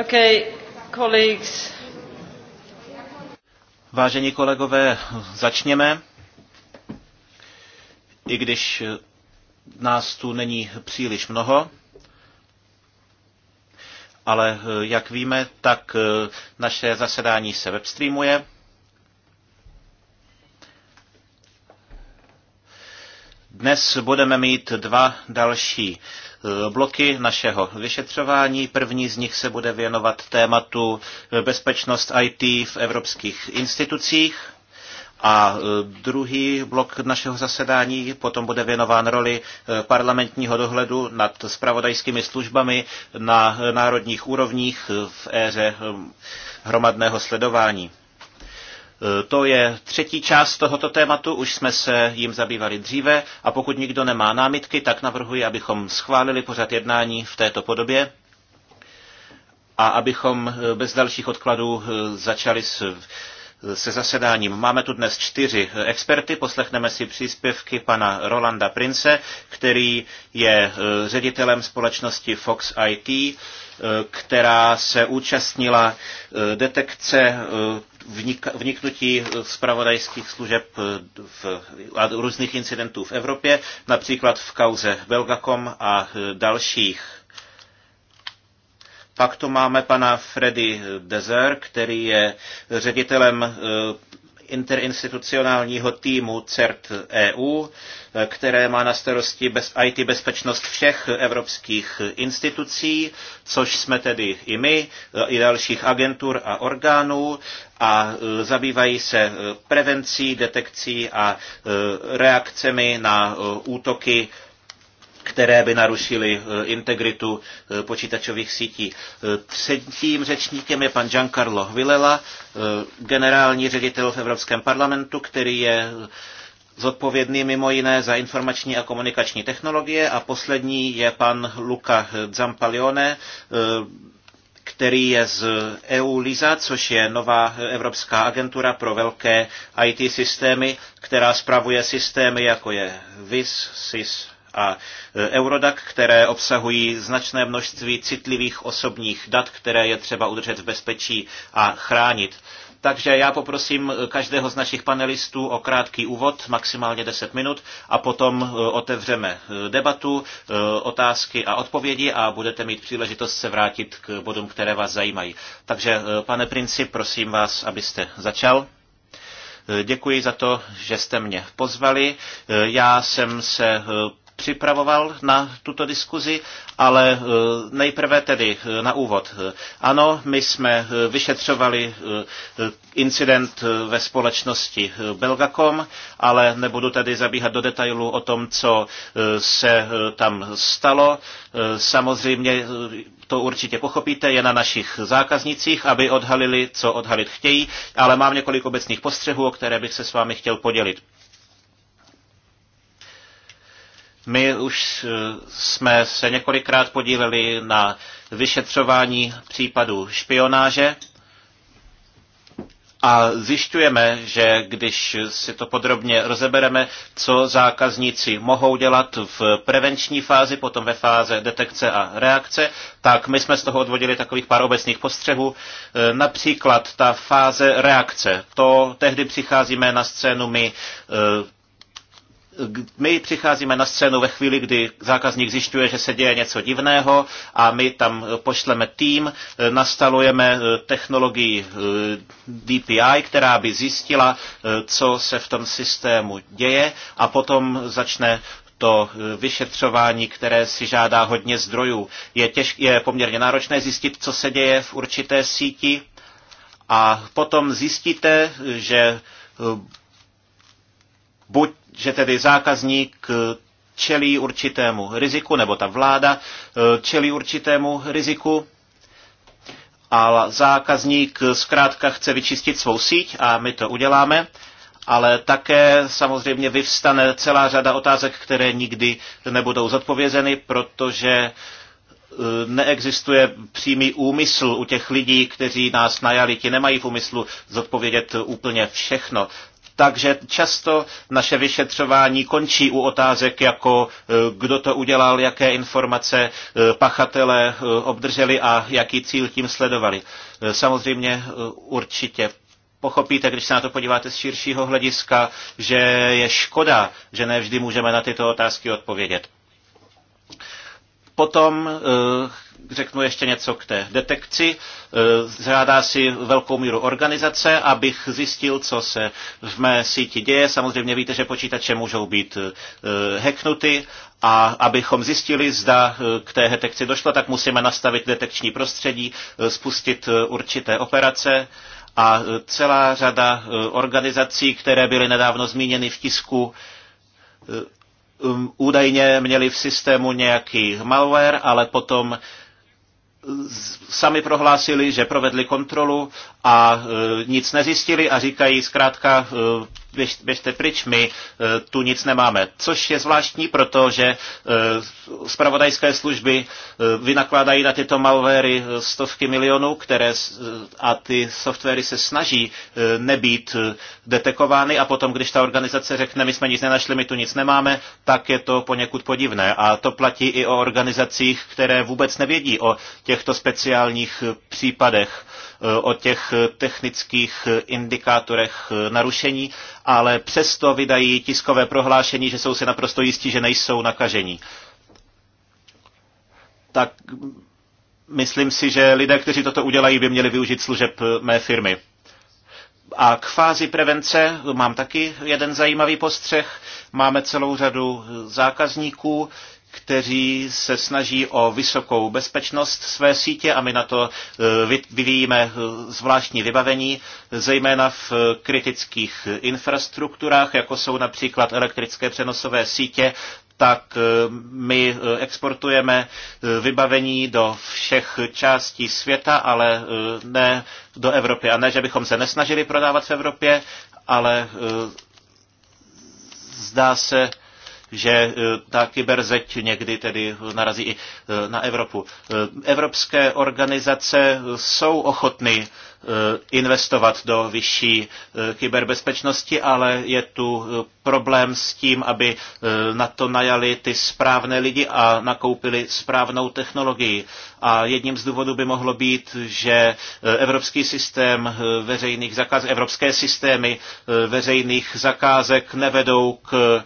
Okay, colleagues. Vážení kolegové, začněme. I když nás tu není příliš mnoho, ale eh, jak víme, tak eh, naše zasedání se webstreamuje. Dnes budeme mít dva další eh, bloky našeho vyšetřování. První z nich se bude věnovat tématu eh, bezpečnost IT v evropských institucích. A eh, druhý blok našeho zasedání potom bude věnován roli parlamentního dohledu nad spravodajskými službami na národních úrovních v éře hromadného sledování. Eh, to je třetí část tohoto tématu, už jsme se jim zabývali dříve a pokud nikdo nemá námitky, tak navrhuji, abychom schválili pořad jednání v této podobě a abychom eh, bez dalších odkladů eh, začali s se zasedáním. Máme tu dnes čtyři experty, poslechneme si příspěvky pana Rolanda Prince, který je ředitelem společnosti Fox IT, Eh, která se účastnila eh, detekce eh, vniknutí zpravodajských služeb v, a různých incidentů v Evropě, například v kauze Belgacom a dalších. Pak tu máme pana Freddy Dezer, který je ředitelem interinstitucionálního týmu CERT EU, které má na starosti bez IT bezpečnost všech evropských institucí, což jsme tedy i my, i dalších agentur a orgánů a e, zabývají se e, prevencí, detekcí a e, reakcemi na útoky které by narušily eh, integritu eh, počítačových sítí. Eh, třetím řečníkem je pan Giancarlo Villela, generální ředitel v Evropském parlamentu, který je zodpovědný mimo jiné za informační a komunikační technologie a poslední je pan Luca Zampalione, který je z EU LISA, což je nová evropská agentura pro velké IT systémy, která spravuje systémy jako je VIS, SIS, a e, Eurodac, které obsahují značné množství citlivých osobních dat, které je třeba udržet v bezpečí a chránit. Takže já poprosím e, každého z našich panelistů o krátký úvod, maximálně 10 minut, a potom e, otevřeme debatu, otázky a odpovědi a budete mít příležitost se vrátit k bodům, které vás zajímají. Takže, pane Princi, prosím vás, abyste začal. Děkuji za to, že jste mě pozvali. Já jsem se připravoval na tuto diskuzi, ale eh, nejprve tedy eh, na úvod. Ano, my jsme eh, vyšetřovali incident ve společnosti Belgacom, ale nebudu tedy zabíhat do detailu o tom, co se tam stalo. Samozřejmě to určitě pochopíte, je na našich zákaznicích, aby odhalili, co odhalit chtějí, ale mám několik obecných postřehů, o které bych se s vámi chtěl podělit. My už eh, jsme se několikrát podíleli na vyšetřování případů špionáže a zjišťujeme, že když si to podrobně rozebereme, co zákazníci mohou dělat v prevenční fázi, potom ve fáze detekce a reakce, tak my jsme z toho odvodili takových pár obecných postřehů. Eh, například ta fáze reakce. To tehdy přicházíme na scénu my eh, my přicházíme na scénu ve chvíli, kdy zákazník zjišťuje, že se děje něco divného a my tam e, pošleme tým, e, nastalujeme e, technologii DPI, která by zjistila, co se v tom systému děje a potom začne to vyšetřování, které si žádá hodně zdrojů. Je, těž, je poměrně náročné zjistit, co se děje v určité síti a potom zjistíte, že buď, že tedy zákazník eh, čelí určitému riziku, nebo ta vláda eh, čelí určitému riziku, a zákazník eh, zkrátka chce vyčistit svou síť a my to uděláme, ale také samozřejmě vyvstane celá řada otázek, které nikdy nebudou zodpovězeny, protože neexistuje přímý úmysl u těch lidí, kteří nás najali. Ti nemají v úmyslu zodpovědět úplně všechno. Takže často naše vyšetřování končí u otázek jako e, kdo to udělal, jaké informace e, pachatele e, obdrželi a jaký cíl tím sledovali. Samozřejmě určitě pochopíte, když se na to podíváte z širšího hlediska, že je škoda, že ne vždy můžeme na tyto otázky odpovědět. Potom eh, řeknu ještě něco k té detekci. Žádá eh, si velkou míru organizace, abych zjistil, co se v mé síti děje. Samozřejmě víte, že počítače můžou být eh, hacknuty a abychom zjistili, zda k té detekci došlo, tak musíme nastavit detekční prostředí, spustit určité operace a celá řada organizací, které byly nedávno zmíněny v tisku, Um, údajně měli v systému nějaký malware, ale potom sami prohlásili, že provedli kontrolu a e, nic nezjistili a říkají zkrátka e, běž, běžte pryč, my e, tu nic nemáme. Což je zvláštní, protože spravodajské služby vynakládají na tyto malvéry stovky milionů, které a ty softwary se snaží nebýt detekovány a potom, když ta organizace řekne, my jsme nic nenašli, my tu nic nemáme, tak je to poněkud podivné. A to platí i o organizacích, které vůbec nevědí o těchto speciálních případech Eh, o těch technických indikátorech eh, narušení, ale přesto vydají tiskové prohlášení, že jsou si naprosto jistí, že nejsou nakažení. Tak myslím si, že lidé, kteří toto udělají, by měli využít služeb eh, mé firmy. A k fázi prevence mám taky jeden zajímavý postřeh. Máme celou řadu zákazníků, kteří se snaží o vysokou bezpečnost své sítě a my na to eh, vyvíjíme eh, zvláštní vybavení, zejména v eh, kritických infrastrukturách, jako jsou například elektrické přenosové sítě, tak my exportujeme vybavení do všech částí světa, ale ne do Evropy. A ne, že bychom se nesnažili prodávat v Evropě, ale zdá se, že eh, ta kyberzeď někdy tedy narazí i eh, na Evropu. Eh, evropské organizace jsou ochotny Eh, investovat do vyšší eh, kyberbezpečnosti, ale je tu eh, problém s tím, aby na to najali ty správné lidi a nakoupili správnou technologii. A jedním z důvodů by mohlo být, že evropský systém veřejných zakázek, evropské systémy veřejných zakázek nevedou k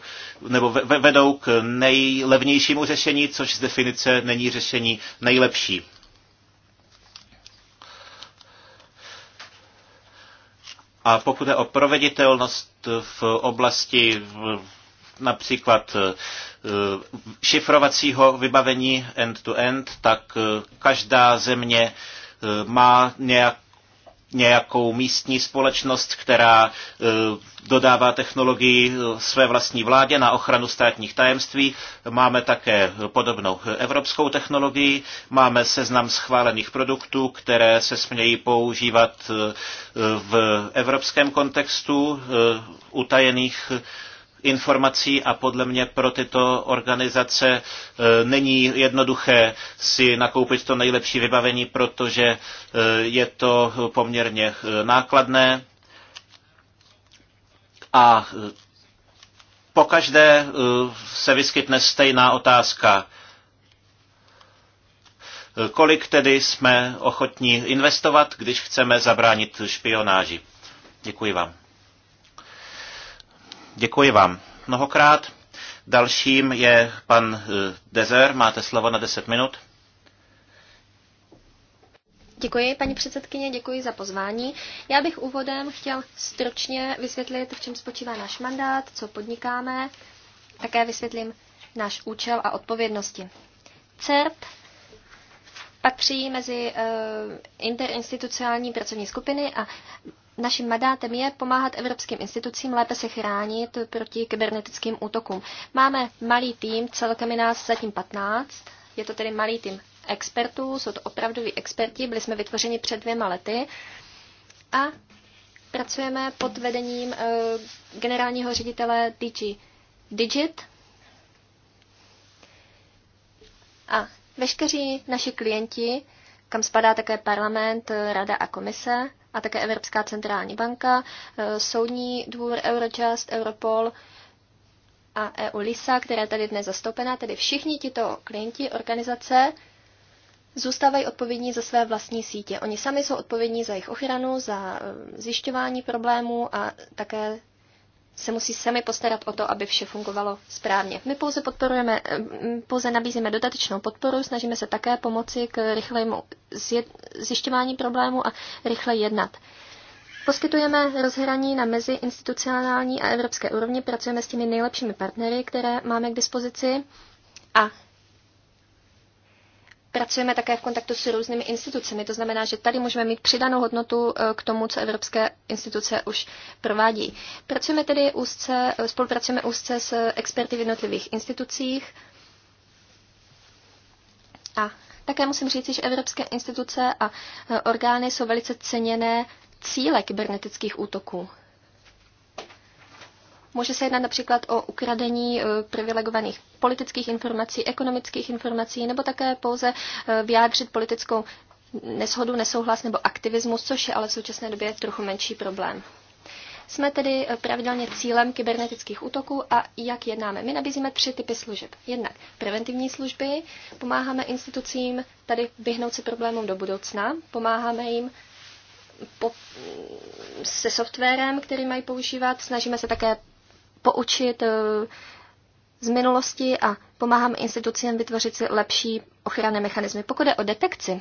nebo vedou k nejlevnějšímu řešení, což z definice není řešení nejlepší. A pokud je o proveditelnost v oblasti například e, šifrovacího vybavení end-to-end, -end, tak e, každá země e, má nějak nějakou místní společnost, která e, dodává technologii e, své vlastní vládě na ochranu státních tajemství. Máme také podobnou evropskou technologii, máme seznam schválených produktů, které se smějí používat e, v evropském kontextu utajených informací a podle mě pro tyto organizace e, není jednoduché si nakoupit to nejlepší vybavení, protože e, je to poměrně e, nákladné a pokaždé se vyskytne stejná otázka. Kolik tedy jsme ochotní investovat, když chceme zabránit špionáži? Děkuji vám. Děkuji vám mnohokrát. Dalším je pan eh, Dezer. Máte slovo na 10 minut. Děkuji, paní předsedkyně, děkuji za pozvání. Já bych úvodem chtěl stručně vysvětlit, v čem spočívá náš mandát, co podnikáme. Také vysvětlím náš účel a odpovědnosti. CERP patří mezi uh, interinstitucionální pracovní skupiny a Naším mandátem je pomáhat evropským institucím lépe se chránit proti kybernetickým útokům. Máme malý tým, celkem je nás zatím 15, je to tedy malý tým expertů, jsou to opravdoví experti, byli jsme vytvořeni před dvěma lety a pracujeme pod vedením e, generálního ředitele DG Digit a veškeří naši klienti, kam spadá také parlament, eh, rada a komise, a také Evropská centrální banka, eh, Soudní dvůr, Eurojust, Europol a EULISA, která které tady dnes zastoupená, tedy všichni tito klienti organizace zůstávají odpovědní za své vlastní sítě. Oni sami jsou odpovědní za jejich ochranu, za eh, zjišťování problémů a také se musí sami postarat o to, aby vše fungovalo správně. My pouze podporujeme, mm, pouze nabízíme dodatečnou podporu, snažíme se také pomoci k rychlému zjišťování problému a rychle jednat. Poskytujeme rozhraní na mezi institucionální a evropské úrovni, pracujeme s těmi nejlepšími partnery, které máme k dispozici a Pracujeme také v kontaktu s různými institucemi, to znamená, že tady můžeme mít přidanou hodnotu eh, k tomu, co evropské instituce už provádí. Pracujeme tedy úzce, eh, spolupracujeme úzce s experty v jednotlivých institucích a také musím říct, že evropské instituce a eh, orgány jsou velice ceněné cíle kybernetických útoků. Může se jednat například o ukradení eh, privilegovaných politických informací, ekonomických informací, nebo také pouze eh, vyjádřit politickou neshodu, nesouhlas nebo aktivismus, což je ale v současné době trochu menší problém. Jsme tedy eh, pravidelně cílem kybernetických útoků a jak jednáme? My nabízíme tři typy služeb. Jednak preventivní služby, pomáháme institucím tady vyhnout se problémům do budoucna, pomáháme jim po, se softwarem, který mají používat. Snažíme se také poučit eh, z minulosti a pomáháme institucím vytvořit si lepší ochranné mechanismy. Pokud je o detekci,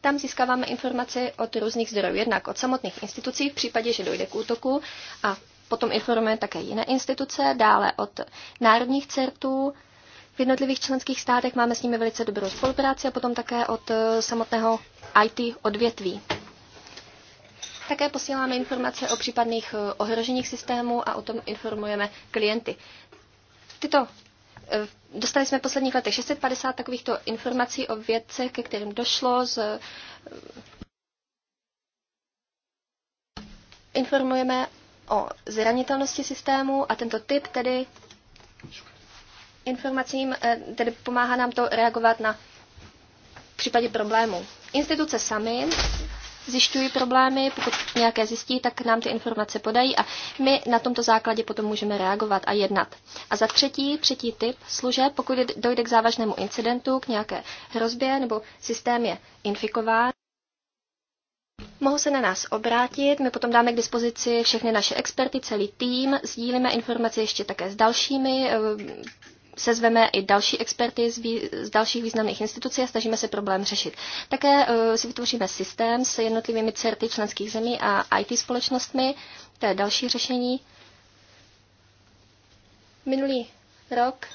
tam získáváme informace od různých zdrojů, jednak od samotných institucí v případě, že dojde k útoku a potom informujeme také jiné instituce, dále od národních certů, v jednotlivých členských státech máme s nimi velice dobrou spolupráci a potom také od eh, samotného IT odvětví. Také posíláme informace o případných eh, ohroženích systémů a o tom informujeme klienty. Tyto eh, Dostali jsme v posledních letech 650 takovýchto informací o věcech, ke kterým došlo. Z... Eh, informujeme o zranitelnosti systému a tento typ tedy informacím, tedy pomáhá nám to reagovat na případě problémů. Instituce sami zjišťují problémy, pokud nějaké zjistí, tak nám ty informace podají a my na tomto základě potom můžeme reagovat a jednat. A za třetí, třetí typ služeb, pokud dojde k závažnému incidentu, k nějaké hrozbě nebo systém je infikován, Mohou se na nás obrátit, my potom dáme k dispozici všechny naše experty, celý tým, sdílíme informace ještě také s dalšími eh, sezveme i další experty z, vý, z dalších významných institucí a snažíme se problém řešit. Také uh, si vytvoříme systém s jednotlivými certy členských zemí a IT společnostmi, to je další řešení. Minulý rok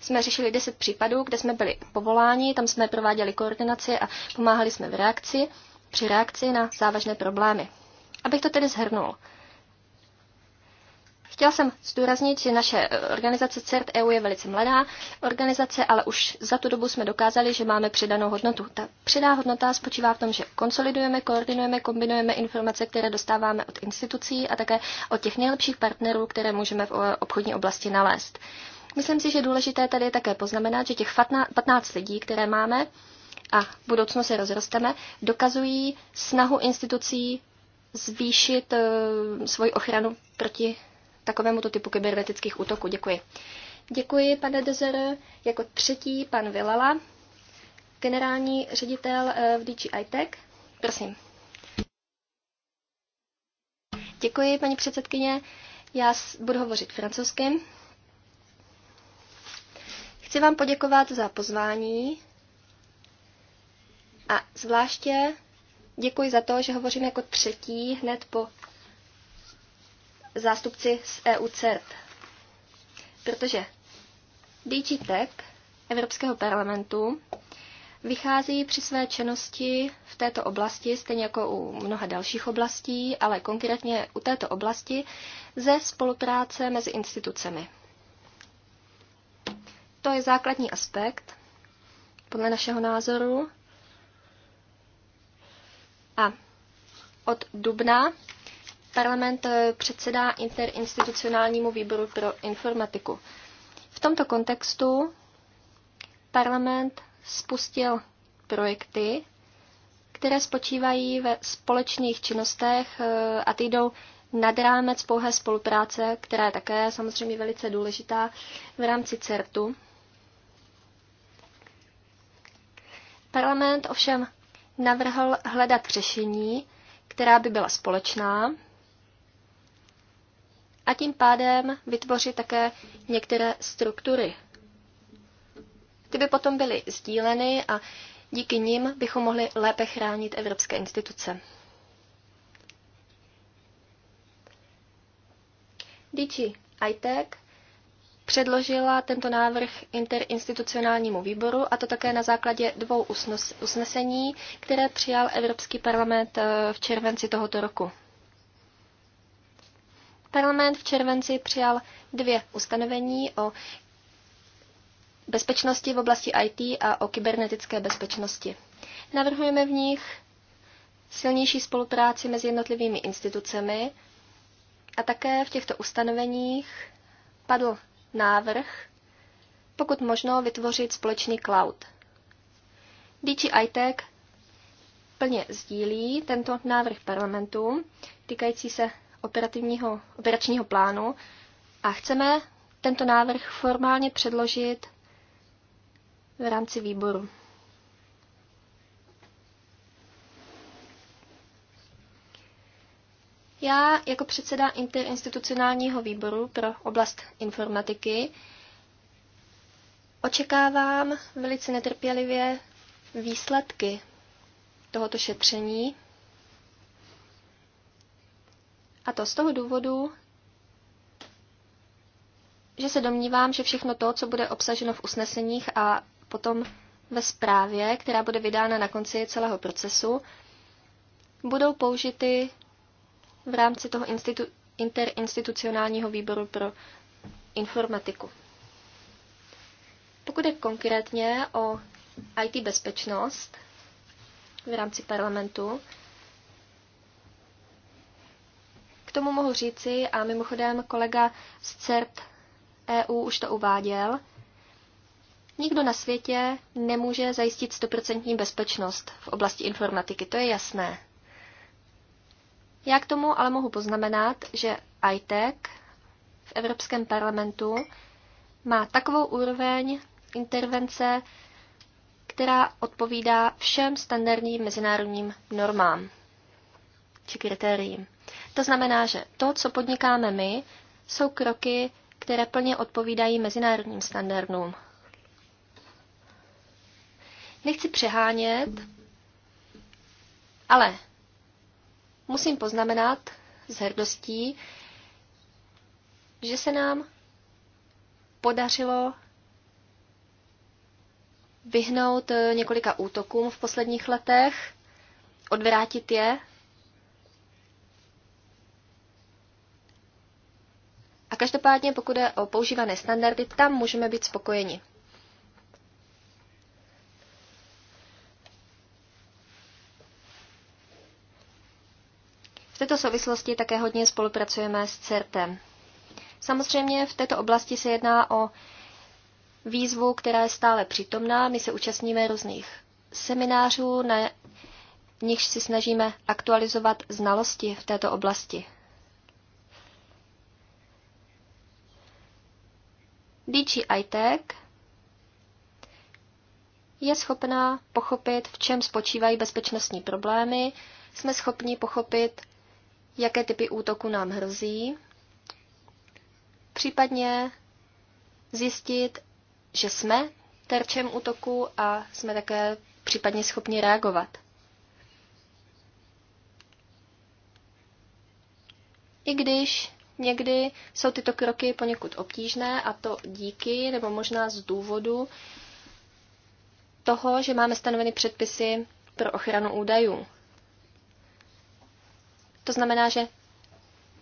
jsme řešili 10 případů, kde jsme byli povoláni, tam jsme prováděli koordinaci a pomáhali jsme v reakci, při reakci na závažné problémy. Abych to tedy zhrnul. Chtěla jsem zdůraznit, že naše eh, organizace CERT EU je velice mladá organizace, ale už za tu dobu jsme dokázali, že máme přidanou hodnotu. Ta přidá hodnota spočívá v tom, že konsolidujeme, koordinujeme, kombinujeme informace, které dostáváme od institucí a také od těch nejlepších partnerů, které můžeme v obchodní oblasti nalézt. Myslím si, že důležité tady je také poznamenat, že těch 15 lidí, které máme, a v budoucnu se rozrosteme, dokazují snahu institucí zvýšit e, svoji ochranu proti takovému typu kybernetických útoků. Děkuji. Děkuji, pane Dezer. Jako třetí pan Vilala, generální ředitel eh, v DG ITEC. Prosím. Děkuji, paní předsedkyně. Já budu hovořit francouzsky. Chci vám poděkovat za pozvání a zvláště děkuji za to, že hovořím jako třetí hned po zástupci z EU CERT. Protože DG Evropského parlamentu vychází při své činnosti v této oblasti, stejně jako u mnoha dalších oblastí, ale konkrétně u této oblasti, ze spolupráce mezi institucemi. To je základní aspekt, podle našeho názoru. A od dubna Parlament eh, předsedá interinstitucionálnímu výboru pro informatiku. V tomto kontextu parlament spustil projekty, které spočívají ve společných činnostech eh, a ty jdou nad rámec pouhé spolupráce, která je také samozřejmě velice důležitá v rámci CERTu. Parlament ovšem navrhl hledat řešení, která by byla společná a tím pádem vytvořit také některé struktury. Ty by potom byly sdíleny a díky nim bychom mohli lépe chránit evropské instituce. DG ITEC předložila tento návrh interinstitucionálnímu výboru a to také na základě dvou usnesení, které přijal Evropský parlament eh, v červenci tohoto roku. Parlament v červenci přijal dvě ustanovení o bezpečnosti v oblasti IT a o kybernetické bezpečnosti. Navrhujeme v nich silnější spolupráci mezi jednotlivými institucemi a také v těchto ustanoveních padl návrh, pokud možno vytvořit společný cloud. DG ITEC plně sdílí tento návrh parlamentu týkající se operativního, operačního plánu a chceme tento návrh formálně předložit v rámci výboru. Já jako předseda interinstitucionálního výboru pro oblast informatiky očekávám velice netrpělivě výsledky tohoto šetření a to z toho důvodu, že se domnívám, že všechno to, co bude obsaženo v usneseních a potom ve zprávě, která bude vydána na konci celého procesu, budou použity v rámci toho institu- interinstitucionálního výboru pro informatiku. Pokud je konkrétně o IT bezpečnost v rámci parlamentu, k tomu mohu říci, a mimochodem kolega z CERT EU už to uváděl, nikdo na světě nemůže zajistit stoprocentní bezpečnost v oblasti informatiky, to je jasné. Já k tomu ale mohu poznamenat, že ITEC v Evropském parlamentu má takovou úroveň intervence, která odpovídá všem standardním mezinárodním normám či kritériím. To znamená, že to, co podnikáme my, jsou kroky, které plně odpovídají mezinárodním standardům. Nechci přehánět, ale musím poznamenat s hrdostí, že se nám podařilo vyhnout několika útokům v posledních letech, odvrátit je A každopádně, pokud je o používané standardy, tam můžeme být spokojeni. V této souvislosti také hodně spolupracujeme s CERTem. Samozřejmě v této oblasti se jedná o výzvu, která je stále přítomná. My se účastníme různých seminářů, na nichž si snažíme aktualizovat znalosti v této oblasti. DG ITEC je schopná pochopit, v čem spočívají bezpečnostní problémy, jsme schopni pochopit, jaké typy útoku nám hrozí, případně zjistit, že jsme terčem útoku a jsme také případně schopni reagovat. I když Někdy jsou tyto kroky poněkud obtížné a to díky nebo možná z důvodu toho, že máme stanoveny předpisy pro ochranu údajů. To znamená, že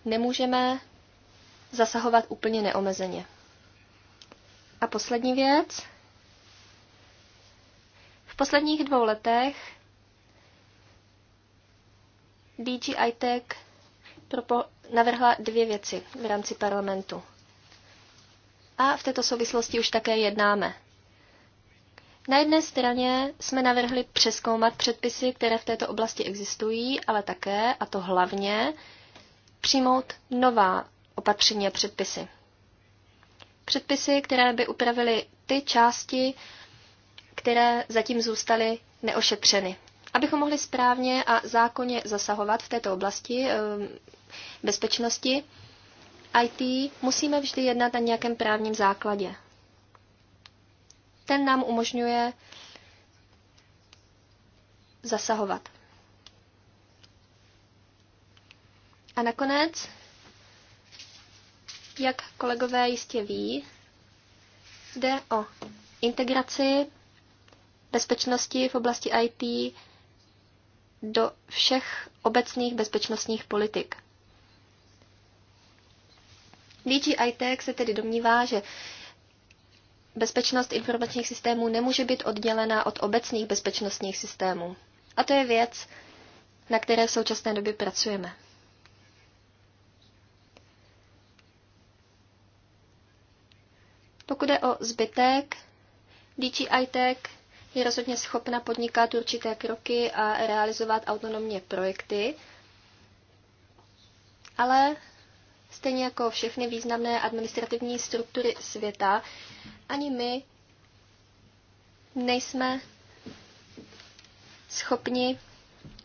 nemůžeme zasahovat úplně neomezeně. A poslední věc. V posledních dvou letech DG iTech navrhla dvě věci v rámci parlamentu. A v této souvislosti už také jednáme. Na jedné straně jsme navrhli přeskoumat předpisy, které v této oblasti existují, ale také, a to hlavně, přijmout nová opatření a předpisy. Předpisy, které by upravily ty části, které zatím zůstaly neošetřeny. Abychom mohli správně a zákonně zasahovat v této oblasti, bezpečnosti IT, musíme vždy jednat na nějakém právním základě. Ten nám umožňuje zasahovat. A nakonec, jak kolegové jistě ví, jde o integraci bezpečnosti v oblasti IT do všech obecných bezpečnostních politik. DG ITEC se tedy domnívá, že bezpečnost informačních systémů nemůže být oddělená od obecných bezpečnostních systémů. A to je věc, na které v současné době pracujeme. Pokud je o zbytek, DGI Tech je rozhodně schopna podnikat určité kroky a realizovat autonomně projekty, ale Stejně jako všechny významné administrativní struktury světa, ani my nejsme schopni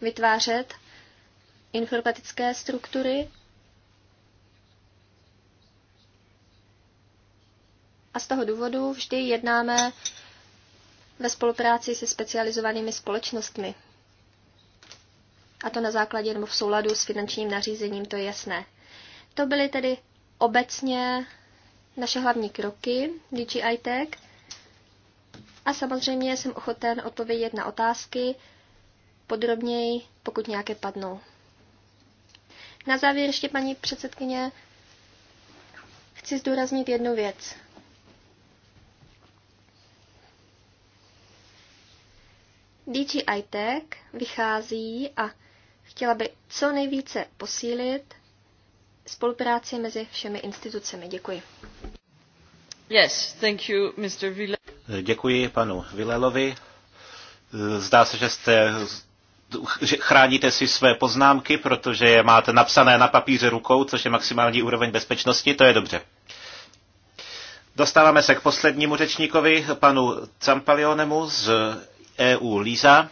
vytvářet informatické struktury a z toho důvodu vždy jednáme ve spolupráci se specializovanými společnostmi. A to na základě nebo v souladu s finančním nařízením, to je jasné. To byly tedy obecně naše hlavní kroky DJI Tech. A samozřejmě jsem ochoten odpovědět na otázky podrobněji, pokud nějaké padnou. Na závěr ještě, paní předsedkyně, chci zdůraznit jednu věc. DJI Tech vychází a chtěla by co nejvíce posílit spolupráci mezi všemi institucemi. Děkuji. Yes, thank you, Mr. Ville. Děkuji panu Vilelovi. Zdá se, že jste že chráníte si své poznámky, protože je máte napsané na papíře rukou, což je maximální úroveň bezpečnosti, to je dobře. Dostáváme se k poslednímu řečníkovi, panu Campalionemu z EU LISA,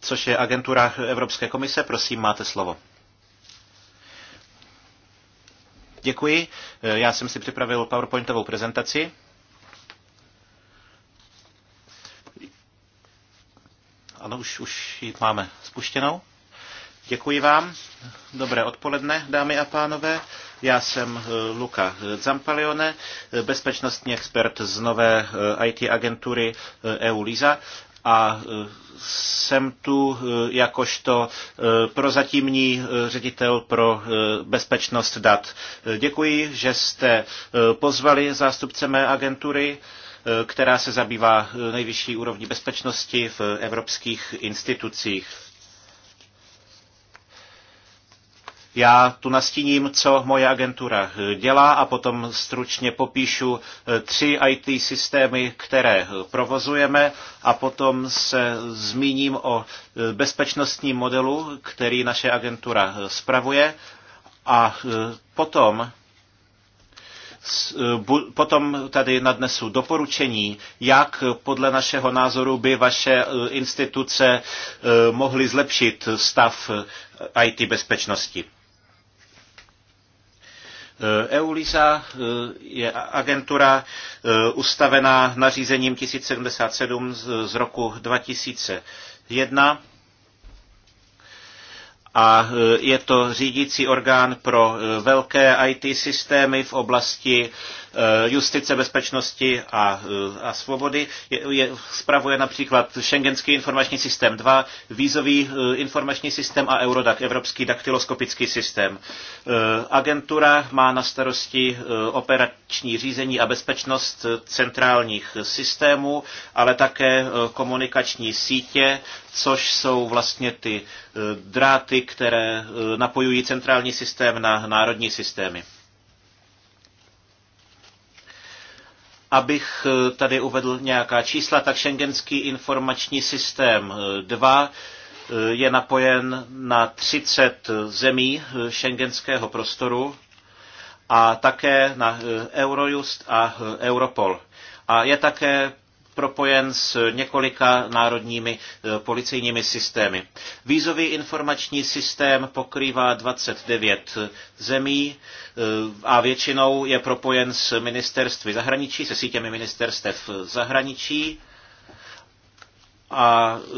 což je agentura Evropské komise. Prosím, máte slovo. Děkuji. Eh, já jsem si připravil PowerPointovou prezentaci. Ano, už, už ji máme spuštěnou. Děkuji vám. Dobré odpoledne, dámy a pánové. Já jsem eh, Luka eh, Zampalione, bezpečnostní expert z nové IT agentury EU e LISA a e, jsem tu e, jakožto e, prozatímní ředitel pro bezpečnost dat. Děkuji, že jste pozvali zástupce mé agentury která se zabývá nejvyšší úrovní bezpečnosti v evropských institucích. Já tu nastíním, co moje agentura dělá a potom stručně popíšu eh, tři IT systémy, které eh, provozujeme a potom se zmíním o eh, bezpečnostním modelu, který naše agentura spravuje a potom potom tady nadnesu doporučení, jak podle našeho názoru by vaše instituce mohly zlepšit stav IT bezpečnosti. EULISA eh, e eh, je agentura eh, ustavená nařízením 1077 z roku 2001 a je to řídící orgán pro velké IT systémy v oblasti Eh, justice, bezpečnosti a, eh, a svobody. Je, je, spravuje například Schengenský informační systém 2, vízový eh, informační systém a Eurodac, Evropský daktyloskopický systém. Agentura má na starosti operační řízení a bezpečnost centrálních systémů, ale také komunikační sítě, což jsou vlastně ty dráty, které napojují centrální systém na národní systémy. Abych eh, tady uvedl nějaká čísla, tak šengenský informační systém 2 eh, eh, je napojen na 30 zemí šengenského prostoru a také na Eurojust a Europol. A je také propojen s několika národními eh, policejními systémy. Vízový informační systém pokrývá 29 eh, zemí eh, a většinou je propojen s ministerstvy zahraničí, se sítěmi ministerstev zahraničí a eh,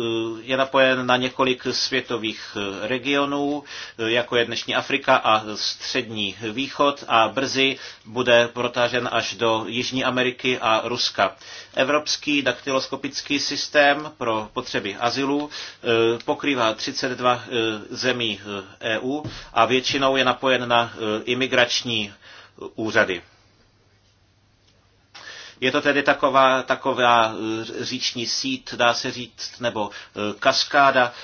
je napojen na několik světových eh, regionů, eh, jako je dnešní Afrika a střední východ a brzy bude protážen až do Jižní Ameriky a Ruska. Evropský daktyloskopický systém pro potřeby azylu pokrývá 32 zemí EU e a většinou je napojen na imigrační úřady. Je to tedy taková, taková e, říční sít, dá se říct, nebo e, kaskáda e,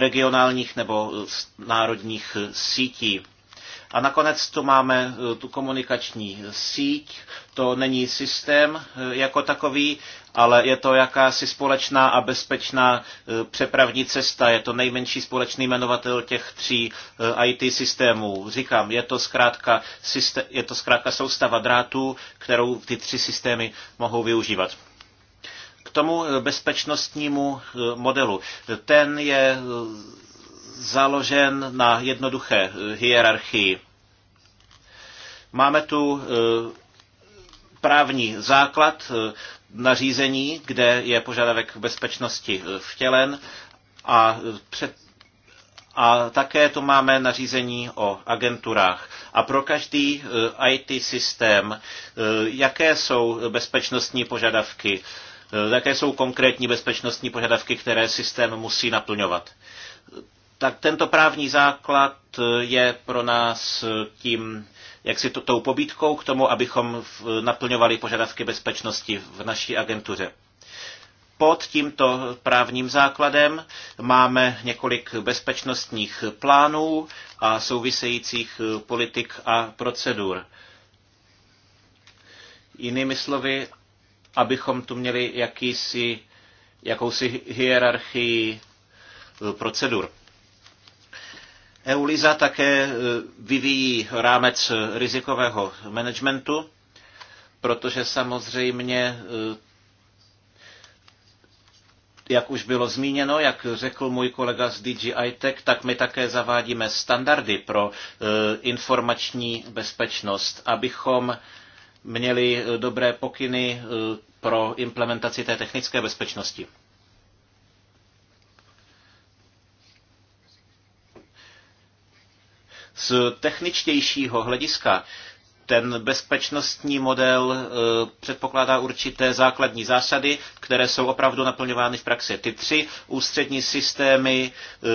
regionálních nebo národních sítí. A nakonec tu máme eh, tu komunikační síť. To není systém eh, jako takový, ale je to jakási společná a bezpečná eh, přepravní cesta. Je to nejmenší společný jmenovatel těch tří IT systémů. Říkám, je to zkrátka, systé- je to zkrátka soustava drátů, kterou ty tři systémy mohou využívat k tomu bezpečnostnímu modelu. Ten je založen na jednoduché eh, hierarchii. Máme tu eh, právní základ eh, nařízení, kde je požadavek bezpečnosti vtělen a před a také tu máme nařízení o agenturách. A pro každý IT systém, jaké jsou bezpečnostní požadavky, jaké jsou konkrétní bezpečnostní požadavky, které systém musí naplňovat tak tento právní základ eh, je pro nás eh, tím, jak si to, tou pobídkou k tomu, abychom v, eh, naplňovali požadavky bezpečnosti v naší agentuře. Pod tímto právním základem máme několik bezpečnostních plánů a souvisejících politik a procedur. Jinými slovy, abychom tu měli jakýsi, jakousi hierarchii procedur. EULISA také e, vyvíjí rámec rizikového managementu, protože samozřejmě e, jak už bylo zmíněno, jak řekl můj kolega z DJI Tech, tak my také zavádíme standardy pro e, informační bezpečnost, abychom měli dobré pokyny pro implementaci té technické bezpečnosti. Z techničtějšího hlediska ten bezpečnostní model e, předpokládá určité základní zásady, které jsou opravdu naplňovány v praxi. Ty tři ústřední systémy e,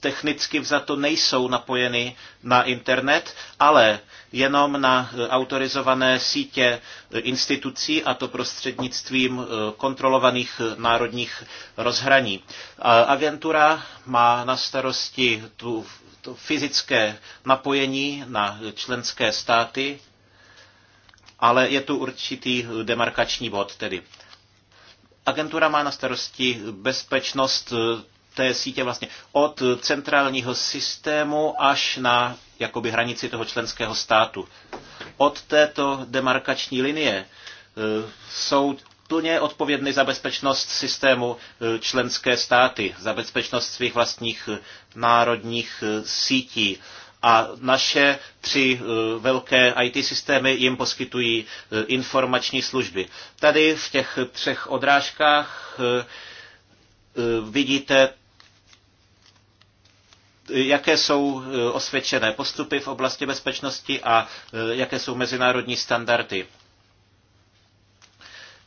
technicky vzato nejsou napojeny na internet, ale jenom na e, autorizované sítě institucí a to prostřednictvím kontrolovaných národních rozhraní. Agentura má na starosti tu to fyzické napojení na členské státy, ale je tu určitý demarkační bod tedy. Agentura má na starosti bezpečnost eh, té sítě vlastně od centrálního systému až na jakoby hranici toho členského státu. Od této demarkační linie eh, jsou plně odpovědny za bezpečnost systému e, členské státy, za bezpečnost svých vlastních e, národních e, sítí. A naše tři velké IT systémy jim poskytují informační služby. Tady v těch třech odrážkách vidíte jaké jsou osvědčené postupy v oblasti bezpečnosti a jaké jsou mezinárodní standardy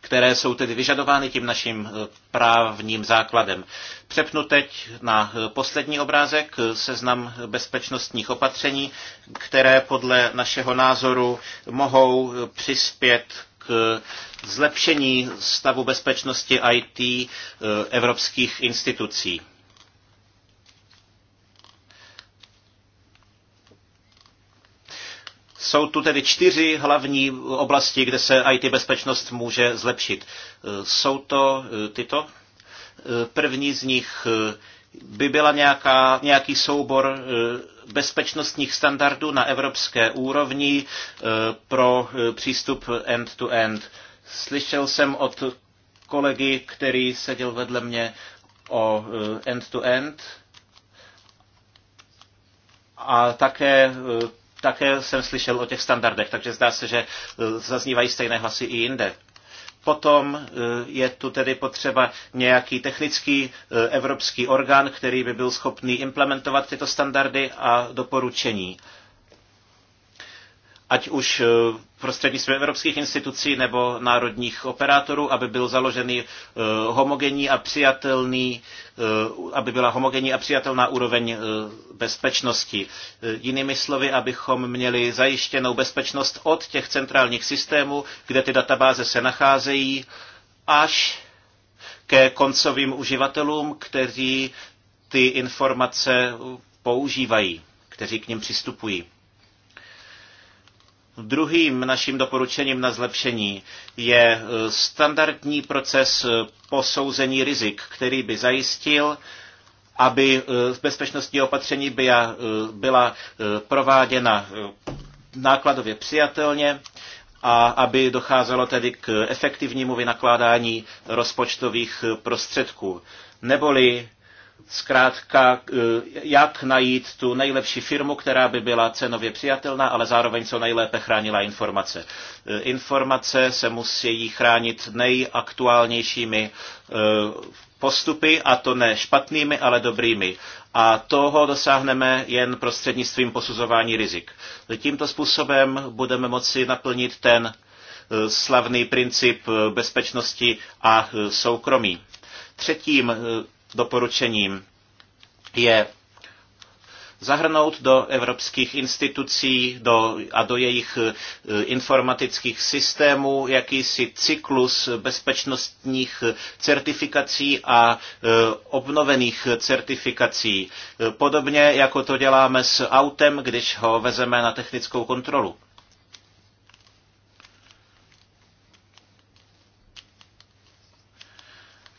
které jsou tedy vyžadovány tím naším eh, právním základem. Přepnu teď na eh, poslední obrázek eh, seznam bezpečnostních opatření, které podle našeho názoru mohou přispět k zlepšení stavu bezpečnosti IT evropských institucí. Jsou tu tedy čtyři hlavní oblasti, kde se IT bezpečnost může zlepšit. E, jsou to e, tyto? E, první z nich by byla nějaká, nějaký soubor bezpečnostních standardů na evropské úrovni pro přístup end-to-end. -end. Slyšel jsem od kolegy, který seděl vedle mě o end-to-end -end a také také jsem slyšel o těch standardech, takže zdá se, že e, zaznívají stejné hlasy i jinde. Potom e, je tu tedy potřeba nějaký technický e, evropský orgán, který by byl schopný implementovat tyto standardy a doporučení ať už eh, prostřednictvím evropských institucí nebo národních operátorů, aby byl založený eh, homogenní a přijatelný, eh, aby byla homogenní a přijatelná úroveň bezpečnosti. Jinými slovy, abychom měli zajištěnou bezpečnost od těch centrálních systémů, kde ty databáze se nacházejí, až ke koncovým uživatelům, kteří ty informace používají, kteří k ním přistupují. Druhým naším doporučením na zlepšení je eh, standardní proces eh, posouzení rizik, který by zajistil, aby eh, bezpečnostní opatření byla prováděna nákladově přijatelně a aby docházelo tedy k efektivnímu vynakládání rozpočtových prostředků. Neboli zkrátka, eh, jak najít tu nejlepší firmu, která by byla cenově přijatelná, ale zároveň co nejlépe chránila informace. Eh, informace se musí chránit nejaktuálnějšími eh, postupy, a to ne špatnými, ale dobrými. A toho dosáhneme jen prostřednictvím posuzování rizik. Tímto způsobem budeme moci naplnit ten slavný princip bezpečnosti a soukromí. Třetím doporučením je zahrnout do evropských institucí do, a do jejich e, informatických systémů jakýsi cyklus bezpečnostních e, certifikací a e, obnovených certifikací. Podobně jako to děláme s autem, když ho vezeme na technickou kontrolu.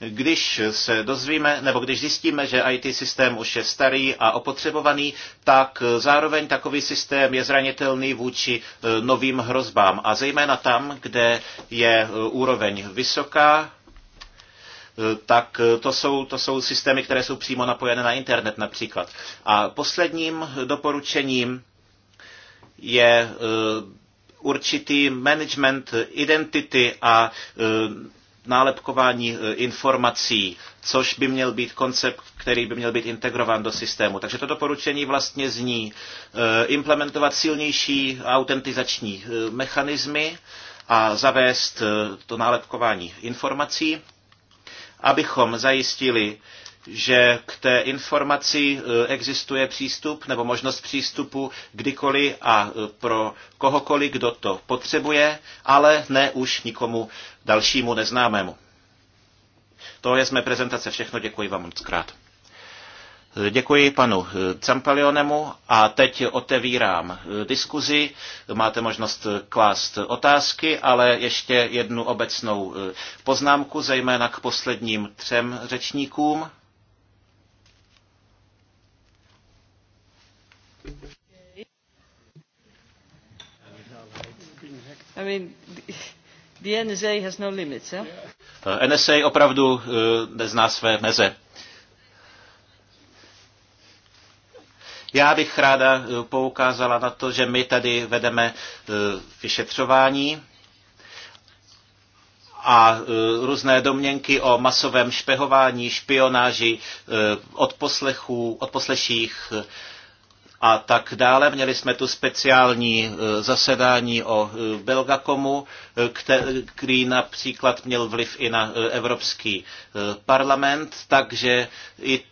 Když se dozvíme, nebo když zjistíme, že IT systém už je starý a opotřebovaný, tak zároveň takový systém je zranitelný vůči eh, novým hrozbám. A zejména tam, kde je eh, úroveň vysoká, eh, tak to jsou, to jsou systémy, které jsou přímo napojené na internet například. A posledním doporučením je určitý management identity a nálepkování e, informací, což by měl být koncept, který by měl být integrován do systému. Takže to doporučení vlastně zní e, implementovat silnější autentizační e, mechanismy a zavést to nálepkování informací, abychom zajistili, že k té informaci e, existuje přístup nebo možnost přístupu kdykoliv a e, pro kohokoliv, kdo to potřebuje, ale ne už nikomu dalšímu neznámému. To je z mé prezentace všechno, děkuji vám moc krát. E, děkuji panu Campalionemu a teď otevírám diskuzi. Máte možnost klást otázky, ale ještě jednu obecnou poznámku, zejména k posledním třem řečníkům. I mean, the NSA has no limits, eh? eh NSA opravdu eh, nezná své meze. Já bych ráda eh, poukázala na to, že my tady vedeme vyšetřování a různé domněnky o masovém špehování, špionáži, odposlechů, odposleších, odposleších a tak dále. Měli jsme tu speciální e, zasedání o e, Belgakomu, e, který například měl vliv i na Evropský parlament, takže i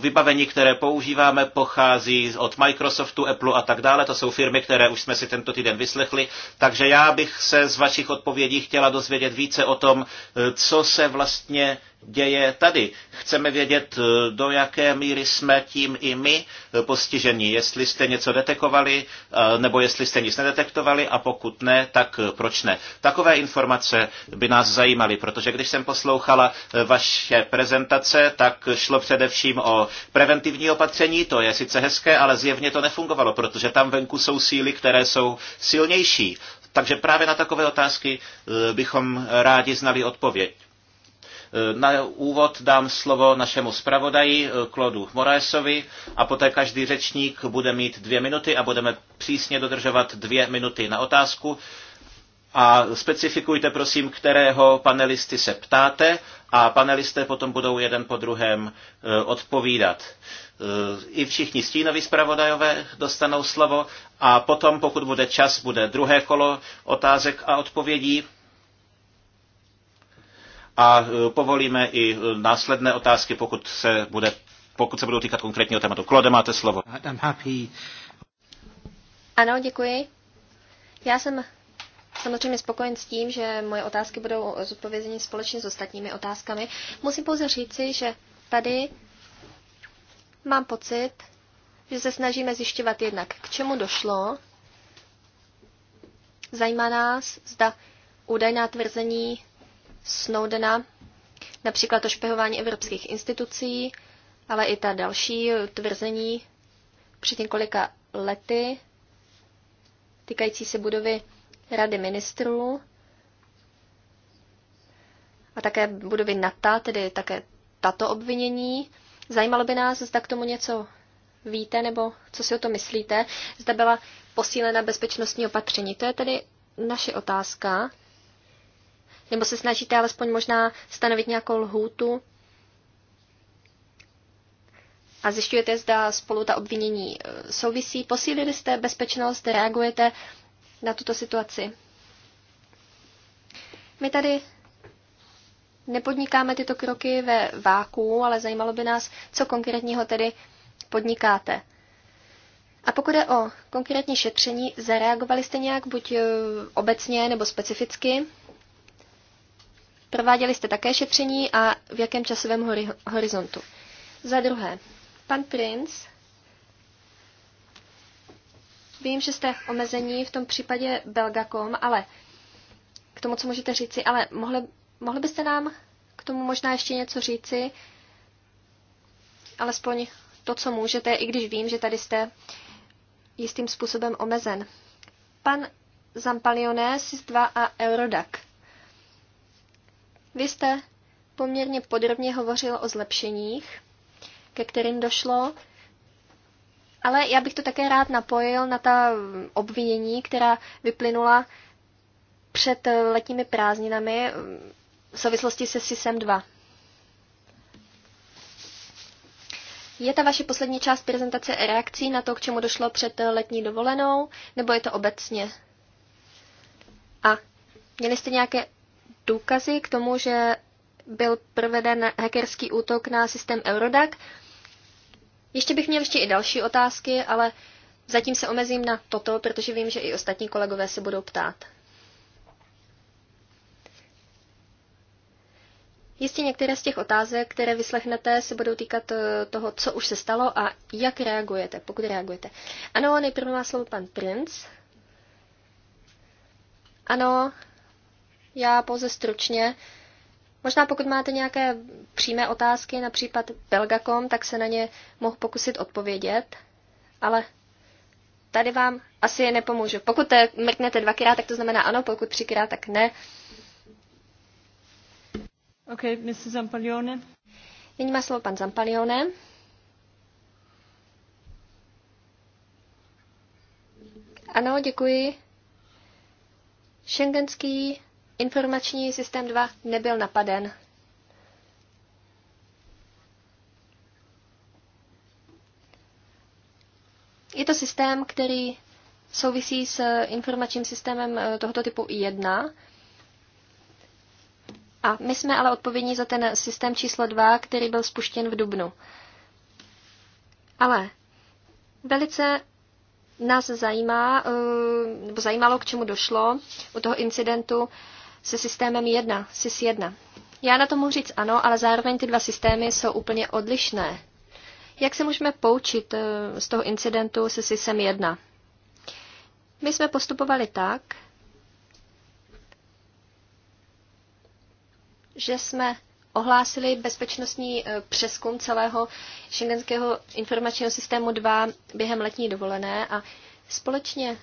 vybavení, které používáme, pochází od Microsoftu, Apple a tak dále. To jsou firmy, které už jsme si tento týden vyslechli. Takže já bych se z vašich odpovědí chtěla dozvědět více o tom, co se vlastně děje tady. Chceme vědět, eh, do jaké míry jsme tím i my eh, postiženi. Jestli jste něco detekovali, eh, nebo jestli jste nic nedetektovali a pokud ne, tak proč ne. Takové informace by nás zajímaly, protože když jsem poslouchala vaše prezentace, tak šlo především o preventivní opatření. To je sice hezké, ale zjevně to nefungovalo, protože tam venku jsou síly, které jsou silnější. Takže právě na takové otázky bychom rádi znali odpověď. Eh, na úvod dám slovo našemu zpravodaji Klodu eh, Moraesovi a poté každý řečník bude mít dvě minuty a budeme přísně dodržovat dvě minuty na otázku. A specifikujte prosím, kterého panelisty se ptáte a panelisté potom budou jeden po druhém eh, odpovídat. I všichni stínoví zpravodajové dostanou slovo a potom, pokud bude čas, bude druhé kolo otázek a odpovědí a e, povolíme i e, následné otázky, pokud se, bude, pokud se budou týkat konkrétního tématu. Klode, máte slovo. Ano, děkuji. Já jsem samozřejmě spokojen s tím, že moje otázky budou zodpovězeny společně s ostatními otázkami. Musím pouze říci, že tady mám pocit, že se snažíme zjišťovat jednak, k čemu došlo. Zajímá nás, zda údajná tvrzení Snowdena, například o špehování evropských institucí, ale i ta další tvrzení před několika lety týkající se budovy Rady ministrů a také budovy NATO, tedy také tato obvinění. Zajímalo by nás, zda k tomu něco víte, nebo co si o to myslíte, zda byla posílena bezpečnostní opatření. To je tedy naše otázka nebo se snažíte alespoň možná stanovit nějakou lhůtu a zjišťujete, zda spolu ta obvinění e, souvisí. Posílili jste bezpečnost, reagujete na tuto situaci. My tady nepodnikáme tyto kroky ve váku, ale zajímalo by nás, co konkrétního tedy podnikáte. A pokud je o konkrétní šetření, zareagovali jste nějak buď e, obecně nebo specificky? Prováděli jste také šetření a v jakém časovém hori- horizontu? Za druhé, pan Prince, vím, že jste omezení v tom případě Belgacom, ale k tomu, co můžete říci, ale mohli, mohli byste nám k tomu možná ještě něco říci, alespoň to, co můžete, i když vím, že tady jste jistým způsobem omezen. Pan Zampalioné SIS-2 a Eurodac. Vy jste poměrně podrobně hovořil o zlepšeních, ke kterým došlo, ale já bych to také rád napojil na ta obvinění, která vyplynula před letními prázdninami v souvislosti se SISem 2. Je ta vaše poslední část prezentace reakcí na to, k čemu došlo před letní dovolenou, nebo je to obecně? A měli jste nějaké důkazy k tomu, že byl proveden hackerský útok na systém Eurodac. Ještě bych měl ještě i další otázky, ale zatím se omezím na toto, protože vím, že i ostatní kolegové se budou ptát. Jistě některé z těch otázek, které vyslechnete, se budou týkat eh, toho, co už se stalo a jak reagujete, pokud reagujete. Ano, nejprve má slovo pan Prince. Ano, já pouze stručně. Možná pokud máte nějaké přímé otázky, například Belgacom, tak se na ně mohu pokusit odpovědět, ale tady vám asi je nepomůžu. Pokud mrknete dvakrát, tak to znamená ano, pokud třikrát, tak ne. OK, Mr. Zampalione. Nyní má slovo pan Zampalione. Ano, děkuji. Schengenský Informační systém 2 nebyl napaden. Je to systém, který souvisí s informačním systémem eh, tohoto typu 1. A my jsme ale odpovědní za ten systém číslo 2, který byl spuštěn v Dubnu. Ale velice nás zajímá, eh, nebo zajímalo, k čemu došlo u toho incidentu se systémem 1, SIS 1. Já na to mohu říct ano, ale zároveň ty dva systémy jsou úplně odlišné. Jak se můžeme poučit eh, z toho incidentu se SISem 1? My jsme postupovali tak, že jsme ohlásili bezpečnostní eh, přeskum celého šengenského informačního systému 2 během letní dovolené a společně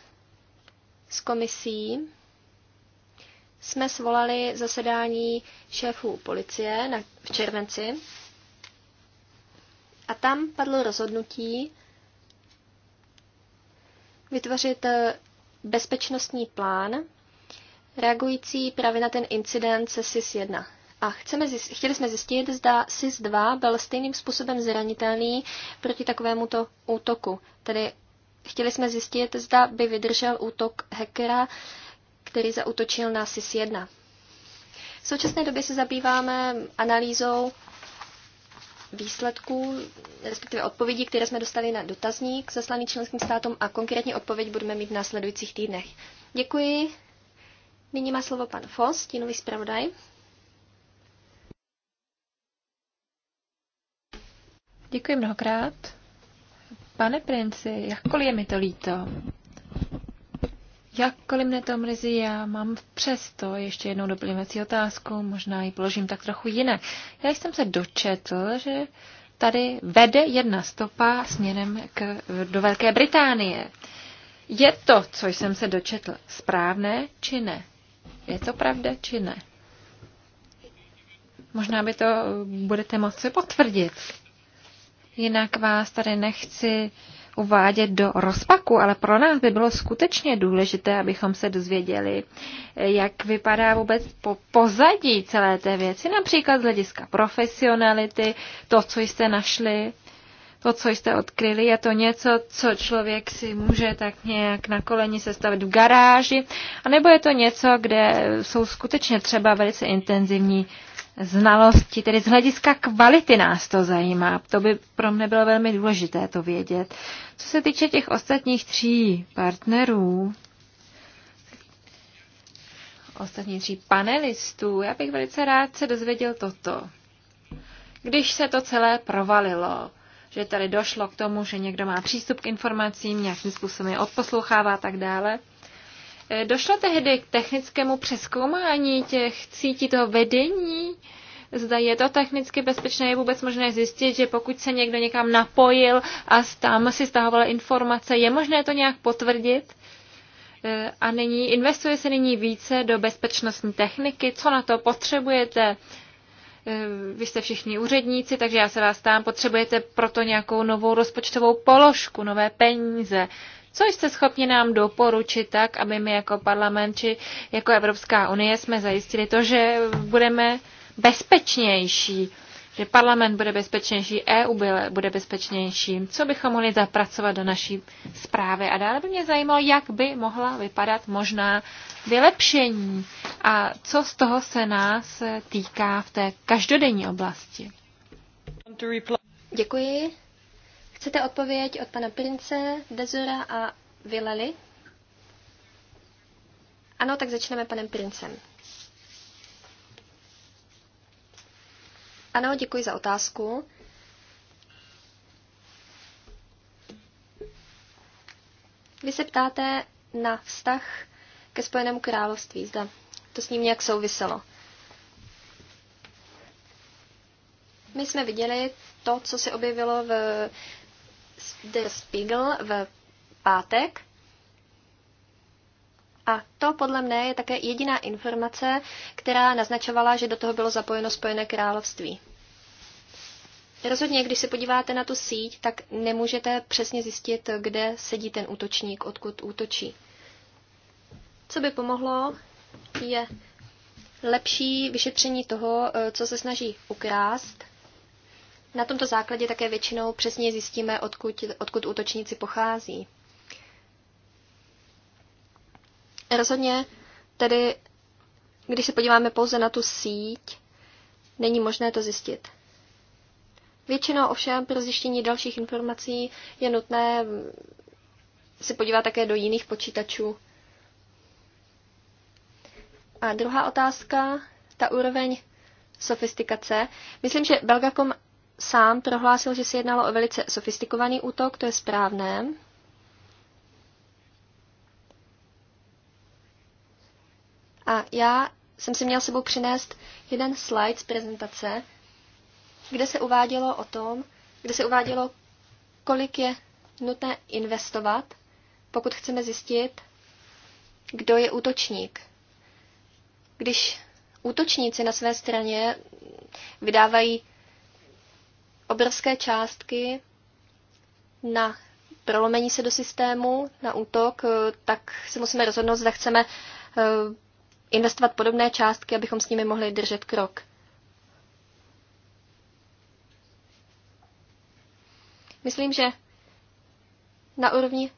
s komisí jsme svolali zasedání šéfů policie na, v červenci a tam padlo rozhodnutí vytvořit eh, bezpečnostní plán reagující právě na ten incident se SIS-1. A chceme zjist, chtěli jsme zjistit, zda SIS-2 byl stejným způsobem zranitelný proti takovémuto útoku. Tedy chtěli jsme zjistit, zda by vydržel útok hackera který zautočil na SIS-1. V současné době se zabýváme analýzou výsledků, respektive odpovědí, které jsme dostali na dotazník zaslaný členským státům a konkrétní odpověď budeme mít v následujících týdnech. Děkuji. Nyní má slovo pan Fos, stínový zpravodaj. Děkuji mnohokrát. Pane princi, jakkoliv je mi to líto, Jakkoliv mne to mrzí, já mám přesto ještě jednou doplňovací otázku, možná ji položím tak trochu jinak. Já jsem se dočetl, že tady vede jedna stopa směrem k, do Velké Británie. Je to, co jsem se dočetl, správné či ne? Je to pravda či ne? Možná by to budete moci potvrdit. Jinak vás tady nechci uh, uvádět do rozpaku, ale pro nás by bylo skutečně důležité, abychom se dozvěděli, jak vypadá vůbec po pozadí celé té věci, například z hlediska profesionality, to, co jste našli, to, co jste odkryli, je to něco, co člověk si může tak nějak na koleni sestavit v garáži, anebo je to něco, kde jsou skutečně třeba velice intenzivní znalosti, tedy z hlediska kvality nás to zajímá. To by pro mě bylo velmi důležité to vědět. Co se týče těch ostatních tří partnerů, ostatních tří panelistů, já bych velice rád se dozvěděl toto. Když se to celé provalilo, že tady došlo k tomu, že někdo má přístup k informacím, nějakým způsobem je odposlouchává a tak dále, Eh, došlo tehdy k technickému přeskoumání těch cítí toho vedení? Zda je to technicky bezpečné, je vůbec možné zjistit, že pokud se někdo někam napojil a tam si stahoval informace, je možné to nějak potvrdit? Eh, a nyní investuje se nyní více do bezpečnostní techniky. Co na to potřebujete? Eh, vy jste všichni úředníci, takže já se vás ptám, potřebujete proto nějakou novou rozpočtovou položku, nové peníze. Co jste schopni nám doporučit tak, aby my jako parlament či jako Evropská unie jsme zajistili to, že budeme bezpečnější, že parlament bude bezpečnější, EU bude bezpečnější. Co bychom mohli zapracovat do naší zprávy? A dále by mě zajímalo, jak by mohla vypadat možná vylepšení a co z toho se nás týká v té každodenní oblasti. Děkuji. Chcete odpověď od pana Prince, Dezura a Vileli? Ano, tak začneme panem Princem. Ano, děkuji za otázku. Vy se ptáte na vztah ke Spojenému království, zda to s ním nějak souviselo. My jsme viděli to, co se objevilo v Der Spiegel v pátek. A to podle mne je také jediná informace, která naznačovala, že do toho bylo zapojeno Spojené království. Rozhodně, když se podíváte na tu síť, tak nemůžete přesně zjistit, kde sedí ten útočník, odkud útočí. Co by pomohlo, je lepší vyšetření toho, co se snaží ukrást, na tomto základě také většinou přesně zjistíme, odkud, odkud útočníci pochází. Rozhodně tedy, když se podíváme pouze na tu síť, není možné to zjistit. Většinou ovšem pro zjištění dalších informací je nutné se podívat také do jiných počítačů. A druhá otázka, ta úroveň sofistikace. Myslím, že Belgacom sám prohlásil, že se jednalo o velice sofistikovaný útok, to je správné. A já jsem si měl sebou přinést jeden slide z prezentace, kde se uvádělo o tom, kde se uvádělo, kolik je nutné investovat, pokud chceme zjistit, kdo je útočník. Když útočníci na své straně vydávají obrovské částky na prolomení se do systému, na útok, eh, tak si musíme rozhodnout, zda chceme eh, investovat podobné částky, abychom s nimi mohli držet krok. Myslím, že na úrovni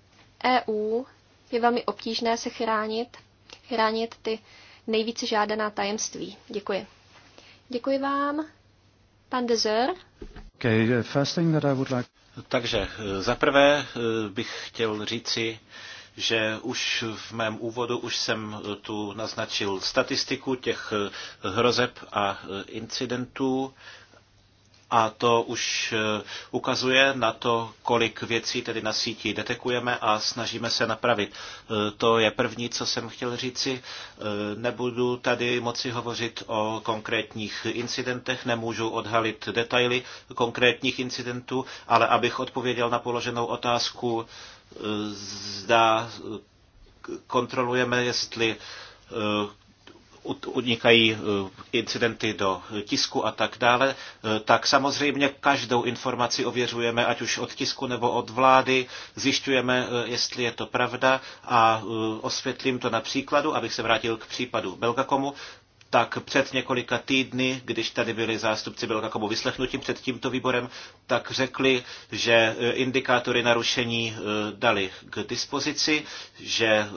EU je velmi obtížné se chránit, chránit ty nejvíce žádaná tajemství. Děkuji. Děkuji vám. Pan Dezer. Okay, uh, first thing that I would like... Takže uh, zaprvé uh, bych chtěl říci, že už v mém úvodu už jsem tu naznačil statistiku těch hrozeb a incidentů, a to už eh, ukazuje na to, kolik věcí tedy na síti detekujeme a snažíme se napravit. Eh, to je první, co jsem chtěl říci. Eh, nebudu tady moci hovořit o konkrétních incidentech, nemůžu odhalit detaily konkrétních incidentů, ale abych odpověděl na položenou otázku, zda kontrolujeme, jestli unikají eh, incidenty do tisku a tak dále, eh, tak samozřejmě každou informaci ověřujeme, ať už od tisku nebo od vlády, zjišťujeme, eh, jestli je to pravda a osvětlím to na příkladu, abych se vrátil k případu Belgakomu, tak před několika týdny, když tady byli zástupci Belgakomu vyslechnuti před tímto výborem, tak řekli, že indikátory narušení dali k dispozici, že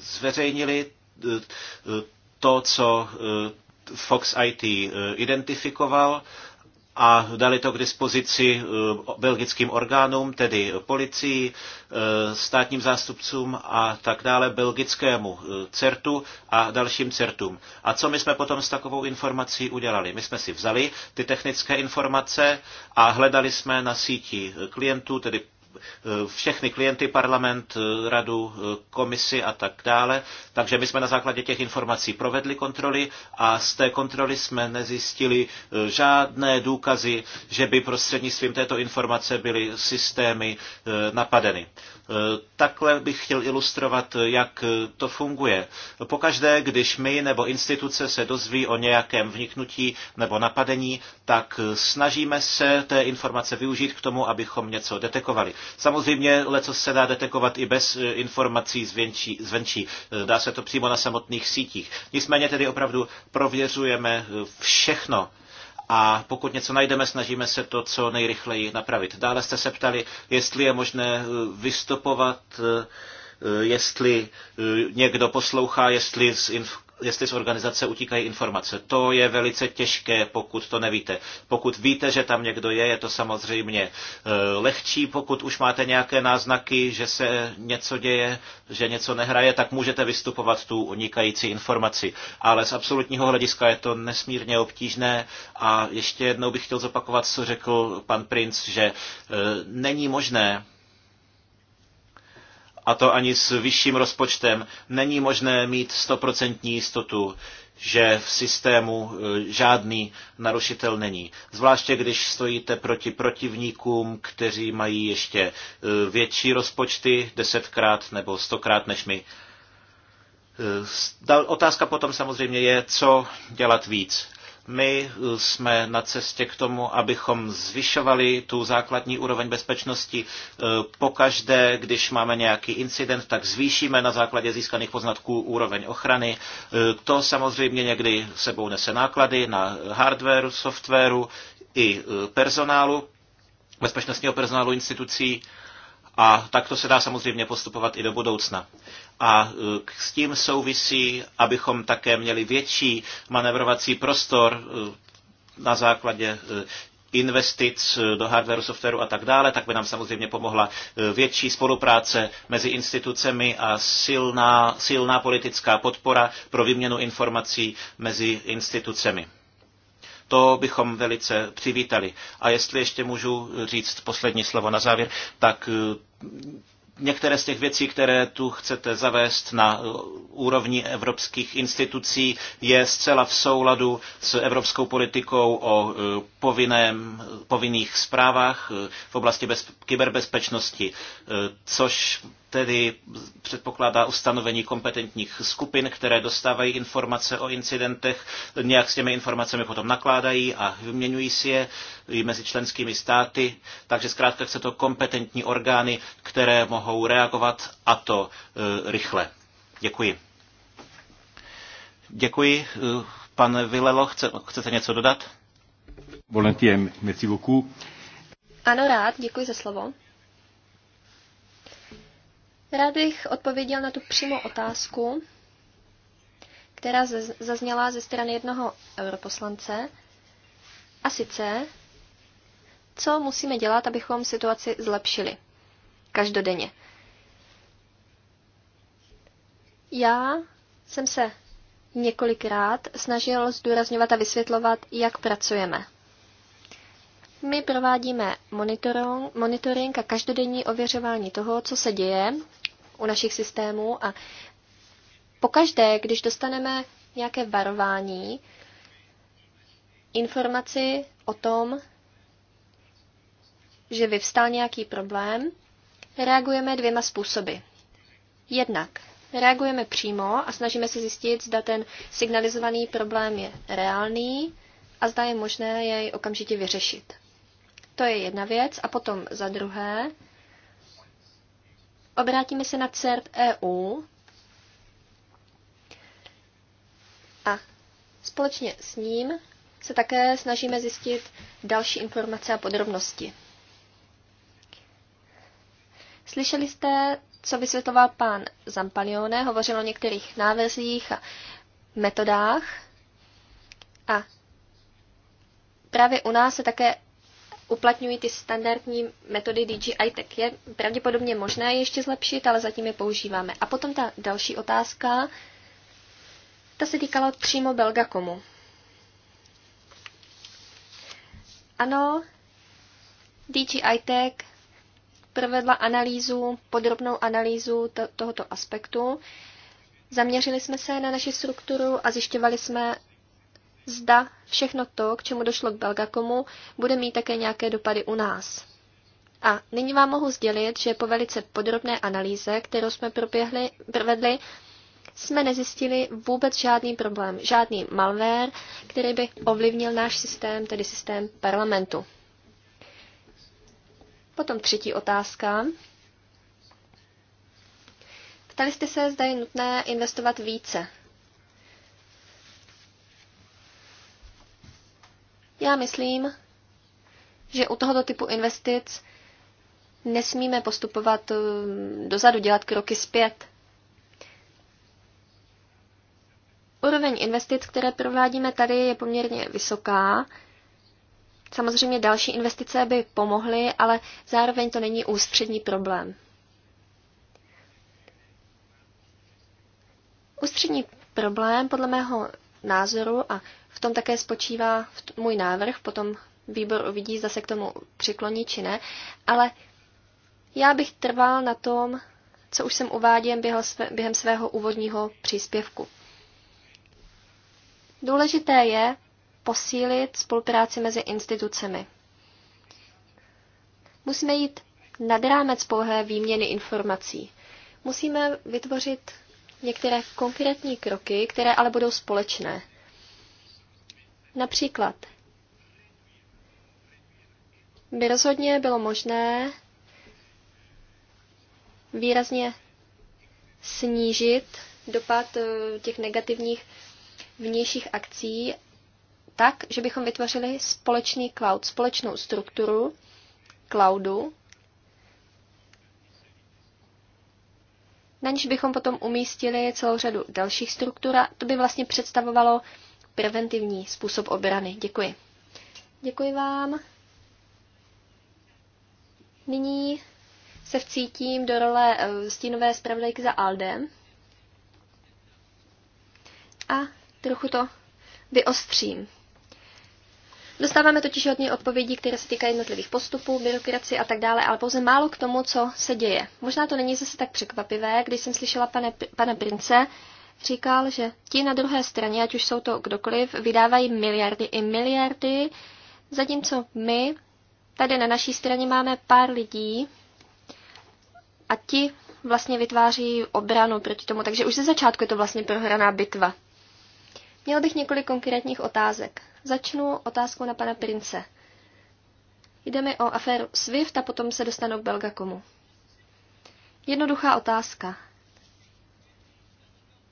zveřejnili to, co eh, Fox IT eh, identifikoval a dali to k dispozici eh, belgickým orgánům, tedy policii, státním zástupcům a tak dále, belgickému CERTu a dalším CERTům. A co my jsme potom s takovou informací udělali? My jsme si vzali ty technické informace a hledali jsme na síti klientů, tedy všechny klienty, parlament, eh, radu, eh, komisi a tak dále. Takže my jsme na základě těch informací provedli kontroly a z té kontroly jsme nezjistili eh, žádné důkazy, že by prostřednictvím této informace byly systémy napadeny. Takhle bych chtěl ilustrovat, jak to funguje. Pokaždé, když my nebo instituce se dozví o nějakém vniknutí nebo napadení, tak snažíme se té informace využít k tomu, abychom něco detekovali. Samozřejmě leco se dá detekovat i bez eh, informací zvenčí, zvenčí. Eh, dá se to přímo na samotných sítích. Nicméně tedy opravdu prověřujeme eh, všechno, a pokud něco najdeme, snažíme se to co nejrychleji napravit. Dále jste se ptali, jestli je možné eh, vystopovat eh, eh, jestli někdo poslouchá, jestli jestli z organizace utíkají informace. To je velice těžké, pokud to nevíte. Pokud víte, že tam někdo je, je to samozřejmě eh, lehčí. Pokud už máte nějaké náznaky, že se něco děje, že něco nehraje, tak můžete vystupovat tu unikající informaci. Ale z absolutního hlediska je to nesmírně obtížné a ještě jednou bych chtěl zopakovat, co řekl pan princ, že eh, není možné a to ani s vyšším rozpočtem, není možné mít stoprocentní jistotu, že v systému e, žádný narušitel není. Zvláště když stojíte proti protivníkům, kteří mají ještě e, větší rozpočty, desetkrát nebo stokrát než my. E, otázka potom samozřejmě je, co dělat víc. My eh, jsme na cestě k tomu, abychom zvyšovali tu základní úroveň bezpečnosti. Eh, pokaždé, když máme nějaký incident, tak zvýšíme na základě získaných poznatků úroveň ochrany. Eh, to samozřejmě někdy sebou nese náklady na hardware, softwaru i personálu, bezpečnostního personálu institucí. A takto se dá samozřejmě postupovat i do budoucna. A e, s tím souvisí, abychom také měli větší manevrovací prostor e, na základě e, investic do hardwareu, softwaru a tak dále, tak by nám samozřejmě pomohla větší spolupráce mezi institucemi a silná, silná politická podpora pro výměnu informací mezi institucemi. To bychom velice přivítali. A jestli ještě můžu říct poslední slovo na závěr, tak některé z těch věcí, které tu chcete zavést na úrovni evropských institucí, je zcela v souladu s evropskou politikou o e, povinném, povinných zprávách e, v oblasti bez, kyberbezpečnosti, e, což tedy předpokládá ustanovení kompetentních skupin, které dostávají informace o incidentech, nějak s těmi informacemi potom nakládají a vyměňují si je mezi členskými státy. Takže zkrátka chce to kompetentní orgány, které mohou reagovat a to e, rychle. Děkuji. Děkuji. E, pan Vilelo, chce, chcete něco dodat? Volentiem, merci beaucoup. Ano, rád, děkuji za slovo. Rád bych odpověděl na tu přímou otázku, která zazněla ze strany jednoho europoslance. A sice, co musíme dělat, abychom situaci zlepšili každodenně. Já jsem se několikrát snažil zdůrazňovat a vysvětlovat, jak pracujeme. My provádíme monitoring a každodenní ověřování toho, co se děje u našich systémů a pokaždé, když dostaneme nějaké varování, informaci o tom, že vyvstal nějaký problém, reagujeme dvěma způsoby. Jednak reagujeme přímo a snažíme se zjistit, zda ten signalizovaný problém je reálný a zda je možné jej okamžitě vyřešit. To je jedna věc. A potom za druhé, obrátíme se na CERT EU a společně s ním se také snažíme zjistit další informace a podrobnosti. Slyšeli jste, co vysvětloval pán Zampalione, hovořil o některých návrzích a metodách. A právě u nás se také uplatňují ty standardní metody DJI, tak je pravděpodobně možné ještě zlepšit, ale zatím je používáme. A potom ta další otázka, ta se týkala přímo Belgakomu. Ano, DJI Tech provedla analýzu, podrobnou analýzu tohoto aspektu. Zaměřili jsme se na naši strukturu a zjišťovali jsme, zda všechno to, k čemu došlo k Belgakomu, bude mít také nějaké dopady u nás. A nyní vám mohu sdělit, že po velice podrobné analýze, kterou jsme proběhli, provedli, jsme nezjistili vůbec žádný problém, žádný malware, který by ovlivnil náš systém, tedy systém parlamentu. Potom třetí otázka. Ptali jste se, zda je nutné investovat více Já myslím, že u tohoto typu investic nesmíme postupovat um, dozadu, dělat kroky zpět. Úroveň investic, které provádíme tady, je poměrně vysoká. Samozřejmě další investice by pomohly, ale zároveň to není ústřední problém. Ústřední problém podle mého názoru a v tom také spočívá můj návrh, potom výbor uvidí, zda se k tomu přikloní či ne, ale já bych trval na tom, co už jsem uváděl během svého úvodního příspěvku. Důležité je posílit spolupráci mezi institucemi. Musíme jít nad rámec pouhé výměny informací. Musíme vytvořit některé konkrétní kroky, které ale budou společné. Například by rozhodně bylo možné výrazně snížit dopad eh, těch negativních vnějších akcí tak, že bychom vytvořili společný cloud, společnou strukturu cloudu, na níž bychom potom umístili celou řadu dalších struktur a to by vlastně představovalo preventivní způsob obrany. Děkuji. Děkuji vám. Nyní se vcítím do role eh, stínové zpravodajky za Aldem a trochu to vyostřím. Dostáváme totiž hodně odpovědí, které se týkají jednotlivých postupů, byrokracie a tak dále, ale pouze málo k tomu, co se děje. Možná to není zase tak překvapivé, když jsem slyšela pane, pana Prince říkal, že ti na druhé straně, ať už jsou to kdokoliv, vydávají miliardy i miliardy, zatímco my tady na naší straně máme pár lidí a ti vlastně vytváří obranu proti tomu, takže už ze začátku je to vlastně prohraná bitva. Měl bych několik konkrétních otázek. Začnu otázkou na pana Prince. Jde mi o aféru SWIFT a potom se dostanu k Belgakomu. Jednoduchá otázka.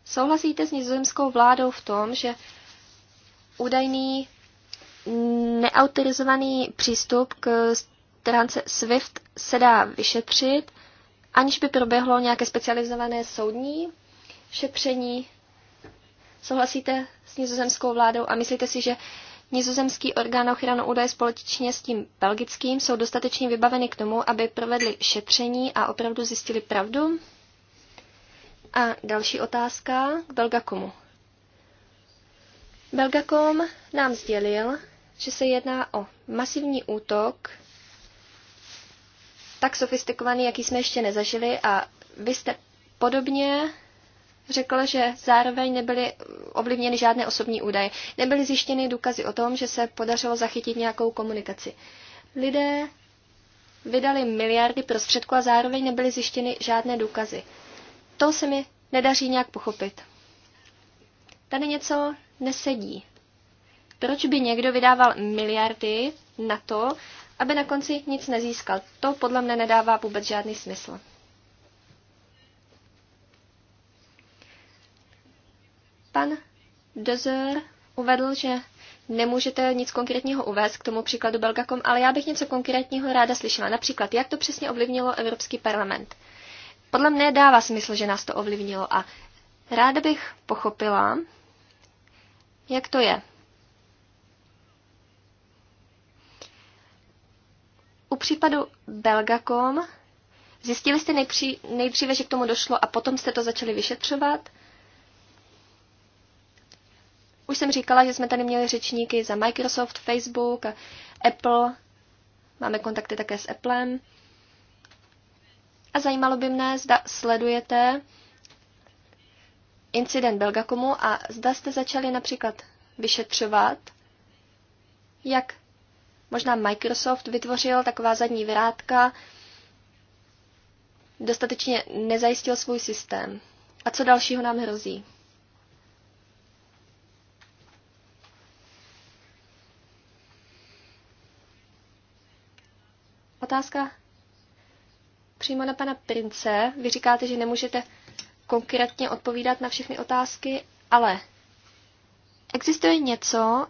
Souhlasíte s nizozemskou vládou v tom, že údajný neautorizovaný přístup k stránce SWIFT se dá vyšetřit, aniž by proběhlo nějaké specializované soudní šetření? Souhlasíte s nizozemskou vládou a myslíte si, že nizozemský orgán ochrany údaje společně s tím belgickým jsou dostatečně vybaveny k tomu, aby provedli šetření a opravdu zjistili pravdu? A další otázka k Belgakomu. Belgakom nám sdělil, že se jedná o masivní útok, tak sofistikovaný, jaký jsme ještě nezažili a vy jste podobně řekl, že zároveň nebyly ovlivněny žádné osobní údaje. Nebyly zjištěny důkazy o tom, že se podařilo zachytit nějakou komunikaci. Lidé vydali miliardy prostředků a zároveň nebyly zjištěny žádné důkazy to se mi nedaří nějak pochopit. Tady něco nesedí. Proč by někdo vydával miliardy na to, aby na konci nic nezískal? To podle mne nedává vůbec žádný smysl. Pan Dozer uvedl, že nemůžete nic konkrétního uvést k tomu příkladu Belgakom, ale já bych něco konkrétního ráda slyšela. Například, jak to přesně ovlivnilo Evropský parlament. Podle mne dává smysl, že nás to ovlivnilo a ráda bych pochopila, jak to je. U případu Belgacom zjistili jste nejpří, nejdříve, že k tomu došlo a potom jste to začali vyšetřovat? Už jsem říkala, že jsme tady měli řečníky za Microsoft, Facebook, Apple. Máme kontakty také s Applem. A zajímalo by mne, zda sledujete incident Belgakomu a zda jste začali například vyšetřovat, jak možná Microsoft vytvořil taková zadní vrátka, dostatečně nezajistil svůj systém. A co dalšího nám hrozí? Otázka přímo na pana Prince. Vy říkáte, že nemůžete konkrétně odpovídat na všechny otázky, ale existuje něco,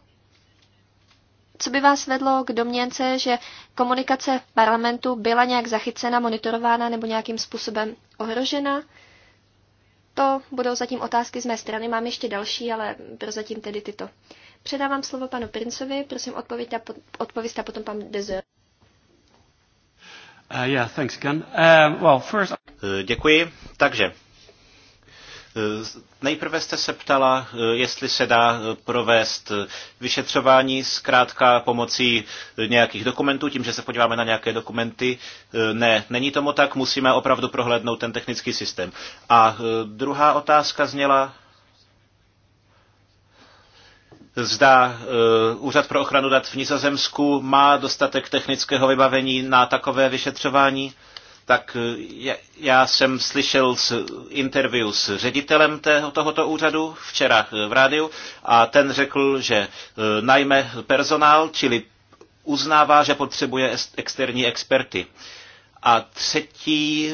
co by vás vedlo k domněnce, že komunikace parlamentu byla nějak zachycena, monitorována nebo nějakým způsobem ohrožena? To budou zatím otázky z mé strany, mám ještě další, ale prozatím tedy tyto. Předávám slovo panu Princovi, prosím odpověď a, po, odpověď a potom pan Dezer. Uh, yeah, thanks again. Uh, well, first... Uh, děkuji. Takže uh, Nejprve jste se ptala, uh, jestli se dá provést vyšetřování zkrátka pomocí nějakých dokumentů, tím, že se podíváme na nějaké dokumenty. Ne, není tomu tak, musíme opravdu prohlédnout ten technický systém. A druhá otázka zněla, zda eh, Úřad pro ochranu dat v Nizozemsku má dostatek technického vybavení na takové vyšetřování, tak eh, já jsem slyšel z interview s ředitelem tohoto úřadu včera eh, v rádiu a ten řekl, že najme personál, čili uznává, že potřebuje externí experty. A třetí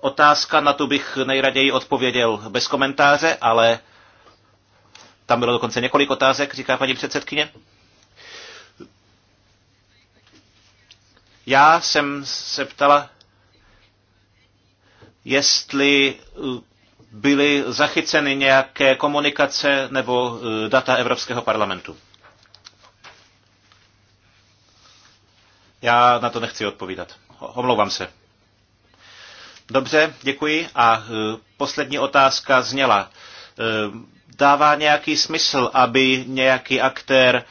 otázka, na tu bych nejraději odpověděl bez komentáře, ale tam bylo dokonce několik otázek, říká paní předsedkyně. Já jsem se ptala, jestli uh, byly zachyceny nějaké komunikace nebo uh, data Evropského parlamentu. Já na to nechci odpovídat. Omlouvám se. Dobře, děkuji. A uh, poslední otázka zněla dává nějaký smysl, aby nějaký aktér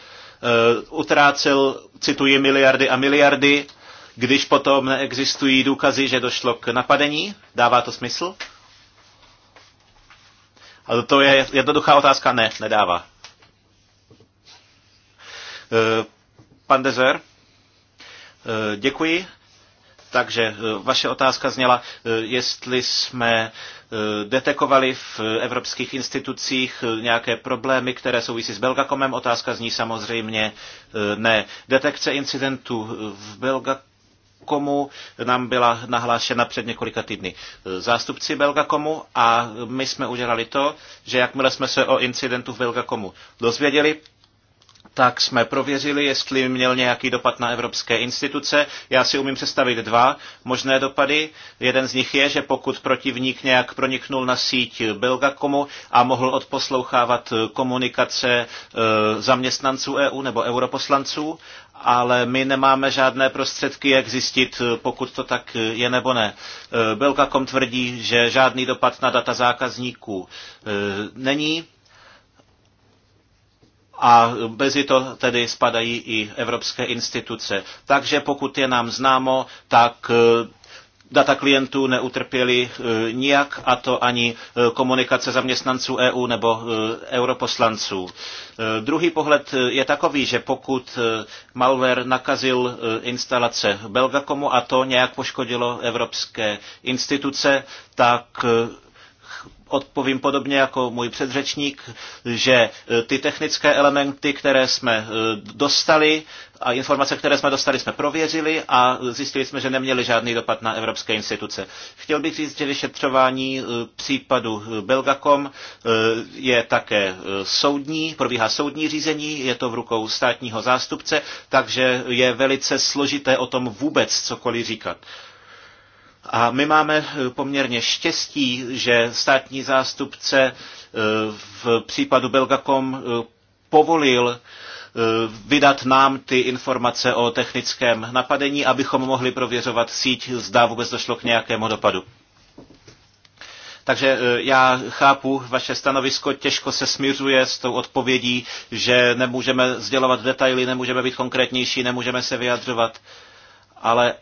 uh, utrácel, cituji, miliardy a miliardy, když potom neexistují důkazy, že došlo k napadení? Dává to smysl? Ale to je jednoduchá otázka. Ne, nedává. Uh, pan Dezer? Eh, děkuji. Takže eh, vaše otázka zněla, eh, jestli jsme eh, detekovali v evropských institucích nějaké problémy, které souvisí s Belgakomem. Otázka zní samozřejmě ne. Detekce incidentů v Belgakomu nám byla nahlášena před několika týdny zástupci Belgakomu a my jsme udělali to, že jakmile jsme se o incidentu v Belgakomu dozvěděli, tak jsme prověřili, jestli měl nějaký dopad na evropské instituce. Já si umím představit dva možné dopady. Jeden z nich je, že pokud protivník nějak proniknul na síť Belgakomu a mohl odposlouchávat komunikace e, zaměstnanců EU nebo europoslanců, ale my nemáme žádné prostředky, jak zjistit, pokud to tak je nebo ne. E, Belgakom tvrdí, že žádný dopad na data zákazníků e, není a mezi to tedy spadají i evropské instituce. Takže pokud je nám známo, tak eh, data klientů neutrpěli eh, nijak, a to ani eh, komunikace zaměstnanců EU nebo europoslanců. Druhý pohled je takový, že pokud malware nakazil instalace Belgakomu a to nějak poškodilo evropské instituce, tak odpovím podobně jako můj předřečník, že e, ty technické elementy, které jsme e, dostali a informace, které jsme dostali, jsme prověřili a zjistili jsme, že neměli žádný dopad na evropské instituce. Chtěl bych říct, že vyšetřování e, případu Belgacom je také soudní, probíhá soudní řízení, je to v rukou státního zástupce, takže je velice složité o tom vůbec cokoliv říkat. A my máme eh, poměrně štěstí, že státní zástupce eh, v případu Belgacom eh, povolil vydat nám ty informace o technickém napadení, abychom mohli prověřovat síť, zda vůbec došlo k nějakému dopadu. Takže já chápu vaše stanovisko, těžko se směřuje s tou odpovědí, že nemůžeme sdělovat detaily, nemůžeme být konkrétnější, nemůžeme se vyjadřovat, ale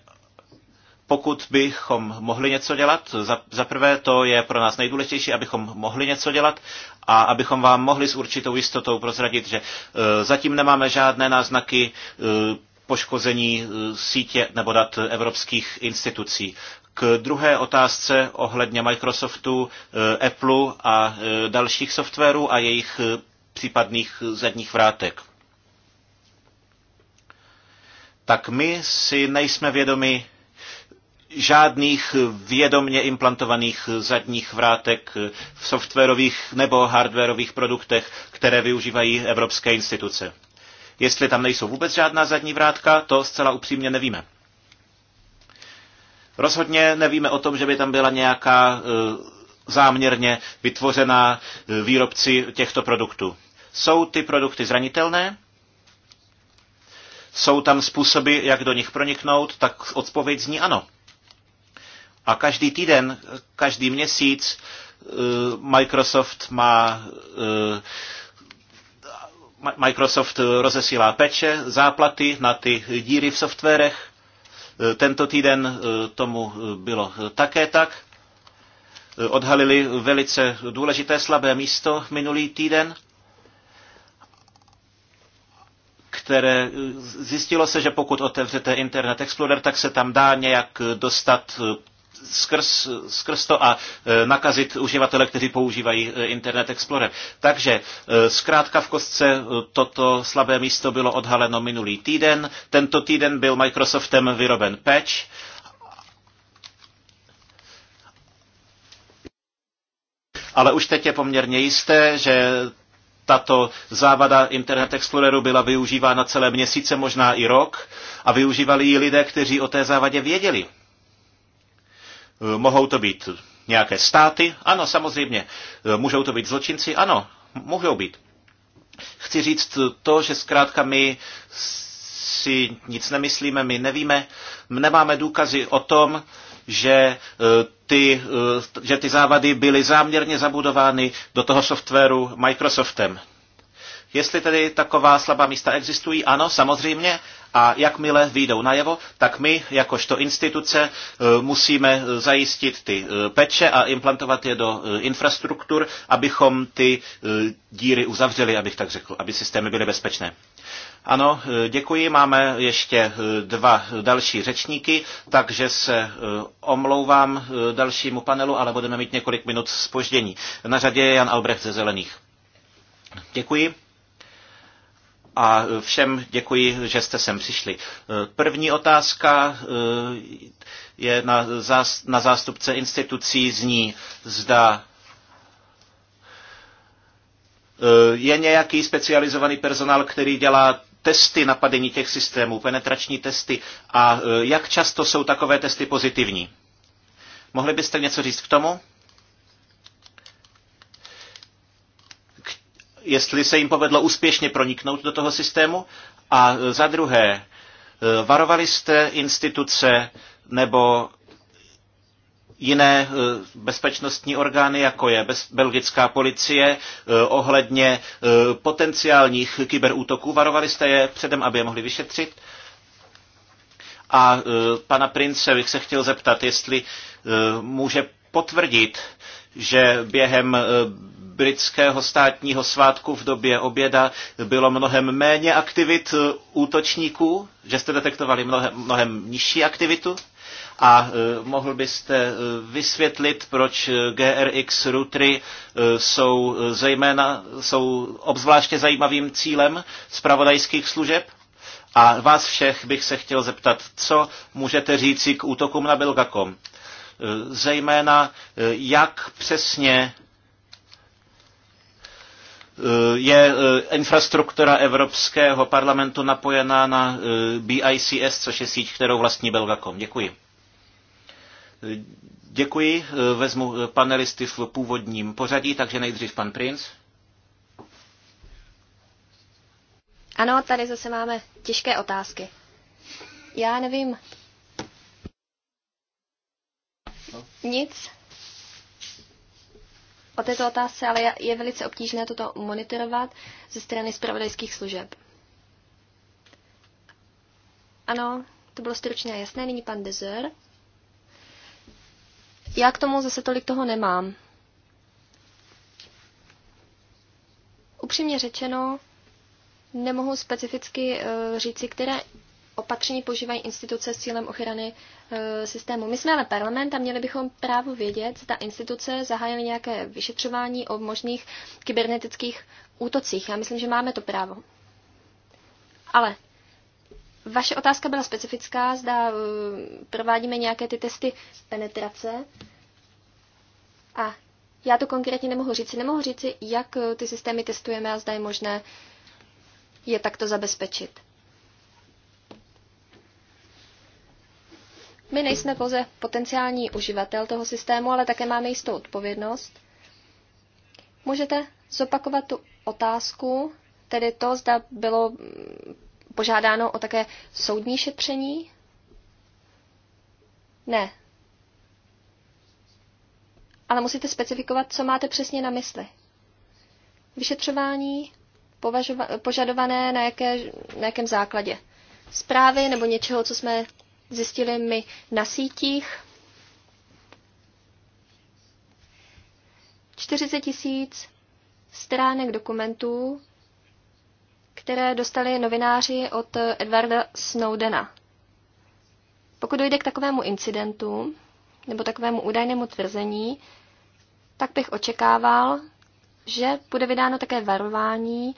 pokud bychom mohli něco dělat, za, prvé to je pro nás nejdůležitější, abychom mohli něco dělat a abychom vám mohli s určitou jistotou prozradit, že eh, zatím nemáme žádné náznaky eh, poškození eh, sítě nebo dat evropských institucí. K druhé otázce ohledně Microsoftu, Apple a dalších softwarů a jejich případných zadních vrátek. Tak my si nejsme vědomi, žádných vědomně implantovaných zadních vrátek v softwarových nebo hardwarových produktech, které využívají evropské instituce. Jestli tam nejsou vůbec žádná zadní vrátka, to zcela upřímně nevíme. Rozhodně nevíme o tom, že by tam byla nějaká e, záměrně vytvořená e, výrobci těchto produktů. Jsou ty produkty zranitelné? Jsou tam způsoby, jak do nich proniknout? Tak odpověď zní ano. A každý týden, každý měsíc eh, Microsoft má eh, Microsoft rozesílá peče, záplaty na ty díry v softwarech. Eh, tento týden tomu bylo také tak. Odhalili velice důležité slabé místo minulý týden, které zjistilo se, že pokud otevřete Internet Explorer, tak se tam dá nějak dostat skrz, skrz to a e, nakazit uživatele, kteří používají e, Internet Explorer. Takže e, zkrátka v kostce toto slabé místo bylo odhaleno minulý týden. Tento týden byl Microsoftem vyroben patch. Ale už teď je poměrně jisté, že tato závada Internet Exploreru byla využívána celé měsíce, možná i rok, a využívali ji lidé, kteří o té závadě věděli. Eh, mohou to být nějaké státy? Ano, samozřejmě. Eh, můžou to být zločinci? Ano, můžou být. Chci říct to, že zkrátka my si nic nemyslíme, my nevíme, nemáme důkazy o tom, že eh, ty, že ty závady byly záměrně zabudovány do toho softwaru Microsoftem. Jestli tedy taková slabá místa existují, ano, samozřejmě, a jakmile výjdou najevo, tak my, jakožto instituce, e, musíme zajistit ty e, peče a implantovat je do e, infrastruktur, abychom ty díry uzavřeli, abych tak řekl, aby systémy byly bezpečné. Ano, děkuji. Máme ještě dva další řečníky, takže se omlouvám dalšímu panelu, ale budeme mít několik minut spoždění. Na řadě je Jan Albrecht ze Zelených. Děkuji a všem děkuji, že jste sem přišli. První otázka eh, je na, zástupce institucí zní, zda eh, je nějaký specializovaný personál, který dělá testy napadení těch systémů, penetrační testy a eh, jak často jsou takové testy pozitivní. Mohli byste něco říct k tomu? jestli se jim povedlo úspěšně proniknout do toho systému. A za druhé, e, varovali jste instituce nebo jiné e, bezpečnostní orgány, jako je belgická policie, e, ohledně potenciálních kyberútoků. Varovali jste je předem, aby je mohli vyšetřit? A pana Prince bych se chtěl zeptat, jestli může potvrdit, že během britského státního svátku v době oběda bylo mnohem méně aktivit eh, útočníků, že jste detektovali mnohem, mnohem nižší aktivitu? A eh, mohl byste eh, vysvětlit, proč GRX routery jsou zejména, jsou obzvláště zajímavým cílem zpravodajských služeb? A vás všech bych se chtěl zeptat, co můžete říci k útokům na Belgacom? Zejména, jak přesně Eh, je eh, infrastruktura Evropského parlamentu napojená na eh, BICS, což je síť, kterou vlastní Belgacom? Děkuji. Děkuji. Vezmu panelisty v původním pořadí, takže nejdřív pan Princ. Ano, tady zase máme těžké otázky. Já nevím. No. Nic. O této otázce ale je velice obtížné toto monitorovat ze strany zpravodajských služeb. Ano, to bylo stručné a jasné. Nyní pan Dezer. Já k tomu zase tolik toho nemám. Upřímně řečeno, nemohu specificky eh, říci, které opatření používají instituce s cílem ochrany e, systému. My jsme ale parlament a měli bychom právo vědět, zda instituce zahájily nějaké vyšetřování o možných kybernetických útocích. Já myslím, že máme to právo. Ale vaše otázka byla specifická, zda e, provádíme nějaké ty testy penetrace. A já to konkrétně nemohu říci. Nemohu říci, jak e, ty systémy testujeme a zda je možné je takto zabezpečit. My nejsme pouze potenciální uživatel toho systému, ale také máme jistou odpovědnost. Můžete zopakovat tu otázku, tedy to, zda bylo mm, požádáno o také soudní šetření? Ne. Ale musíte specifikovat, co máte přesně na mysli. Vyšetřování považova- požadované na, jaké, na jakém základě? Zprávy nebo něčeho, co jsme zjistili my na sítích. 40 tisíc stránek dokumentů, které dostali novináři od Edwarda Snowdena. Pokud dojde k takovému incidentu nebo takovému údajnému tvrzení, tak bych očekával, že bude vydáno také varování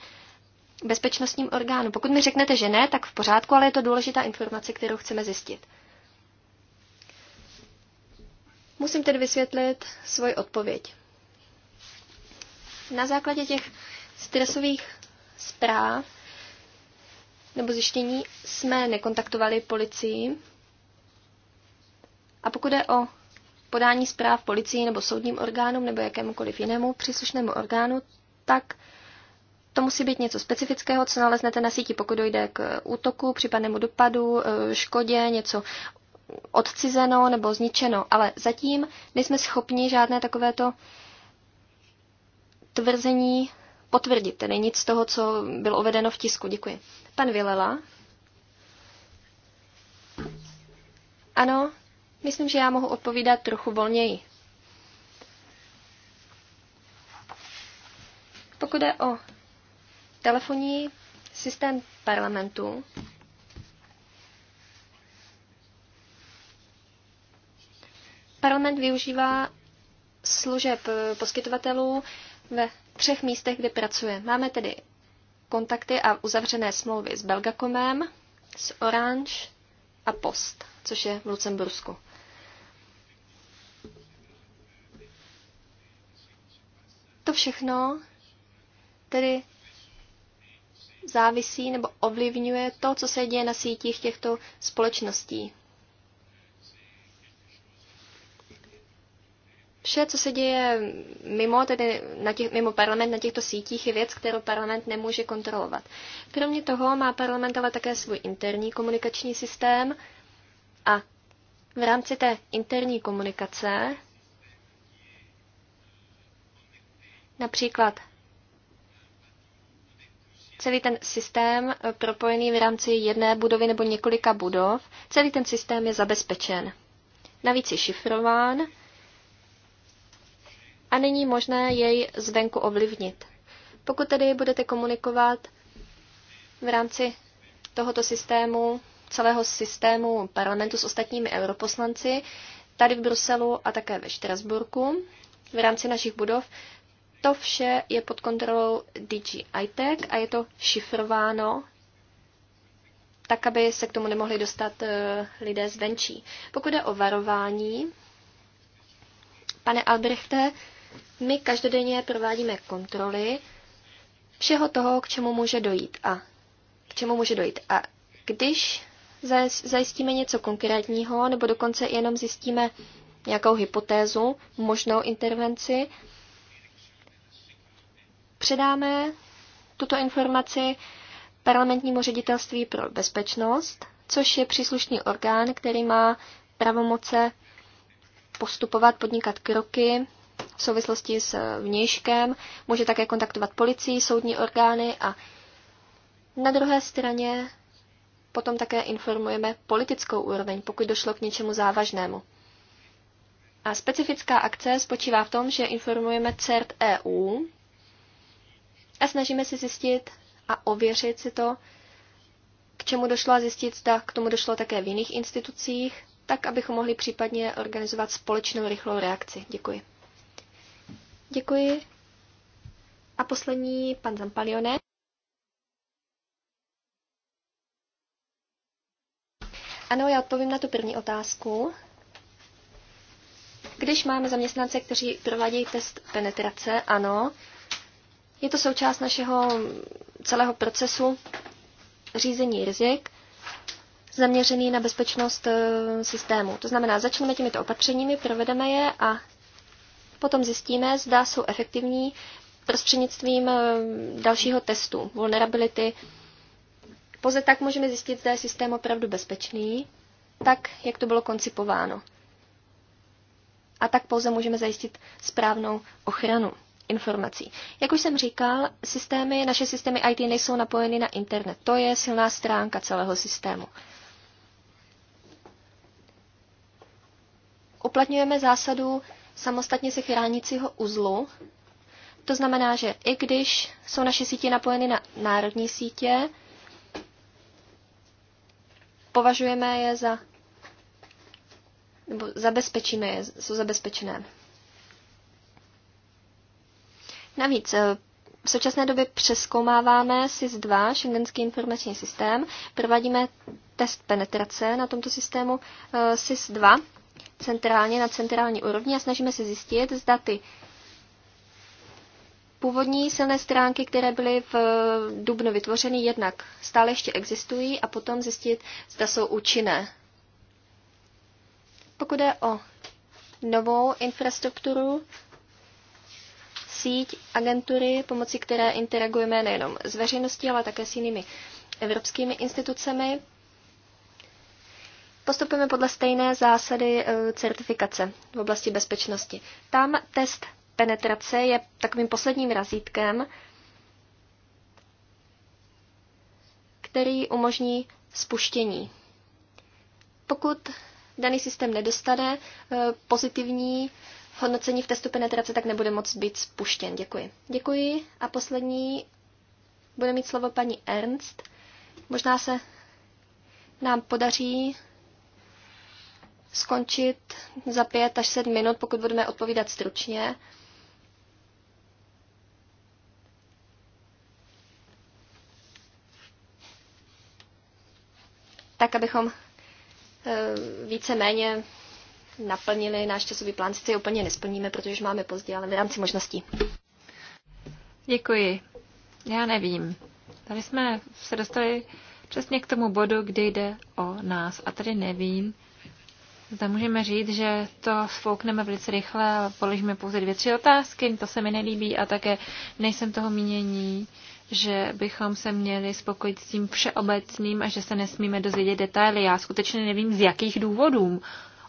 bezpečnostním orgánu. Pokud mi řeknete, že ne, tak v pořádku, ale je to důležitá informace, kterou chceme zjistit. Musím tedy vysvětlit svoji odpověď. Na základě těch stresových zpráv nebo zjištění jsme nekontaktovali policii. A pokud je o podání zpráv policii nebo soudním orgánům nebo jakémukoliv jinému příslušnému orgánu, tak to musí být něco specifického, co naleznete na síti, pokud dojde k útoku, případnému dopadu, e, škodě, něco odcizeno nebo zničeno. Ale zatím nejsme schopni žádné takovéto tvrzení potvrdit, tedy nic z toho, co bylo uvedeno v tisku. Děkuji. Pan Vilela. Ano, myslím, že já mohu odpovídat trochu volněji. Pokud je o telefonní systém parlamentu Parlament využívá služeb eh, poskytovatelů ve třech místech, kde pracuje. Máme tedy kontakty a uzavřené smlouvy s Belgacomem, s Orange a Post, což je v Lucembursku. To všechno tedy závisí nebo ovlivňuje to, co se děje na sítích těchto společností. Vše, co se děje mimo, tedy na těch, mimo parlament na těchto sítích, je věc, kterou parlament nemůže kontrolovat. Kromě toho má parlament ale také svůj interní komunikační systém a v rámci té interní komunikace například celý ten systém eh, propojený v rámci jedné budovy nebo několika budov, celý ten systém je zabezpečen. Navíc je šifrován a není možné jej zvenku ovlivnit. Pokud tedy budete komunikovat v rámci tohoto systému, celého systému parlamentu s ostatními europoslanci, tady v Bruselu a také ve Štrasburku, v rámci našich budov, to vše je pod kontrolou DG ITEC a je to šifrováno tak, aby se k tomu nemohli dostat eh, lidé zvenčí. Pokud je o varování, pane Albrechte, my každodenně provádíme kontroly všeho toho, k čemu může dojít a k čemu může dojít. A když zajistíme něco konkrétního, nebo dokonce jenom zjistíme nějakou hypotézu, možnou intervenci, Předáme tuto informaci parlamentnímu ředitelství pro bezpečnost, což je příslušný orgán, který má pravomoce postupovat, podnikat kroky v souvislosti s vnějškem, může také kontaktovat policii, soudní orgány a na druhé straně potom také informujeme politickou úroveň, pokud došlo k něčemu závažnému. A specifická akce spočívá v tom, že informujeme CERT EU, a snažíme se zjistit a ověřit si to, k čemu došlo a zjistit, zda k tomu došlo také v jiných institucích, tak abychom mohli případně organizovat společnou rychlou reakci. Děkuji. Děkuji. A poslední, pan Zampalione. Ano, já odpovím na tu první otázku. Když máme zaměstnance, kteří provádějí test penetrace, ano, je to součást našeho celého procesu řízení rizik zaměřený na bezpečnost eh, systému. To znamená, začneme těmito opatřeními, provedeme je a potom zjistíme, zda jsou efektivní prostřednictvím eh, dalšího testu vulnerability. Poze tak můžeme zjistit, zda je systém opravdu bezpečný, tak, jak to bylo koncipováno. A tak pouze můžeme zajistit správnou ochranu informací. Jak už jsem říkal, systémy, naše systémy IT nejsou napojeny na internet. To je silná stránka celého systému. Uplatňujeme zásadu samostatně se chránícího uzlu. To znamená, že i když jsou naše sítě napojeny na národní sítě, považujeme je za, nebo zabezpečíme je, jsou zabezpečené. Navíc eh, v současné době přeskoumáváme SIS-2, Schengenský informační systém, provádíme test penetrace na tomto systému eh, SIS-2 centrálně na centrální úrovni a snažíme se zjistit, zda ty původní silné stránky, které byly v eh, Dubnu vytvořeny, jednak stále ještě existují a potom zjistit, zda jsou účinné. Pokud je o novou infrastrukturu, síť agentury, pomocí které interagujeme nejenom s veřejností, ale také s jinými evropskými institucemi. Postupujeme podle stejné zásady eh, certifikace v oblasti bezpečnosti. Tam test penetrace je takovým posledním razítkem, který umožní spuštění. Pokud daný systém nedostane eh, pozitivní hodnocení v testu penetrace tak nebude moc být spuštěn. Děkuji. Děkuji a poslední bude mít slovo paní Ernst. Možná se nám podaří skončit za pět až sedm minut, pokud budeme odpovídat stručně. Tak, abychom eh, více-méně naplnili náš časový plán. Sice úplně nesplníme, protože už máme pozdě, ale v rámci možností. Děkuji. Já nevím. Tady jsme se dostali přesně k tomu bodu, kde jde o nás. A tady nevím, zda můžeme říct, že to sfoukneme velice rychle a položíme pouze dvě, tři otázky. To se mi nelíbí a také nejsem toho mínění, že bychom se měli spokojit s tím všeobecným a že se nesmíme dozvědět detaily. Já skutečně nevím, z jakých důvodů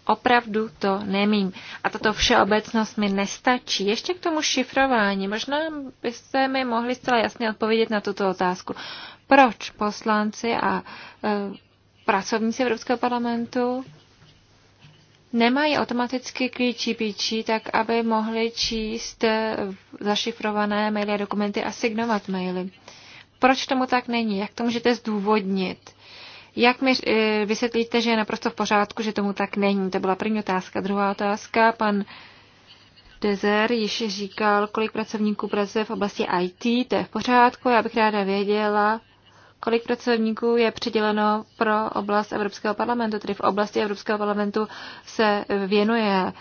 Opravdu to nemím. A tato všeobecnost mi nestačí. Ještě k tomu šifrování. Možná byste mi mohli zcela jasně odpovědět na tuto otázku. Proč poslanci a e, pracovníci Evropského parlamentu nemají automaticky klíčí píčí, tak aby mohli číst e, zašifrované maily a dokumenty a signovat maily. Proč tomu tak není? Jak to můžete zdůvodnit? Jak mi eh, vysvětlíte, že je naprosto v pořádku, že tomu tak není? To byla první otázka. Druhá otázka, pan Dezer již říkal, kolik pracovníků pracuje v oblasti IT, to je v pořádku, já bych ráda věděla, kolik pracovníků je přiděleno pro oblast Evropského parlamentu, tedy v oblasti Evropského parlamentu se věnuje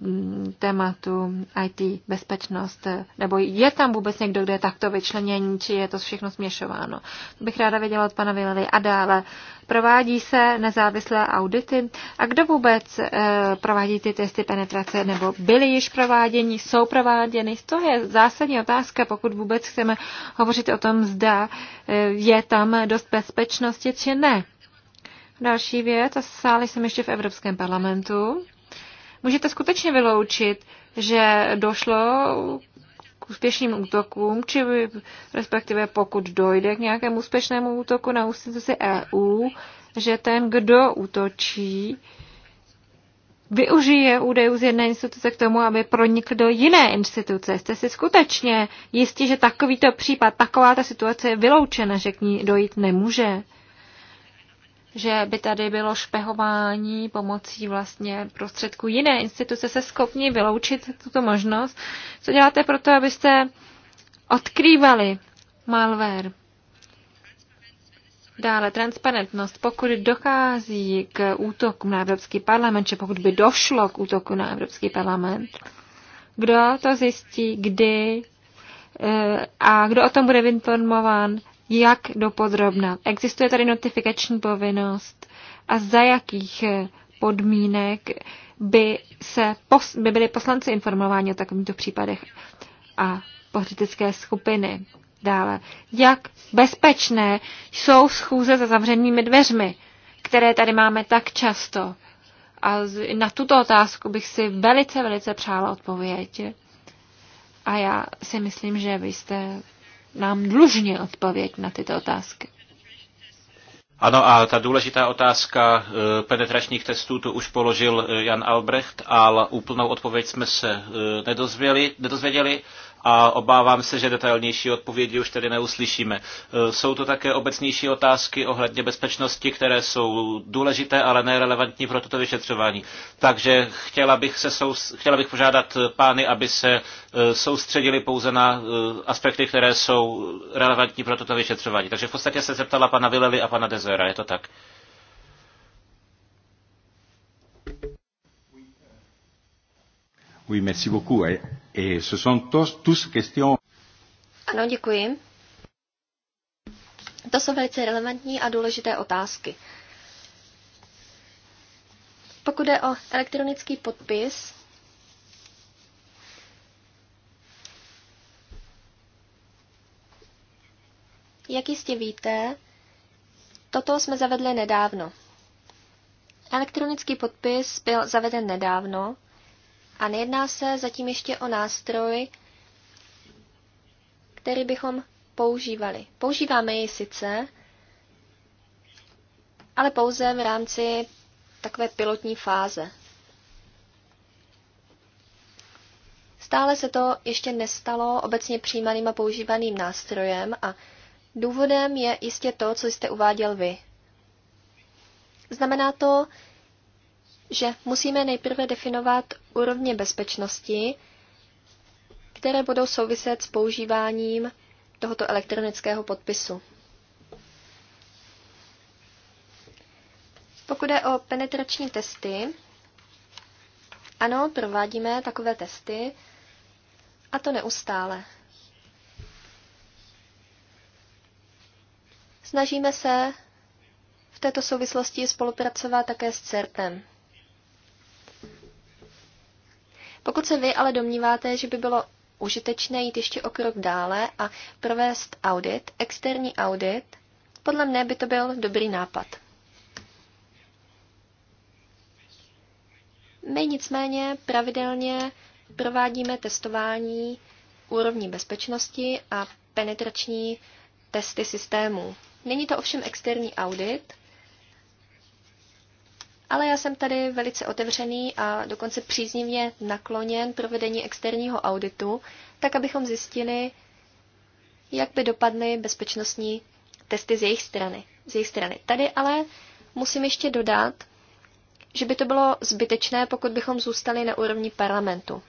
mm, tématu IT bezpečnost, nebo je tam vůbec někdo, kde je takto vyčlenění, či je to všechno směšováno. Bych ráda věděla od pana Vilely a dále Provádí se nezávislé audity? A kdo vůbec eh, provádí ty testy penetrace, nebo byly již prováděni, jsou prováděny? To je zásadní otázka, pokud vůbec chceme hovořit o tom, zda eh, je tam dost bezpečnosti, či ne. Další věc, a sály jsem ještě v Evropském parlamentu. Můžete skutečně vyloučit, že došlo úspěšným útokům, či respektive pokud dojde k nějakému úspěšnému útoku na instituci EU, že ten, kdo útočí, využije údajů z jedné instituce k tomu, aby pronikl do jiné instituce. Jste si skutečně jistí, že takovýto případ, taková ta situace je vyloučena, že k ní dojít nemůže? že by tady bylo špehování pomocí vlastně prostředků jiné instituce se schopni vyloučit tuto možnost. Co děláte pro to, abyste odkrývali malware? Dále transparentnost. Pokud dochází k útoku na Evropský parlament, či pokud by došlo k útoku na Evropský parlament, kdo to zjistí, kdy eh, a kdo o tom bude informován, jak dopodrobna. Existuje tady notifikační povinnost a za jakých eh, podmínek by, se, by byli poslanci informováni o takovýchto případech a politické skupiny. Dále, jak bezpečné jsou schůze za zavřenými dveřmi, které tady máme tak často? A na tuto otázku bych si velice, velice přála odpověď. A já si myslím, že byste nám dlužně odpověď na tyto otázky. Ano a ta důležitá otázka eh, penetračních testů tu už položil eh, Jan Albrecht, ale úplnou odpověď jsme se eh, nedozvěděli, nedozvěděli a obávám se, že detailnější odpovědi už tedy neuslyšíme. E, jsou to také obecnější otázky ohledně bezpečnosti, které jsou důležité, ale nerelevantní pro toto vyšetřování. Takže chtěla bych, se sou, chtěla bych požádat pány, aby se e, soustředili pouze na e, aspekty, které jsou relevantní pro toto vyšetřování. Takže v podstatě se zeptala pana Vilely a pana Dezera, je to tak? Oui, merci beaucoup. Et, et ce sont tous, tous questions... Ano, děkuji. To jsou velice relevantní a důležité otázky. Pokud jde o elektronický podpis, jak jistě víte, toto jsme zavedli nedávno. Elektronický podpis byl zaveden nedávno a nejedná se zatím ještě o nástroj, který bychom používali. Používáme ji sice, ale pouze v rámci takové pilotní fáze. Stále se to ještě nestalo obecně přijímaným a používaným nástrojem a důvodem je jistě to, co jste uváděl vy. Znamená to, že musíme nejprve definovat úrovně bezpečnosti, které budou souviset s používáním tohoto elektronického podpisu. Pokud je o penetrační testy, ano, provádíme takové testy, a to neustále. Snažíme se v této souvislosti spolupracovat také s CERTem. Pokud se vy ale domníváte, že by bylo užitečné jít ještě o krok dále a provést audit, externí audit, podle mne by to byl dobrý nápad. My nicméně pravidelně provádíme testování úrovní bezpečnosti a penetrační testy systémů. Není to ovšem externí audit, ale já jsem tady velice otevřený a dokonce příznivě nakloněn provedení externího auditu, tak abychom zjistili, jak by dopadly bezpečnostní testy z jejich strany. Z jejich strany. Tady ale musím ještě dodat, že by to bylo zbytečné, pokud bychom zůstali na úrovni parlamentu.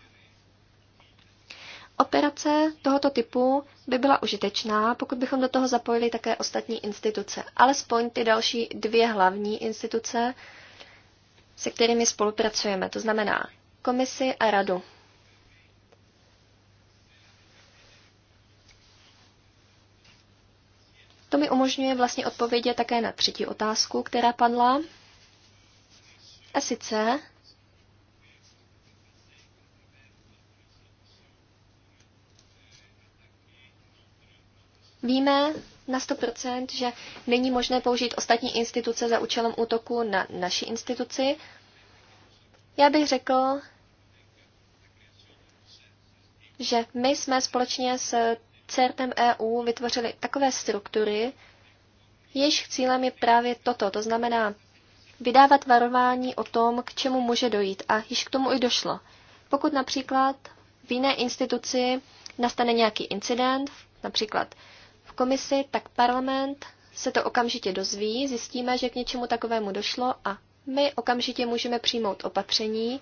Operace tohoto typu by byla užitečná, pokud bychom do toho zapojili také ostatní instituce, alespoň ty další dvě hlavní instituce, se kterými spolupracujeme, to znamená komisi a radu. To mi umožňuje vlastně odpovědět také na třetí otázku, která padla. A sice, Víme na 100%, že není možné použít ostatní instituce za účelem útoku na naši instituci. Já bych řekl, že my jsme společně s CERTem EU vytvořili takové struktury, jejichž cílem je právě toto, to znamená vydávat varování o tom, k čemu může dojít a již k tomu i došlo. Pokud například v jiné instituci nastane nějaký incident, například komisi, tak parlament se to okamžitě dozví, zjistíme, že k něčemu takovému došlo a my okamžitě můžeme přijmout opatření,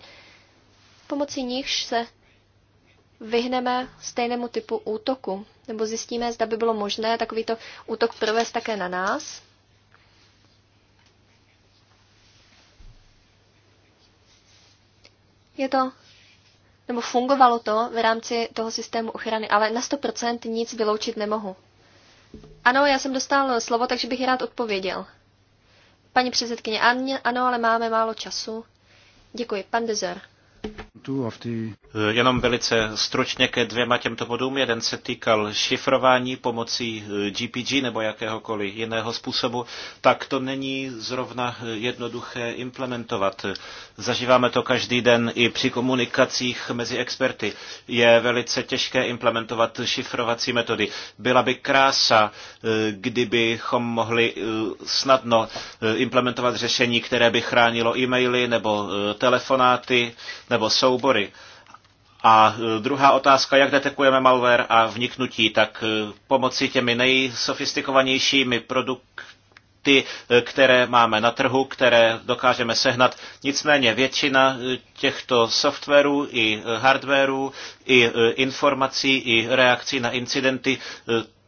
pomocí nichž se vyhneme stejnému typu útoku, nebo zjistíme, zda by bylo možné takovýto útok provést také na nás. Je to, nebo fungovalo to v rámci toho systému ochrany, ale na 100% nic vyloučit nemohu. Ano, já jsem dostal slovo, takže bych rád odpověděl. Paní předsedkyně, ano, ale máme málo času. Děkuji. Pan Dezer. Jenom velice stručně ke dvěma těmto bodům. Jeden se týkal šifrování pomocí GPG eh, nebo jakéhokoliv jiného způsobu. Tak to není zrovna eh, jednoduché implementovat. Zažíváme to každý den i při komunikacích mezi experty. Je velice těžké implementovat šifrovací metody. Byla by krása, eh, kdybychom mohli snadno implementovat řešení, které by chránilo e-maily nebo telefonáty, nebo nebo soubory. A e, druhá otázka, jak detekujeme malware a vniknutí, tak e, pomocí těmi nejsofistikovanějšími produkty, e, které máme na trhu, které dokážeme sehnat. Nicméně většina těchto softwarů i hardwarů, i informací, i reakcí na incidenty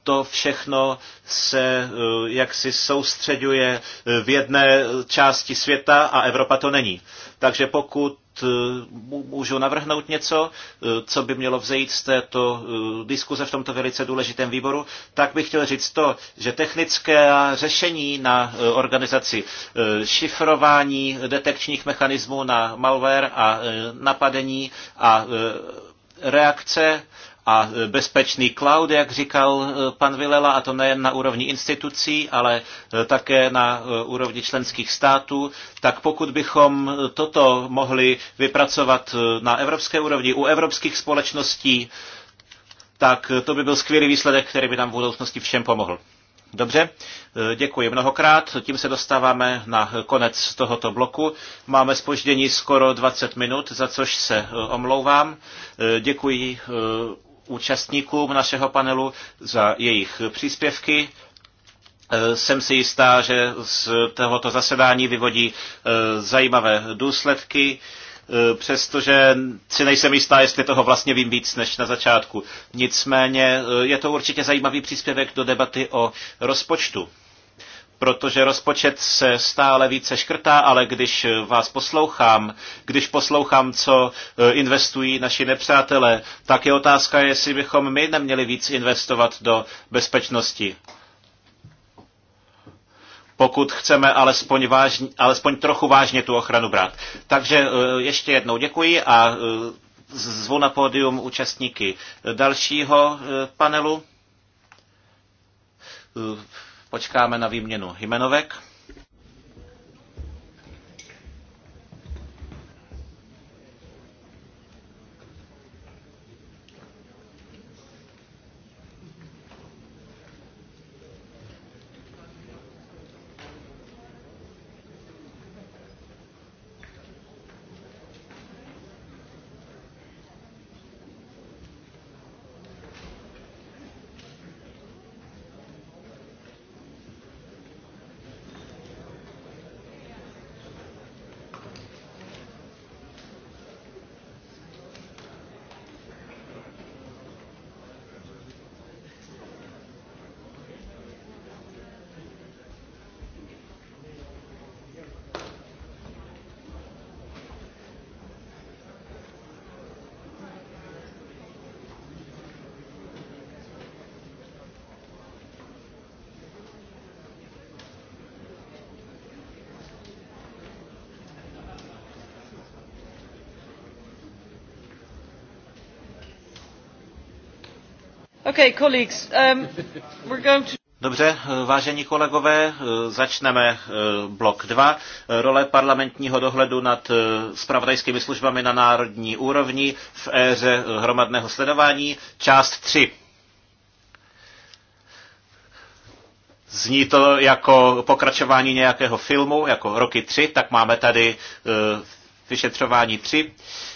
to všechno se jaksi soustředuje v jedné části světa a Evropa to není. Takže pokud Eh, můžu navrhnout něco, eh, co by mělo vzejít z této eh, diskuze v tomto velice důležitém výboru, tak bych chtěl říct to, že technické řešení na organizaci šifrování detekčních mechanismů na malware a napadení a reakce a e, bezpečný cloud, jak říkal e, pan Vilela, a to nejen na úrovni institucí, ale e, také na úrovni členských států, tak pokud bychom toto mohli vypracovat na evropské úrovni u evropských společností, tak to by byl skvělý výsledek, který by nám v budoucnosti všem pomohl. Dobře, děkuji mnohokrát. Tím se dostáváme na konec tohoto bloku. Máme spoždění skoro 20 minut, za což se omlouvám. Děkuji účastníkům našeho panelu za jejich příspěvky. E, jsem si jistá, že z tohoto zasedání vyvodí e, zajímavé důsledky, e, přestože si nejsem jistá, jestli toho vlastně vím víc než na začátku. Nicméně je to určitě zajímavý příspěvek do debaty o rozpočtu protože rozpočet se stále více škrtá, ale když vás poslouchám, když poslouchám, co eh, investují naši nepřátelé, tak je otázka, jestli bychom my neměli víc investovat do bezpečnosti. Pokud chceme alespoň, vážně, alespoň trochu vážně tu ochranu brát. Takže eh, ještě jednou děkuji a eh, zvu na pódium účastníky dalšího panelu Počkáme na výměnu jmenovek. Um, Dobře, vážení kolegové, eh, začneme eh, blok 2. Eh, role parlamentního dohledu nad spravodajskými službami na národní úrovni v éře hromadného sledování, část 3. Zní to jako pokračování nějakého filmu, jako roky 3, tak máme tady vyšetřování 3.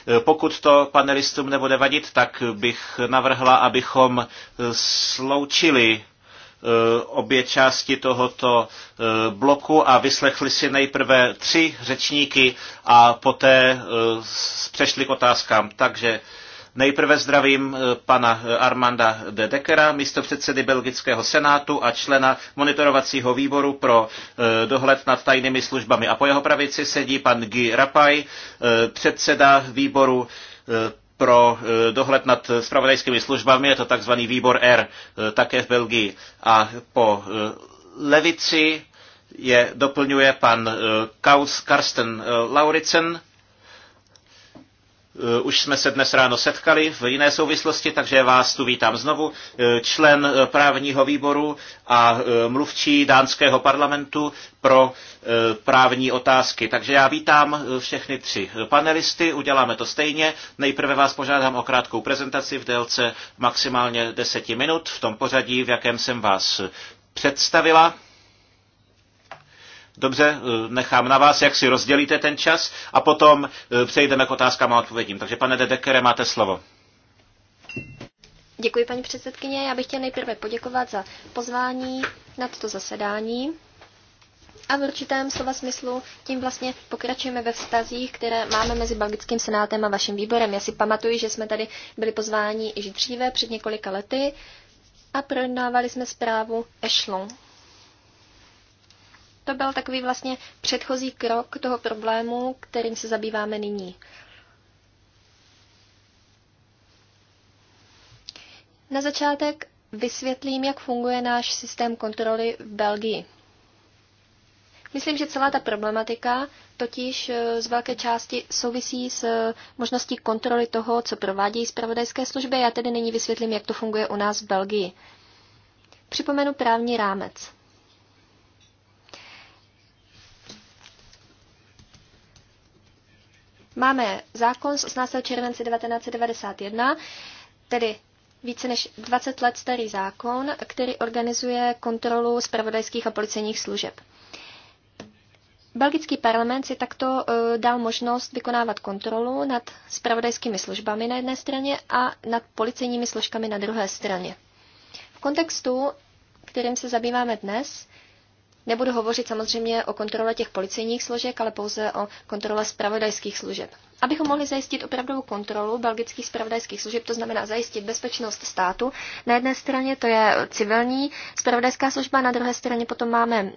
Eh, pokud to panelistům nebude vadit, tak bych navrhla, abychom eh, sloučili eh, obě části tohoto bloku a vyslechli si nejprve tři řečníky a poté přešli k otázkám. Takže Nejprve zdravím eh, pana eh, Armanda de Dekera, místopředsedy Belgického senátu a člena monitorovacího výboru pro eh, dohled nad tajnými službami. A po jeho pravici sedí pan Guy Rapaj, předseda výboru pro dohled nad spravodajskými službami, je to takzvaný výbor R, také v Belgii. A po levici je doplňuje pan Kaus Karsten Lauritsen, Eh, už jsme se dnes ráno setkali v jiné souvislosti, takže vás tu vítám znovu. Eh, člen eh, právního výboru a mluvčí dánského parlamentu pro právní otázky. Takže já vítám všechny tři panelisty, uděláme to stejně. Nejprve vás požádám o krátkou prezentaci v délce maximálně deseti minut, v tom pořadí, v jakém jsem vás představila. Dobře, eh, nechám na vás, jak si rozdělíte ten čas a potom eh, přejdeme k otázkám a odpovědím. Takže pane Dedekere, máte slovo. Děkuji, paní předsedkyně. Já bych chtěl nejprve poděkovat za pozvání na toto zasedání. A v určitém slova smyslu tím vlastně pokračujeme ve vztazích, které máme mezi Belgickým senátem a vaším výborem. Já si pamatuju, že jsme tady byli pozváni již dříve, před několika lety, a projednávali jsme zprávu Echelon to byl takový vlastně předchozí krok toho problému, kterým se zabýváme nyní. Na začátek vysvětlím, jak funguje náš systém kontroly v Belgii. Myslím, že celá ta problematika totiž eh, z velké části souvisí s eh, možností kontroly toho, co provádějí zpravodajské služby. Já tedy nyní vysvětlím, jak to funguje u nás v Belgii. Připomenu právní rámec. Máme zákon z 18. července 1991, tedy více než 20 let starý zákon, který organizuje kontrolu spravodajských a policejních služeb. Belgický parlament si takto e, dal možnost vykonávat kontrolu nad spravodajskými službami na jedné straně a nad policejními složkami na druhé straně. V kontextu, kterým se zabýváme dnes, Nebudu hovořit samozřejmě o kontrole těch policejních složek, ale pouze o kontrole spravodajských služeb. Abychom mohli zajistit opravdovou kontrolu belgických spravodajských služeb, to znamená zajistit bezpečnost státu. Na jedné straně to je civilní spravodajská služba, na druhé straně potom máme e,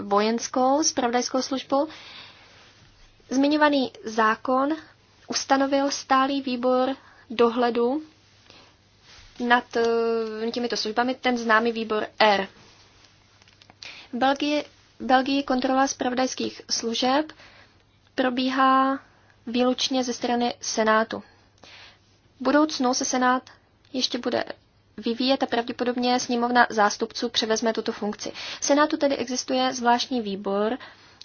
vojenskou spravodajskou službu. Zmiňovaný zákon ustanovil stálý výbor dohledu nad e, těmito službami, ten známý výbor R. Belgie, Belgii kontrola zpravodajských služeb probíhá výlučně ze strany Senátu. V budoucnu se Senát ještě bude vyvíjet a pravděpodobně sněmovna zástupců převezme tuto funkci. V Senátu tedy existuje zvláštní výbor,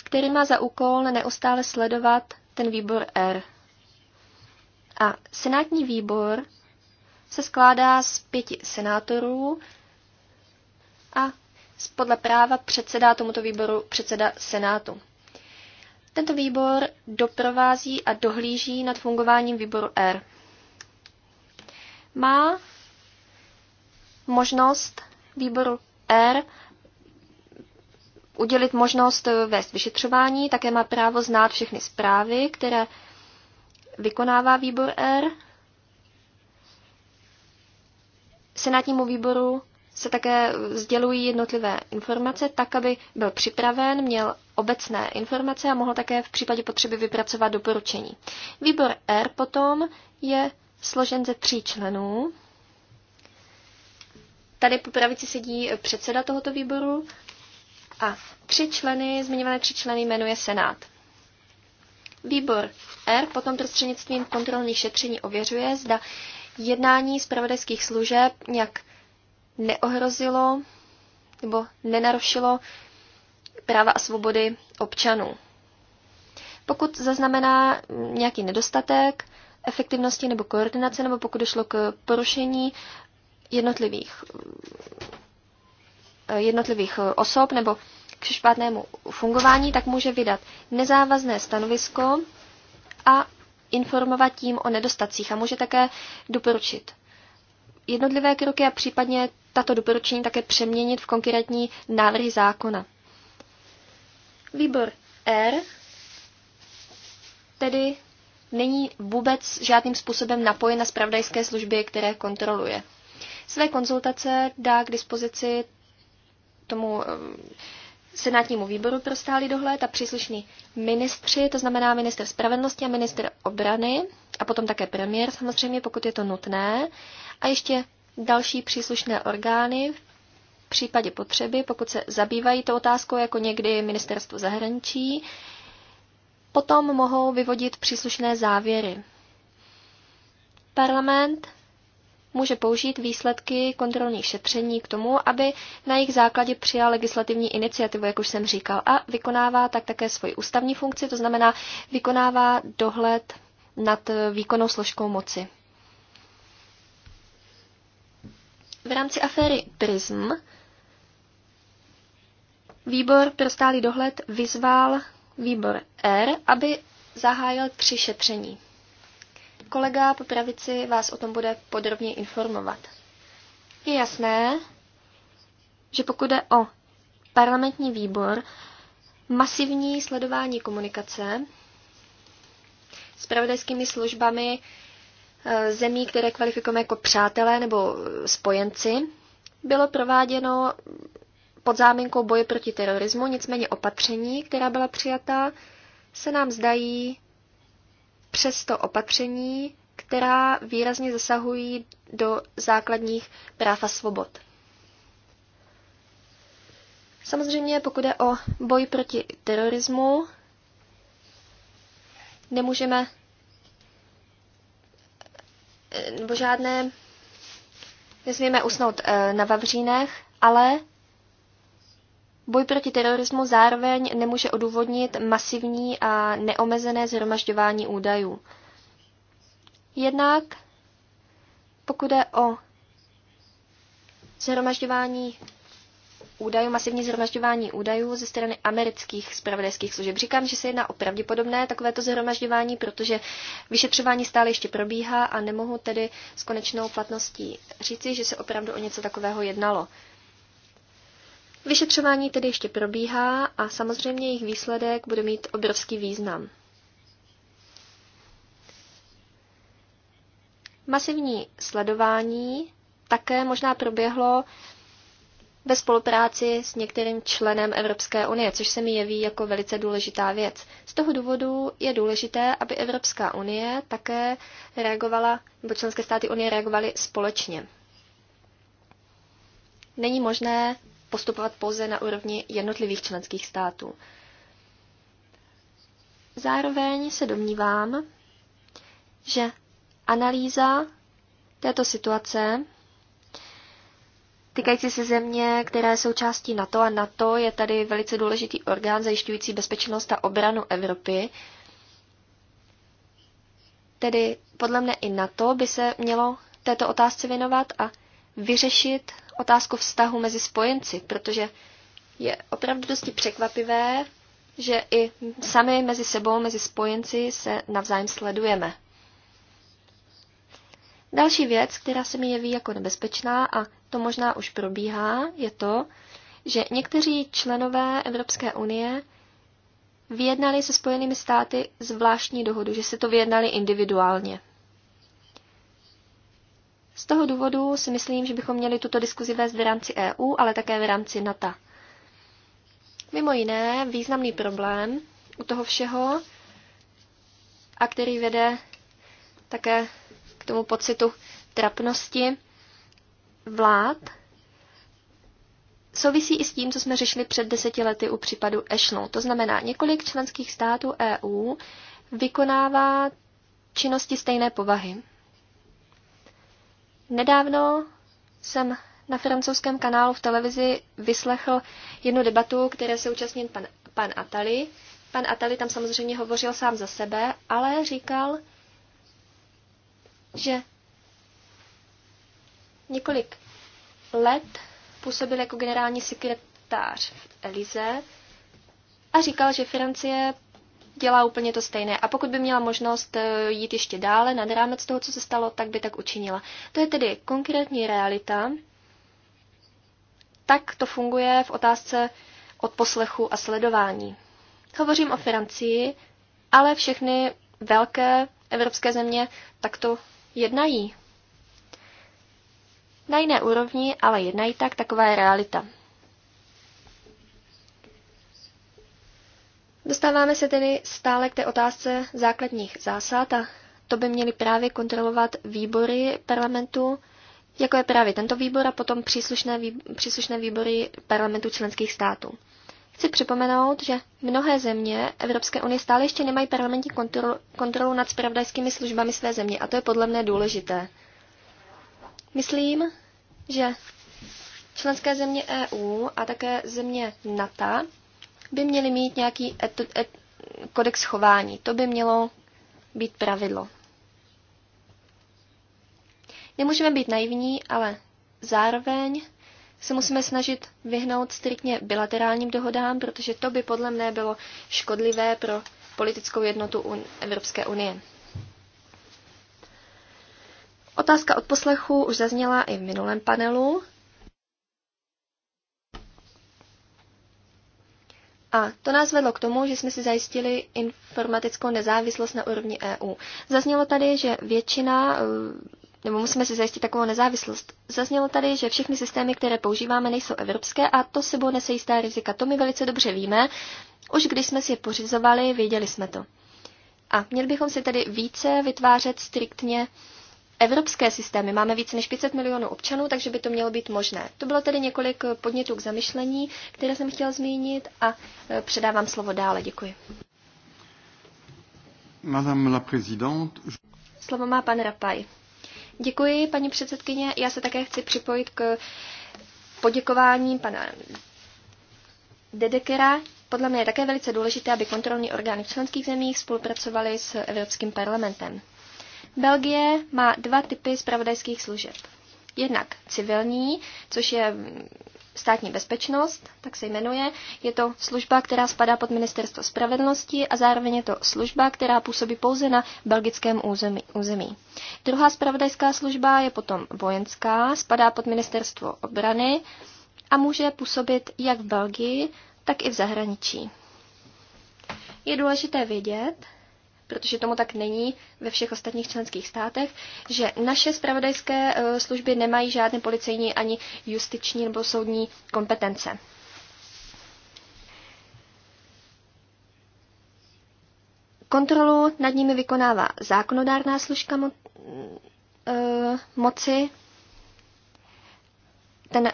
který má za úkol neustále sledovat ten výbor R. A senátní výbor se skládá z pěti senátorů a podle práva předsedá tomuto výboru předseda Senátu. Tento výbor doprovází a dohlíží nad fungováním výboru R. Má možnost výboru R udělit možnost vést vyšetřování, také má právo znát všechny zprávy, které vykonává výbor R. Senátnímu výboru se také sdělují jednotlivé informace tak, aby byl připraven, měl obecné informace a mohl také v případě potřeby vypracovat doporučení. Výbor R potom je složen ze tří členů. Tady po pravici sedí předseda tohoto výboru a tři členy, zmiňované tři členy jmenuje Senát. Výbor R potom prostřednictvím kontrolní šetření ověřuje, zda jednání zpravodajských služeb nějak neohrozilo nebo nenarušilo práva a svobody občanů. Pokud zaznamená nějaký nedostatek efektivnosti nebo koordinace, nebo pokud došlo k porušení jednotlivých, jednotlivých osob nebo k špatnému fungování, tak může vydat nezávazné stanovisko a informovat tím o nedostacích a může také doporučit jednotlivé kroky a případně tato doporučení také přeměnit v konkrétní návrhy zákona. Výbor R tedy není vůbec žádným způsobem napojen na spravodajské služby, které kontroluje. Své konzultace dá k dispozici tomu eh, senátnímu výboru pro stálý dohled a příslušní ministři, to znamená minister spravedlnosti a minister obrany a potom také premiér samozřejmě, pokud je to nutné, a ještě další příslušné orgány v případě potřeby, pokud se zabývají tou otázkou, jako někdy ministerstvo zahraničí, potom mohou vyvodit příslušné závěry. Parlament může použít výsledky kontrolních šetření k tomu, aby na jejich základě přijal legislativní iniciativu, jak už jsem říkal, a vykonává tak také svoji ústavní funkci, to znamená vykonává dohled nad výkonnou složkou moci. V rámci aféry PRISM výbor pro stálý dohled vyzval výbor R, aby zahájil tři šetření. Kolega po pravici vás o tom bude podrobně informovat. Je jasné, že pokud jde o parlamentní výbor, masivní sledování komunikace s pravodajskými službami Eh, zemí, které kvalifikujeme jako přátelé nebo spojenci, bylo prováděno pod záminkou boje proti terorismu, nicméně opatření, která byla přijata, se nám zdají přesto opatření, která výrazně zasahují do základních práv a svobod. Samozřejmě, pokud je o boj proti terorismu, nemůžeme nebo žádné, nesmíme usnout eh, na Vavřínech, ale boj proti terorismu zároveň nemůže odůvodnit masivní a neomezené zhromažďování údajů. Jednak, pokud je o zhromažďování údajů, masivní zhromažďování údajů ze strany amerických spravodajských služeb. Říkám, že se jedná o pravděpodobné takovéto zhromažďování, protože vyšetřování stále ještě probíhá a nemohu tedy s konečnou platností říci, že se opravdu o něco takového jednalo. Vyšetřování tedy ještě probíhá a samozřejmě jejich výsledek bude mít obrovský význam. Masivní sledování také možná proběhlo ve spolupráci s některým členem Evropské unie, což se mi jeví jako velice důležitá věc. Z toho důvodu je důležité, aby Evropská unie také reagovala, nebo členské státy unie reagovaly společně. Není možné postupovat pouze na úrovni jednotlivých členských států. Zároveň se domnívám, že analýza této situace týkající se země, které jsou částí NATO a NATO je tady velice důležitý orgán zajišťující bezpečnost a obranu Evropy. Tedy podle mne i NATO by se mělo této otázce věnovat a vyřešit otázku vztahu mezi spojenci, protože je opravdu dosti překvapivé, že i sami mezi sebou, mezi spojenci se navzájem sledujeme. Další věc, která se mi jeví jako nebezpečná a to možná už probíhá, je to, že někteří členové Evropské unie vyjednali se Spojenými státy zvláštní dohodu, že se to vyjednali individuálně. Z toho důvodu si myslím, že bychom měli tuto diskuzi vést v rámci EU, ale také v rámci NATO. Mimo jiné, významný problém u toho všeho, a který vede také k tomu pocitu trapnosti, vlád souvisí i s tím, co jsme řešili před deseti lety u případu Ashnu. To znamená, několik členských států EU vykonává činnosti stejné povahy. Nedávno jsem na francouzském kanálu v televizi vyslechl jednu debatu, které se účastnil pan, pan Atali. Pan Atali tam samozřejmě hovořil sám za sebe, ale říkal, že několik let působil jako generální sekretář v Elize a říkal, že Francie dělá úplně to stejné. A pokud by měla možnost eh, jít ještě dále nad rámec toho, co se stalo, tak by tak učinila. To je tedy konkrétní realita. Tak to funguje v otázce od poslechu a sledování. Hovořím o Francii, ale všechny velké evropské země takto jednají. Na jiné úrovni ale jednají tak, taková je realita. Dostáváme se tedy stále k té otázce základních zásad a to by měly právě kontrolovat výbory parlamentu, jako je právě tento výbor a potom příslušné, výb- příslušné výbory parlamentu členských států. Chci připomenout, že mnohé země Evropské unie stále ještě nemají parlamentní kontrolu, kontrolu nad spravodajskými službami své země a to je podle mne důležité. Myslím, že členské země EU a také země NATO by měly mít nějaký et, et, kodex chování. To by mělo být pravidlo. Nemůžeme být naivní, ale zároveň se musíme snažit vyhnout striktně bilaterálním dohodám, protože to by podle mne bylo škodlivé pro politickou jednotu Evropské unie. Otázka od poslechu už zazněla i v minulém panelu. A to nás vedlo k tomu, že jsme si zajistili informatickou nezávislost na úrovni EU. Zaznělo tady, že většina, eh, nebo musíme si zajistit takovou nezávislost. Zaznělo tady, že všechny systémy, které používáme, nejsou evropské a to sebou nese jistá rizika. To my velice dobře víme. Už když jsme si je pořizovali, věděli jsme to. A měli bychom si tedy více vytvářet striktně uh, evropské systémy. Máme více než 500 milionů občanů, takže by to mělo být možné. To bylo tedy několik eh, podnětů k zamyšlení, které jsem chtěla zmínit a eh, předávám slovo dále. Děkuji. Madame la présidente. Slovo má pan Rapaj. Děkuji, paní předsedkyně. Já se také chci připojit k poděkování pana Dedekera. Podle mě je také velice důležité, aby kontrolní orgány v členských zemích spolupracovaly s Evropským parlamentem. Belgie má dva typy zpravodajských služeb. Jednak civilní, což je státní bezpečnost, tak se jmenuje. Je to služba, která spadá pod ministerstvo spravedlnosti a zároveň je to služba, která působí pouze na belgickém území. území. Druhá spravodajská služba je potom vojenská, spadá pod ministerstvo obrany a může působit jak v Belgii, tak i v zahraničí. Je důležité vědět, protože tomu tak není ve všech ostatních členských státech, že naše spravodajské eh, služby nemají žádné policejní ani justiční nebo soudní kompetence. Kontrolu nad nimi vykonává zákonodárná služka mo- e- moci, ten e-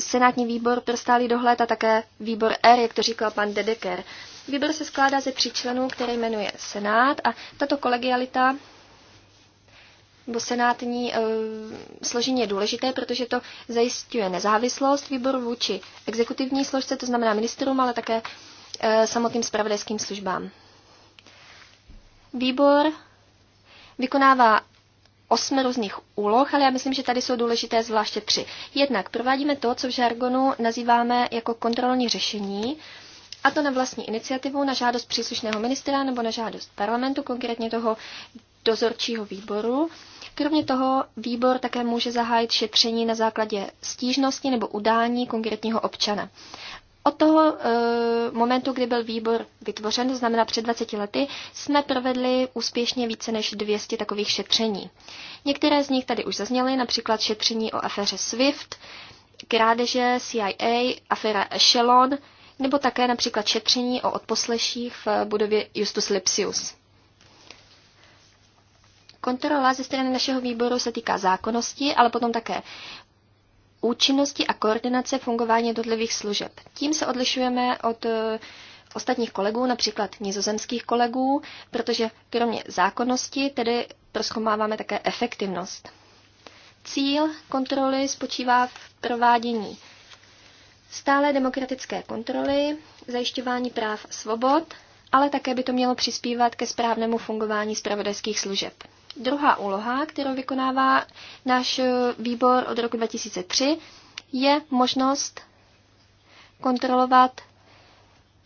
senátní výbor pro stálý dohled a také výbor R, jak to říkal pan Dedeker. E- Výbor se skládá ze tří členů, které jmenuje Senát a tato kolegialita nebo senátní e, složení je důležité, protože to zajišťuje nezávislost výboru vůči exekutivní složce, to znamená ministerům, ale také e, samotným spravodajským službám. Výbor vykonává osm různých úloh, ale já myslím, že tady jsou důležité zvláště tři. Jednak provádíme to, co v žargonu nazýváme jako kontrolní řešení, a to na vlastní iniciativu, na žádost příslušného ministra nebo na žádost parlamentu, konkrétně toho dozorčího výboru. Kromě toho výbor také může zahájit šetření na základě stížnosti nebo udání konkrétního občana. Od toho e, momentu, kdy byl výbor vytvořen, to znamená před 20 lety, jsme provedli úspěšně více než 200 takových šetření. Některé z nich tady už zazněly, například šetření o aféře SWIFT, krádeže CIA, aféra Echelon, nebo také například šetření o odposleších v budově Justus Lipsius. Kontrola ze strany našeho výboru se týká zákonnosti, ale potom také účinnosti a koordinace fungování jednotlivých služeb. Tím se odlišujeme od eh, ostatních kolegů, například nizozemských kolegů, protože kromě zákonnosti tedy proskomáváme také efektivnost. Cíl kontroly spočívá v provádění stále demokratické kontroly, zajišťování práv a svobod, ale také by to mělo přispívat ke správnému fungování spravodajských služeb. Druhá úloha, kterou vykonává náš výbor od roku 2003, je možnost kontrolovat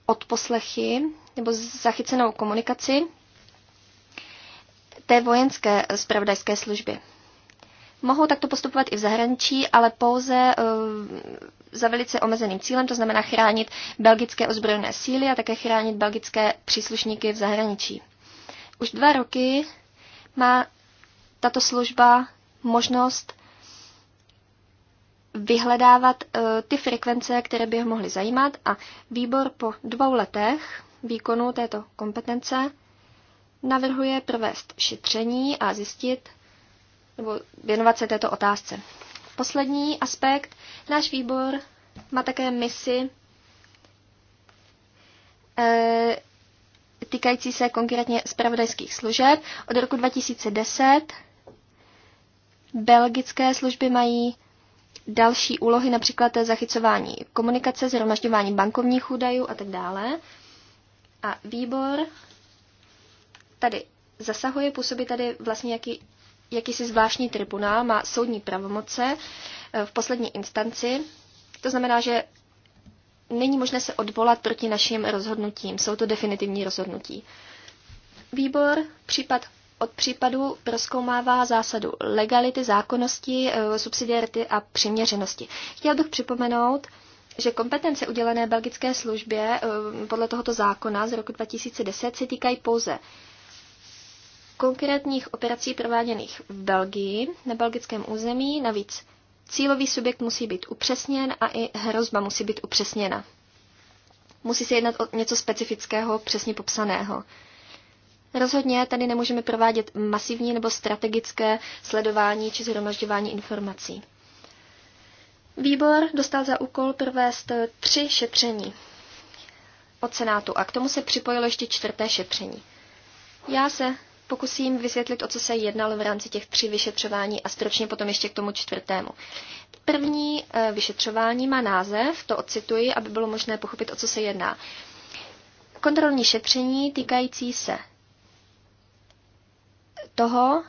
odposlechy nebo zachycenou komunikaci té vojenské spravodajské služby. Mohou takto postupovat i v zahraničí, ale pouze eh, za velice omezeným cílem, to znamená chránit belgické ozbrojené síly a také chránit belgické příslušníky v zahraničí. Už dva roky má tato služba možnost vyhledávat eh, ty frekvence, které by ho mohly zajímat a výbor po dvou letech výkonu této kompetence navrhuje provést šetření a zjistit, nebo věnovat se této otázce. Poslední aspekt. Náš výbor má také misi e, týkající se konkrétně zpravodajských služeb. Od roku 2010 belgické služby mají další úlohy, například zachycování komunikace, zhromažďování bankovních údajů a tak dále. A výbor tady zasahuje, působí tady vlastně jaký, jakýsi zvláštní tribunál, má soudní pravomoce eh, v poslední instanci. To znamená, že není možné se odvolat proti našim rozhodnutím. Jsou to definitivní rozhodnutí. Výbor případ od případu proskoumává zásadu legality, zákonnosti, eh, subsidiarity a přiměřenosti. Chtěl bych připomenout, že kompetence udělené belgické službě eh, podle tohoto zákona z roku 2010 se týkají pouze konkrétních operací prováděných v Belgii, na belgickém území. Navíc cílový subjekt musí být upřesněn a i hrozba musí být upřesněna. Musí se jednat o něco specifického, přesně popsaného. Rozhodně tady nemůžeme provádět masivní nebo strategické sledování či zhromažďování informací. Výbor dostal za úkol provést tři šetření od Senátu a k tomu se připojilo ještě čtvrté šetření. Já se pokusím vysvětlit, o co se jednalo v rámci těch tří vyšetřování a stručně potom ještě k tomu čtvrtému. První eh, vyšetřování má název, to ocituji, aby bylo možné pochopit, o co se jedná. Kontrolní šetření týkající se toho,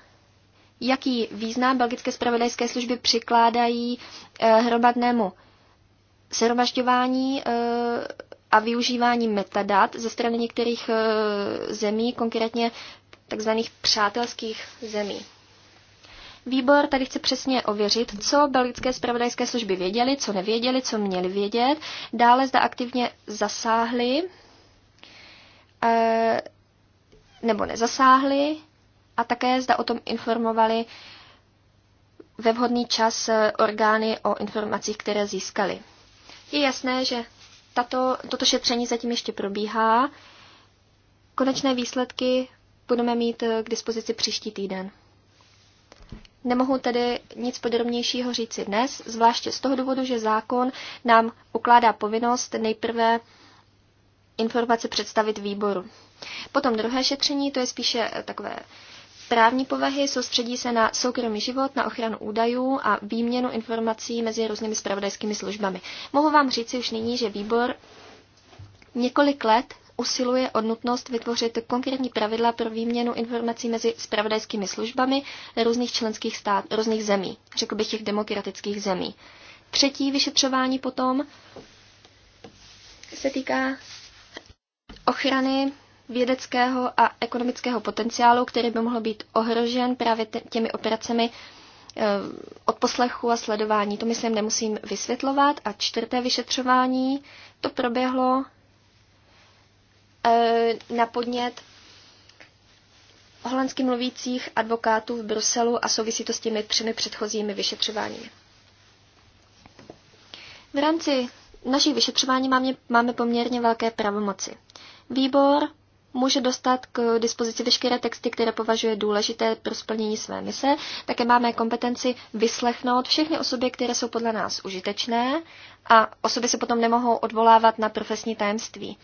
jaký význam belgické spravodajské služby přikládají eh, hromadnému shromažďování eh, a využívání metadat ze strany některých zemí, konkrétně tzv. přátelských zemí. Výbor tady chce přesně ověřit, co belgické spravodajské služby věděli, co nevěděli, co měli vědět, dále zda aktivně zasáhli eh, nebo nezasáhli a také zda o tom informovali ve vhodný čas eh, orgány o informacích, které získali. Je jasné, že tato, toto šetření zatím ještě probíhá. Konečné výsledky budeme mít eh, k dispozici příští týden. Nemohu tedy nic podrobnějšího říci dnes, zvláště z toho důvodu, že zákon nám ukládá povinnost nejprve informace představit výboru. Potom druhé šetření, to je spíše eh, takové právní povahy, soustředí se na soukromý život, na ochranu údajů a výměnu informací mezi různými spravodajskými službami. Mohu vám říci už nyní, že výbor několik let usiluje o nutnost vytvořit konkrétní pravidla pro výměnu informací mezi spravodajskými službami různých členských stát, různých zemí, řekl bych těch demokratických zemí. Třetí vyšetřování potom se týká ochrany vědeckého a ekonomického potenciálu, který by mohl být ohrožen právě těmi operacemi eh, od poslechu a sledování. To myslím nemusím vysvětlovat. A čtvrté vyšetřování, to proběhlo Eh, na podnět holandsky mluvících advokátů v Bruselu a souvisí to s těmi třemi předchozími vyšetřováními. V rámci našich vyšetřování máme, máme poměrně velké pravomoci. Výbor může dostat k dispozici veškeré texty, které považuje důležité pro splnění své mise. Také máme kompetenci vyslechnout všechny osoby, které jsou podle nás užitečné a osoby se potom nemohou odvolávat na profesní tajemství.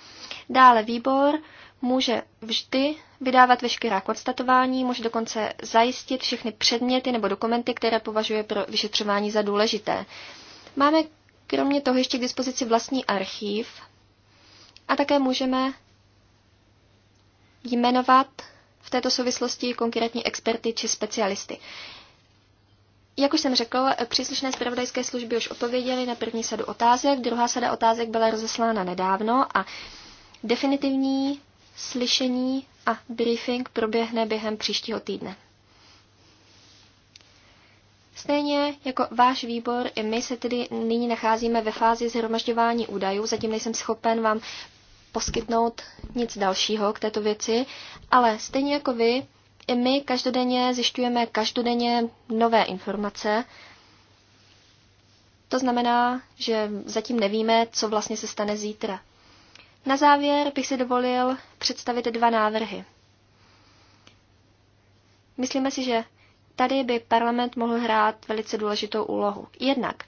Dále výbor může vždy vydávat veškerá konstatování, může dokonce zajistit všechny předměty nebo dokumenty, které považuje pro vyšetřování za důležité. Máme kromě toho ještě k dispozici vlastní archív a také můžeme jmenovat v této souvislosti konkrétní experty či specialisty. Jak už jsem řekl, příslušné zpravodajské služby už odpověděly na první sadu otázek, druhá sada otázek byla rozeslána nedávno a definitivní slyšení a briefing proběhne během příštího týdne. Stejně jako váš výbor, i my se tedy nyní nacházíme ve fázi zhromažďování údajů. Zatím nejsem schopen vám poskytnout nic dalšího k této věci, ale stejně jako vy, i my každodenně zjišťujeme každodenně nové informace. To znamená, že zatím nevíme, co vlastně se stane zítra. Na závěr bych si dovolil představit dva návrhy. Myslíme si, že tady by parlament mohl hrát velice důležitou úlohu. Jednak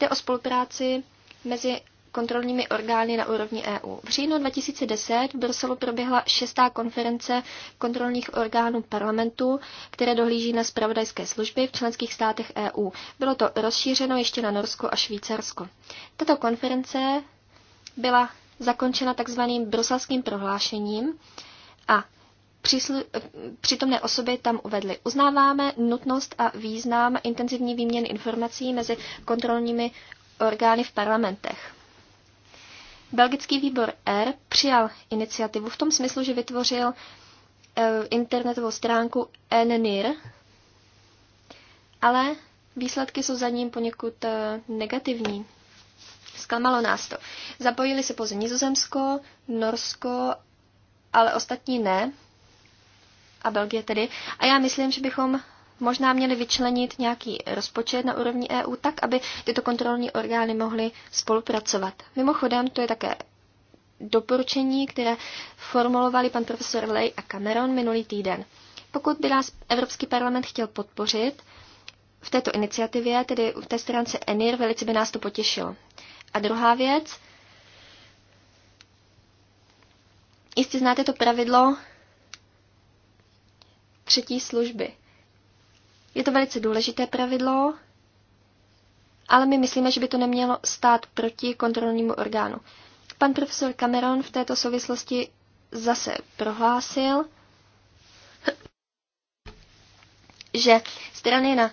jde o spolupráci mezi kontrolními orgány na úrovni EU. V říjnu 2010 v Bruselu proběhla šestá konference kontrolních orgánů parlamentu, které dohlíží na spravodajské služby v členských státech EU. Bylo to rozšířeno ještě na Norsko a Švýcarsko. Tato konference byla zakončena takzvaným bruselským prohlášením a Příslu- přitomné osoby tam uvedly. Uznáváme nutnost a význam intenzivní výměny informací mezi kontrolními orgány v parlamentech. Belgický výbor R přijal iniciativu v tom smyslu, že vytvořil eh, internetovou stránku NNIR, ale výsledky jsou za ním poněkud eh, negativní. Zklamalo nás to. Zapojili se pouze Nizozemsko, Norsko, ale ostatní ne, a Belgie tedy. A já myslím, že bychom možná měli vyčlenit nějaký rozpočet na úrovni EU tak, aby tyto kontrolní orgány mohly spolupracovat. Mimochodem, to je také doporučení, které formulovali pan profesor Lej a Cameron minulý týden. Pokud by nás Evropský parlament chtěl podpořit v této iniciativě, tedy v té stránce ENIR, velice by nás to potěšilo. A druhá věc, jistě znáte to pravidlo třetí služby. Je to velice důležité pravidlo, ale my myslíme, že by to nemělo stát proti kontrolnímu orgánu. Pan profesor Cameron v této souvislosti zase prohlásil, že strany na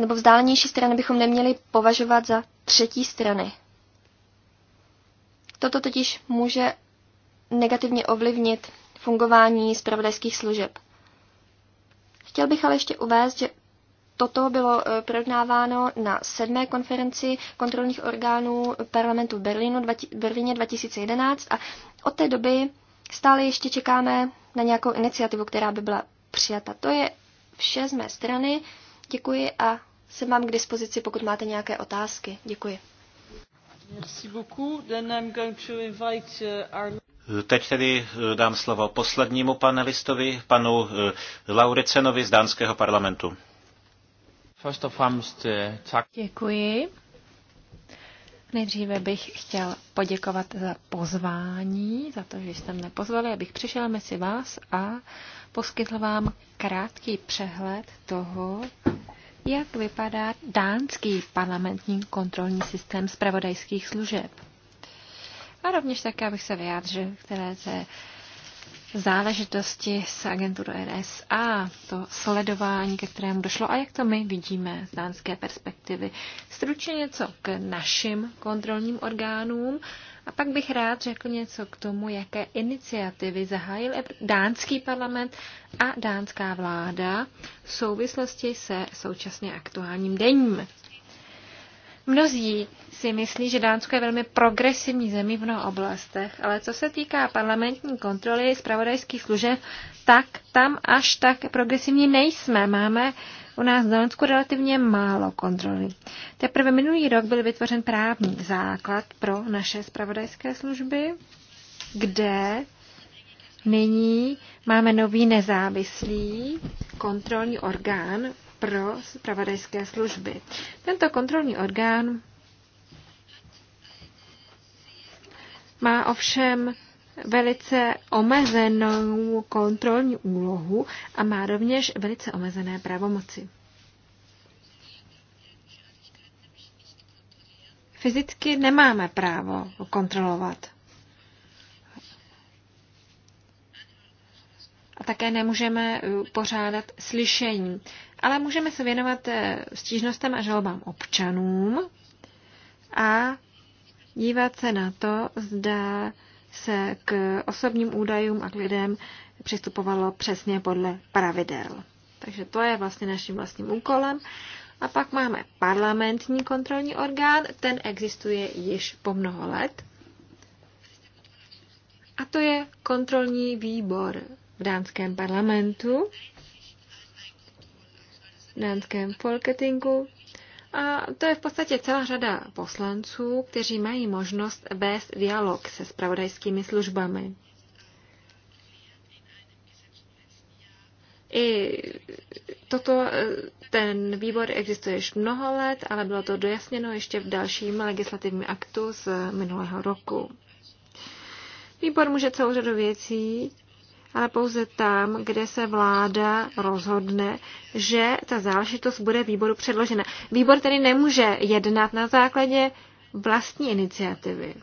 nebo vzdálenější strany bychom neměli považovat za třetí strany. Toto totiž může negativně ovlivnit fungování zpravodajských služeb. Chtěl bych ale ještě uvést, že toto bylo eh, projednáváno na sedmé konferenci kontrolních orgánů parlamentu v Berlínu, Berlíně 2011 a od té doby stále ještě čekáme na nějakou iniciativu, která by byla přijata. To je vše z mé strany. Děkuji a jsem vám k dispozici, pokud máte nějaké otázky. Děkuji. Merci beaucoup. Then I'm going to invite eh, our... Teď tedy eh, dám slovo poslednímu panelistovi, panu eh, Lauricenovi z dánského parlamentu. Děkuji. Nejdříve bych chtěl poděkovat za pozvání, za to, že jste mě pozvali, abych přišel mezi vás a poskytl vám krátký přehled toho, jak vypadá dánský parlamentní kontrolní systém zpravodajských služeb. A rovněž také, abych se vyjádřil, které se záležitosti s agenturu NSA, to sledování, ke kterému došlo a jak to my vidíme z dánské perspektivy. Stručně něco k našim kontrolním orgánům a pak bych rád řekl něco k tomu, jaké iniciativy zahájil dánský parlament a dánská vláda v souvislosti se současně aktuálním denním. Mnozí si myslí, že Dánsko je velmi progresivní zemí v mnoha oblastech, ale co se týká parlamentní kontroly zpravodajských služeb, tak tam až tak progresivní nejsme. Máme u nás v Dánsku relativně málo kontroly. Teprve minulý rok byl vytvořen právní základ pro naše zpravodajské služby, kde nyní máme nový nezávislý kontrolní orgán pro zpravodajské služby. Tento kontrolní orgán má ovšem velice omezenou kontrolní úlohu a má rovněž velice omezené pravomoci. Fyzicky nemáme právo kontrolovat a také nemůžeme eh, pořádat slyšení. Ale můžeme se věnovat eh, stížnostem a žalobám občanům a dívat se na to, zda se k osobním údajům a k lidem přistupovalo přesně podle pravidel. Takže to je vlastně naším vlastním úkolem. A pak máme parlamentní kontrolní orgán, ten existuje již po mnoho let. A to je kontrolní výbor v dánském parlamentu, v dánském folketingu. A to je v podstatě celá řada poslanců, kteří mají možnost vést dialog se spravodajskými službami. I toto, ten výbor existuje již mnoho let, ale bylo to dojasněno ještě v dalším legislativním aktu z minulého roku. Výbor může celou řadu věcí ale pouze tam, kde se vláda rozhodne, že ta záležitost bude výboru předložena. Výbor tedy nemůže jednat na základě vlastní iniciativy.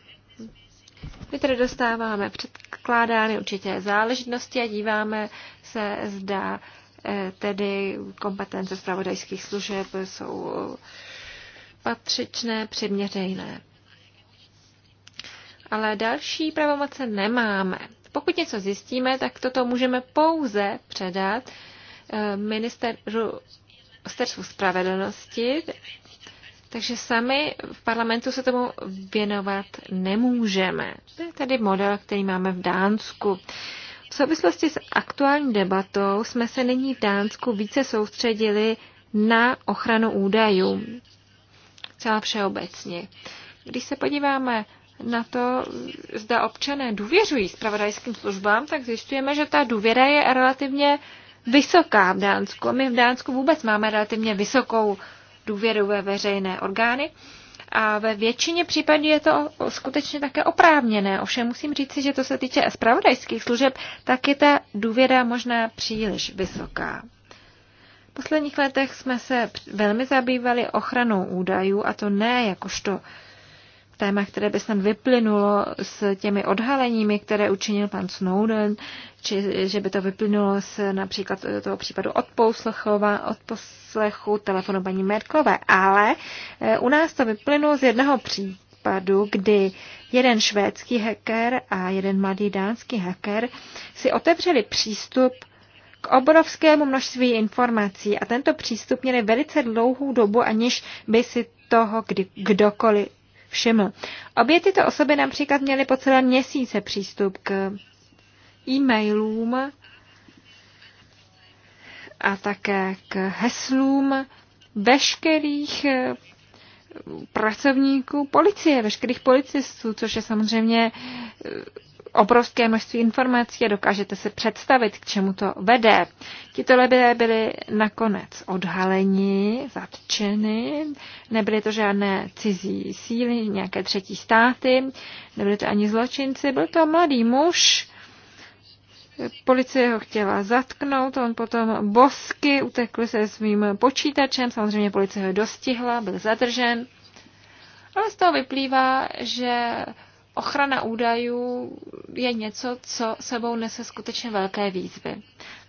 My tedy dostáváme předkládány určitě záležitosti a díváme se, zda eh, tedy kompetence zpravodajských služeb jsou patřičné, přiměřejné. Ale další pravomoce nemáme. Pokud něco zjistíme, tak toto můžeme pouze předat eh, ministerstvu spravedlnosti, takže sami v parlamentu se tomu věnovat nemůžeme. To je tedy model, který máme v Dánsku. V souvislosti s aktuální debatou jsme se nyní v Dánsku více soustředili na ochranu údajů. Celá všeobecně. Když se podíváme na to, zda občané důvěřují spravodajským službám, tak zjišťujeme, že ta důvěra je relativně vysoká v Dánsku. My v Dánsku vůbec máme relativně vysokou důvěru ve veřejné orgány a ve většině případů je to skutečně také oprávněné. Ovšem musím říci, že to se týče spravodajských služeb, tak je ta důvěra možná příliš vysoká. V posledních letech jsme se velmi zabývali ochranou údajů, a to ne jakožto téma, které by snad vyplynulo s těmi odhaleními, které učinil pan Snowden, či že by to vyplynulo z například toho případu odpouslechova, odposlechu telefonu paní Merklové. Ale eh, u nás to vyplynulo z jednoho případu, kdy jeden švédský hacker a jeden mladý dánský hacker si otevřeli přístup k obrovskému množství informací a tento přístup měli velice dlouhou dobu, aniž by si toho kdy, kdokoliv všiml. Obě tyto osoby například měly po celé měsíce přístup k e-mailům a také k heslům veškerých eh, pracovníků policie, veškerých policistů, což je samozřejmě eh, obrovské množství informací a dokážete si představit, k čemu to vede. Tito lidé byli nakonec odhaleni, zatčeni, nebyly to žádné cizí síly, nějaké třetí státy, nebyly to ani zločinci, byl to mladý muž, Policie ho chtěla zatknout, on potom bosky utekl se svým počítačem, samozřejmě policie ho dostihla, byl zadržen. Ale z toho vyplývá, že ochrana údajů je něco, co sebou nese skutečně velké výzvy.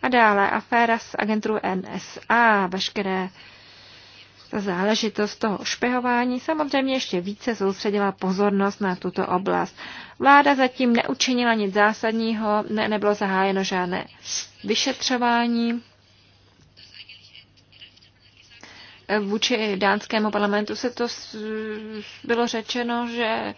A dále aféra s agenturou NSA, veškeré ta záležitost toho špehování samozřejmě ještě více soustředila pozornost na tuto oblast. Vláda zatím neučinila nic zásadního, ne, nebylo zahájeno žádné vyšetřování. Vůči dánskému parlamentu se to bylo řečeno, že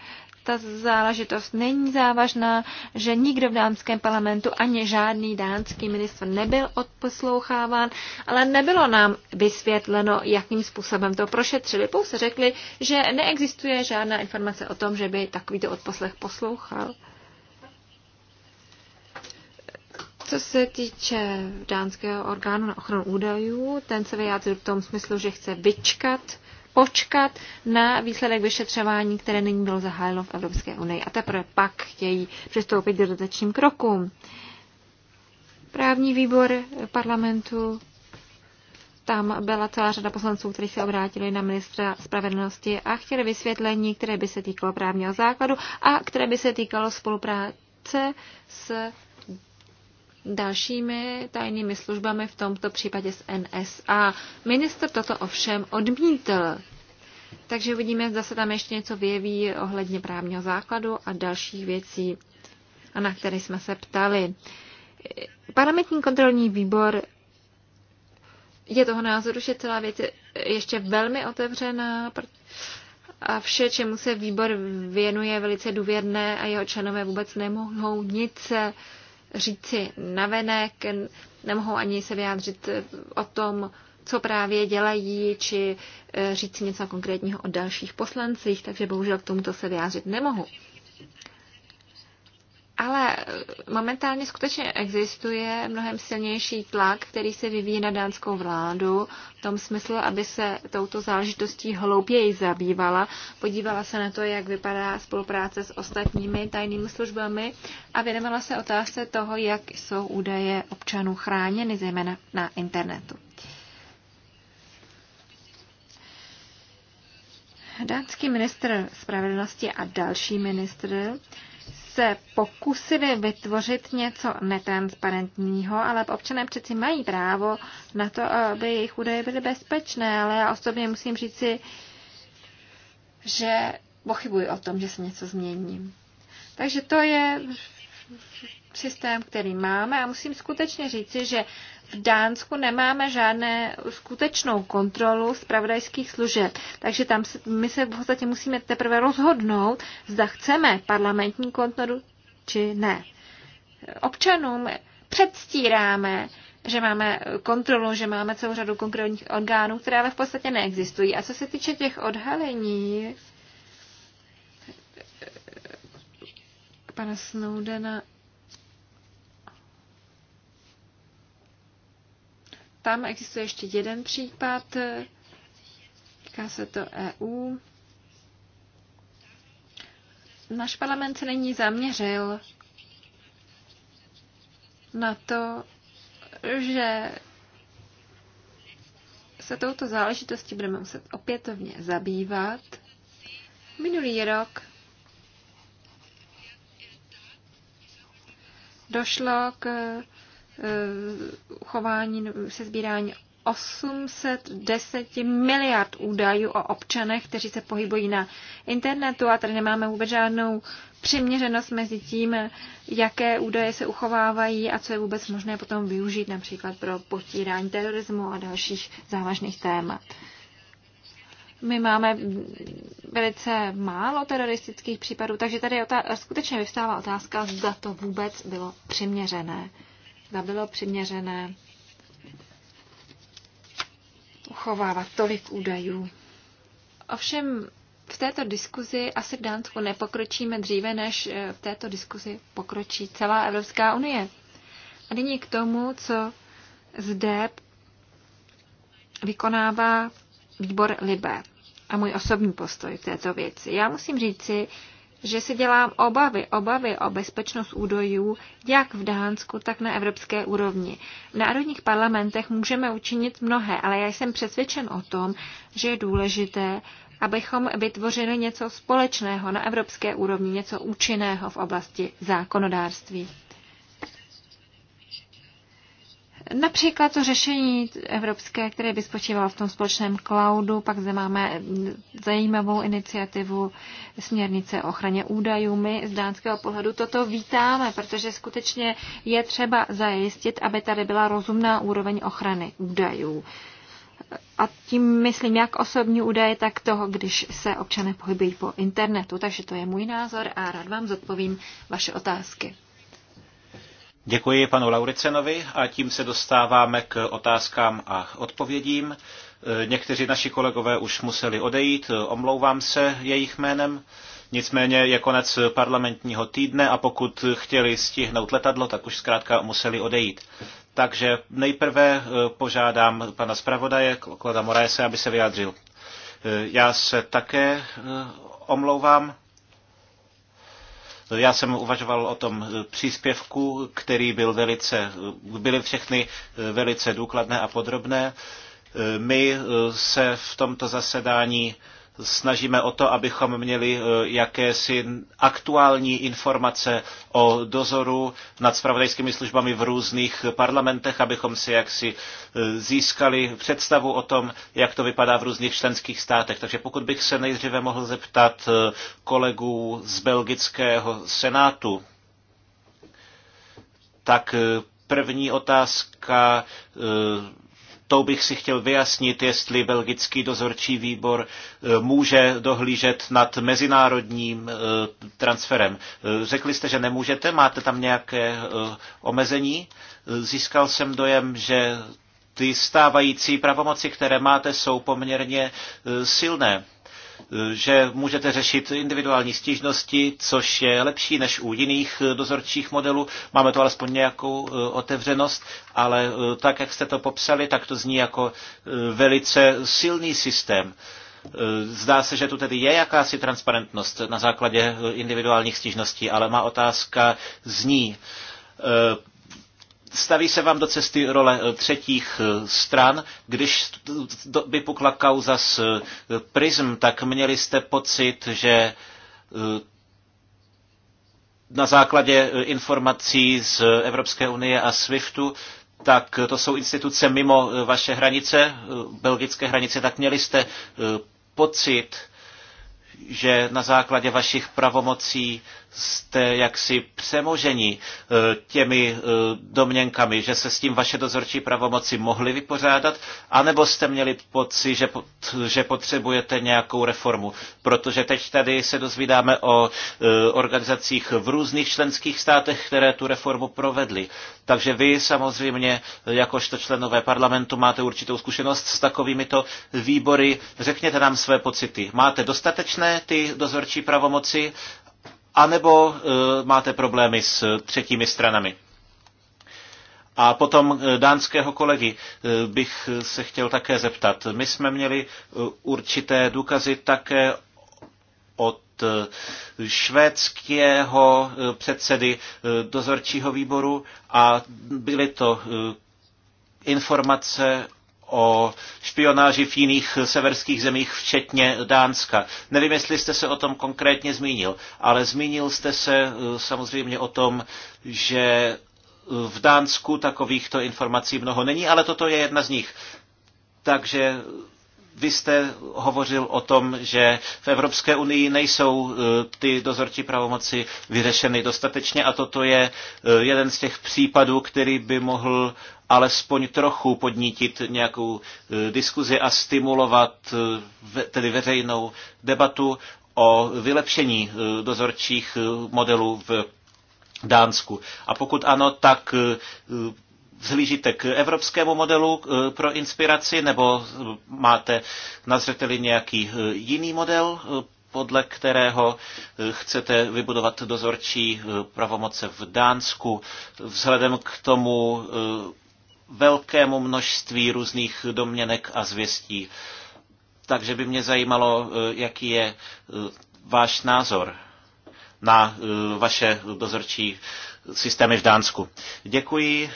ta záležitost není závažná, že nikdo v dánském parlamentu ani žádný dánský ministr nebyl odposloucháván, ale nebylo nám vysvětleno, jakým způsobem to prošetřili. Pouze řekli, že neexistuje žádná informace o tom, že by takovýto odposlech poslouchal. Co se týče dánského orgánu na ochranu údajů, ten se vyjádřil v tom smyslu, že chce vyčkat počkat na výsledek vyšetřování, které nyní bylo zahájeno v Evropské unii a teprve pak chtějí přistoupit k dodatečným krokům. Právní výbor parlamentu tam byla celá řada poslanců, kteří se obrátili na ministra spravedlnosti a chtěli vysvětlení, které by se týkalo právního základu a které by se týkalo spolupráce s dalšími tajnými službami, v tomto případě s NSA. Minister toto ovšem odmítl. Takže uvidíme, zda se tam ještě něco vyjeví ohledně právního základu a dalších věcí, na které jsme se ptali. Parlamentní kontrolní výbor je toho názoru, že celá věc je ještě velmi otevřená a vše, čemu se výbor věnuje, velice důvěrné a jeho členové vůbec nemohou nic říci navenek, nemohou ani se vyjádřit o tom, co právě dělají, či eh, říct něco konkrétního o dalších poslancích, takže bohužel k tomuto se vyjádřit nemohu. Ale momentálně skutečně existuje mnohem silnější tlak, který se vyvíjí na dánskou vládu, v tom smyslu, aby se touto záležitostí hlouběji zabývala, podívala se na to, jak vypadá spolupráce s ostatními tajnými službami a věnovala se otázce toho, jak jsou údaje občanů chráněny, zejména na internetu. Dánský ministr spravedlnosti a další ministr se pokusili vytvořit něco netransparentního, ale občané přeci mají právo na to, aby jejich údaje byly bezpečné, ale já osobně musím říci, že pochybuji o tom, že se něco změní. Takže to je systém, který máme a musím skutečně říci, že v Dánsku nemáme žádné skutečnou kontrolu zpravodajských služeb. Takže tam se, my se v podstatě musíme teprve rozhodnout, zda chceme parlamentní kontrolu či ne. Občanům předstíráme, že máme kontrolu, že máme celou řadu konkrétních orgánů, které ale v podstatě neexistují. A co se týče těch odhalení pana Snowdena Tam existuje ještě jeden případ, týká se to EU. Náš parlament se není zaměřil na to, že se touto záležitostí budeme muset opětovně zabývat. Minulý rok došlo k Eh, chování se sbírání 810 miliard údajů o občanech, kteří se pohybují na internetu a tady nemáme vůbec žádnou přiměřenost mezi tím, jaké údaje se uchovávají a co je vůbec možné potom využít například pro potírání terorismu a dalších závažných témat. My máme velice málo teroristických případů, takže tady skutečně vyvstává otázka, zda to vůbec bylo přiměřené zda bylo přiměřené uchovávat tolik údajů. Ovšem v této diskuzi asi v Dánsku nepokročíme dříve, než eh, v této diskuzi pokročí celá Evropská unie. A nyní k tomu, co zde vykonává výbor Libe a můj osobní postoj v této věci. Já musím říci, že si dělám obavy, obavy o bezpečnost údajů, jak v Dánsku, tak na evropské úrovni. V národních parlamentech můžeme učinit mnohé, ale já jsem přesvědčen o tom, že je důležité, abychom vytvořili něco společného na evropské úrovni, něco účinného v oblasti zákonodárství. Například to řešení evropské, které by spočívalo v tom společném cloudu, pak zde máme zajímavou iniciativu směrnice o ochraně údajů. My z dánského pohledu toto vítáme, protože skutečně je třeba zajistit, aby tady byla rozumná úroveň ochrany údajů. A tím myslím jak osobní údaje, tak toho, když se občané pohybují po internetu. Takže to je můj názor a rád vám zodpovím vaše otázky. Děkuji panu Lauricenovi a tím se dostáváme k otázkám a odpovědím. E, někteří naši kolegové už museli odejít, omlouvám se jejich jménem. Nicméně je konec parlamentního týdne a pokud chtěli stihnout letadlo, tak už zkrátka museli odejít. Takže nejprve e, požádám pana zpravodaje, Klada Moraese, aby se vyjádřil. E, já se také omlouvám. Já jsem uvažoval o tom eh, příspěvku, který byl velice, eh, byly všechny eh, velice důkladné a podrobné. My se v tomto zasedání snažíme o to, abychom měli eh, jakési aktuální informace o dozoru nad spravodajskými službami v různých parlamentech, abychom si jaksi eh, získali představu o tom, jak to vypadá v různých členských státech. Takže pokud bych se nejdříve mohl zeptat eh, kolegů z belgického senátu, tak první otázka tou bych si chtěl vyjasnit, jestli belgický dozorčí výbor e, může dohlížet nad mezinárodním e, transferem. E, řekli jste, že nemůžete, máte tam nějaké omezení? Získal jsem dojem, že ty stávající pravomoci, které máte, jsou poměrně silné že můžete řešit individuální stížnosti, což je lepší než u jiných dozorčích modelů. Máme to alespoň nějakou eh, otevřenost, ale eh, tak, jak jste to popsali, tak to zní jako eh, velice silný systém. Zdá se, že tu tedy je jakási transparentnost na základě individuálních stížností, ale má otázka zní, staví se vám do cesty role eh, třetích eh, stran. Když by pukla kauza s eh, prism, tak měli jste pocit, že na základě informací z Evropské unie a SWIFTu, tak to jsou instituce mimo vaše hranice, belgické hranice, tak měli jste pocit, že na základě vašich pravomocí jste jaksi přemoženi eh, těmi eh, domněnkami, že se s tím vaše dozorčí pravomoci mohly vypořádat, anebo jste měli pocit, že, že potřebujete nějakou reformu. Protože teď tady se dozvídáme o eh, organizacích v různých členských státech, které tu reformu provedly. Takže vy samozřejmě, jakožto členové parlamentu, máte určitou zkušenost s takovýmito výbory. Řekněte nám své pocity. Máte dostatečné ty dozorčí pravomoci anebo e, máte problémy s třetími stranami? A potom e, dánského kolegy e, bych se chtěl také zeptat. My jsme měli určité důkazy také od švédského předsedy dozorčího výboru a byly to informace o špionáži v jiných severských zemích, včetně Dánska. Nevím, jestli jste se o tom konkrétně zmínil, ale zmínil jste se eh, samozřejmě o tom, že v Dánsku takovýchto informací mnoho není, ale toto je jedna z nich. Takže vy jste hovořil o tom, že v Evropské unii nejsou eh, ty dozorčí pravomoci vyřešeny dostatečně a toto je eh, jeden z těch případů, který by mohl alespoň trochu podnítit nějakou eh, diskuzi a stimulovat eh, tedy veřejnou debatu o vylepšení eh, dozorčích modelů v Dánsku. A pokud ano, tak vzhlížíte k evropskému modelu pro inspiraci, nebo máte na zřeteli nějaký jiný model, podle kterého chcete vybudovat dozorčí pravomoce v Dánsku, vzhledem k tomu velkému množství různých domněnek a zvěstí. Takže by mě zajímalo, eh, jaký je eh, váš názor na eh, vaše dozorčí systémy v Dánsku. Děkuji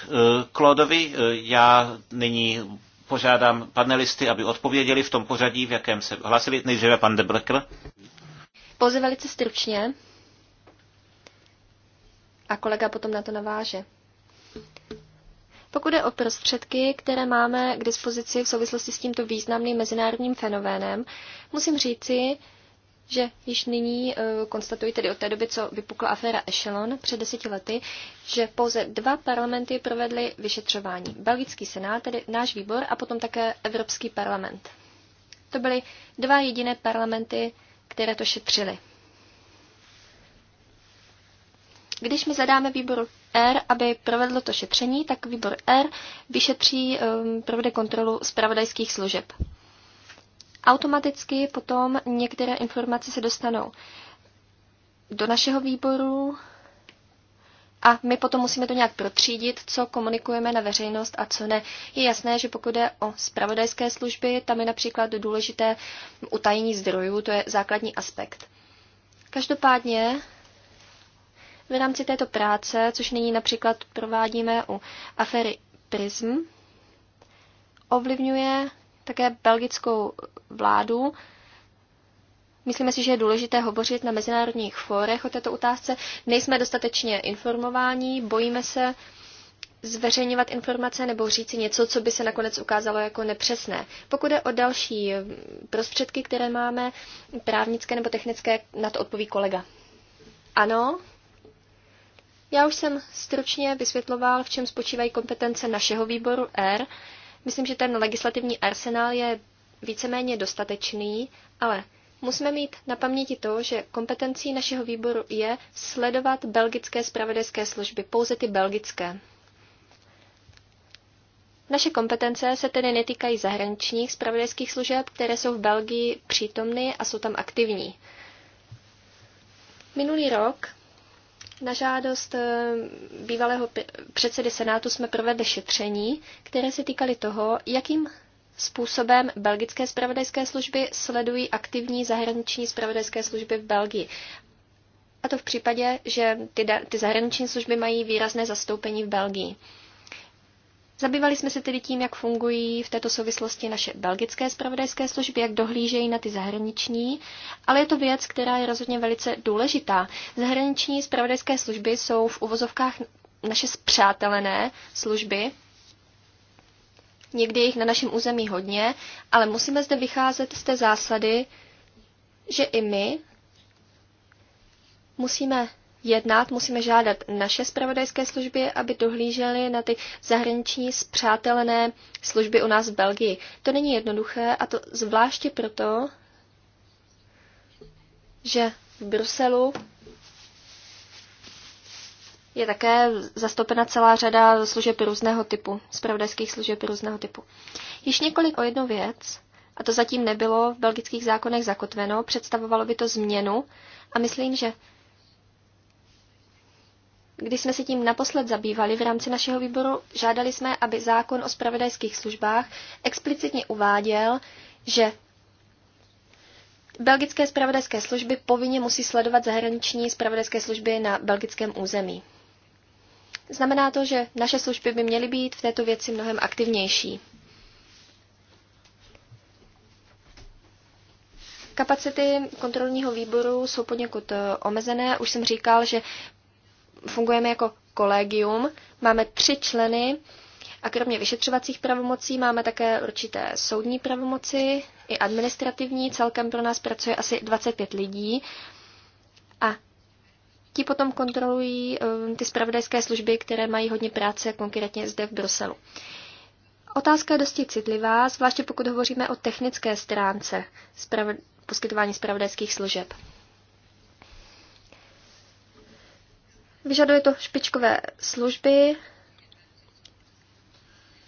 Klodovi. Já nyní požádám panelisty, aby odpověděli v tom pořadí, v jakém se hlasili. Nejdříve pan de Brekl. Pouze velice stručně. A kolega potom na to naváže. Pokud je o prostředky, které máme k dispozici v souvislosti s tímto významným mezinárodním fenoménem, musím říci, že již nyní eh, konstatuji tedy od té doby, co vypukla aféra Echelon před deseti lety, že pouze dva parlamenty provedly vyšetřování. Belgický senát, tedy náš výbor, a potom také Evropský parlament. To byly dva jediné parlamenty, které to šetřily. Když my zadáme výboru R, aby provedlo to šetření, tak výbor R vyšetří, um, provede kontrolu zpravodajských služeb. Automaticky potom některé informace se dostanou do našeho výboru a my potom musíme to nějak protřídit, co komunikujeme na veřejnost a co ne. Je jasné, že pokud je o spravodajské služby, tam je například důležité utajení zdrojů, to je základní aspekt. Každopádně v rámci této práce, což nyní například provádíme u afery Prism, ovlivňuje také belgickou vládu. Myslíme si, že je důležité hovořit na mezinárodních fórech o této otázce. Nejsme dostatečně informováni, bojíme se zveřejňovat informace nebo říci něco, co by se nakonec ukázalo jako nepřesné. Pokud je o další prostředky, které máme, právnické nebo technické, na to odpoví kolega. Ano, já už jsem stručně vysvětloval, v čem spočívají kompetence našeho výboru R. Myslím, že ten legislativní arsenál je víceméně dostatečný, ale musíme mít na paměti to, že kompetencí našeho výboru je sledovat belgické spravedlské služby, pouze ty belgické. Naše kompetence se tedy netýkají zahraničních spravodajských služeb, které jsou v Belgii přítomny a jsou tam aktivní. Minulý rok na žádost eh, bývalého předsedy Senátu jsme provedli šetření, které se týkaly toho, jakým způsobem belgické spravodajské služby sledují aktivní zahraniční spravodajské služby v Belgii. A to v případě, že ty, ty zahraniční služby mají výrazné zastoupení v Belgii. Zabývali jsme se tedy tím, jak fungují v této souvislosti naše belgické spravodajské služby, jak dohlížejí na ty zahraniční, ale je to věc, která je rozhodně velice důležitá. Zahraniční spravodajské služby jsou v uvozovkách naše spřátelené služby, Někdy je jich na našem území hodně, ale musíme zde vycházet z té zásady, že i my musíme jednat, musíme žádat naše spravodajské služby, aby dohlížely na ty zahraniční zpřátelené služby u nás v Belgii. To není jednoduché a to zvláště proto, že v Bruselu je také zastoupena celá řada služeb různého typu, spravodajských služeb různého typu. Již několik o jednu věc, a to zatím nebylo v belgických zákonech zakotveno, představovalo by to změnu a myslím, že když jsme se tím naposled zabývali v rámci našeho výboru, žádali jsme, aby zákon o spravodajských službách explicitně uváděl, že belgické spravodajské služby povinně musí sledovat zahraniční spravodajské služby na belgickém území. Znamená to, že naše služby by měly být v této věci mnohem aktivnější. Kapacity kontrolního výboru jsou poněkud eh, omezené. Už jsem říkal, že fungujeme jako kolegium, máme tři členy a kromě vyšetřovacích pravomocí máme také určité soudní pravomoci i administrativní. Celkem pro nás pracuje asi 25 lidí a ti potom kontrolují eh, ty spravodajské služby, které mají hodně práce, konkrétně zde v Bruselu. Otázka je dosti citlivá, zvláště pokud hovoříme o technické stránce poskytování spravodajských služeb. Vyžaduje to špičkové služby,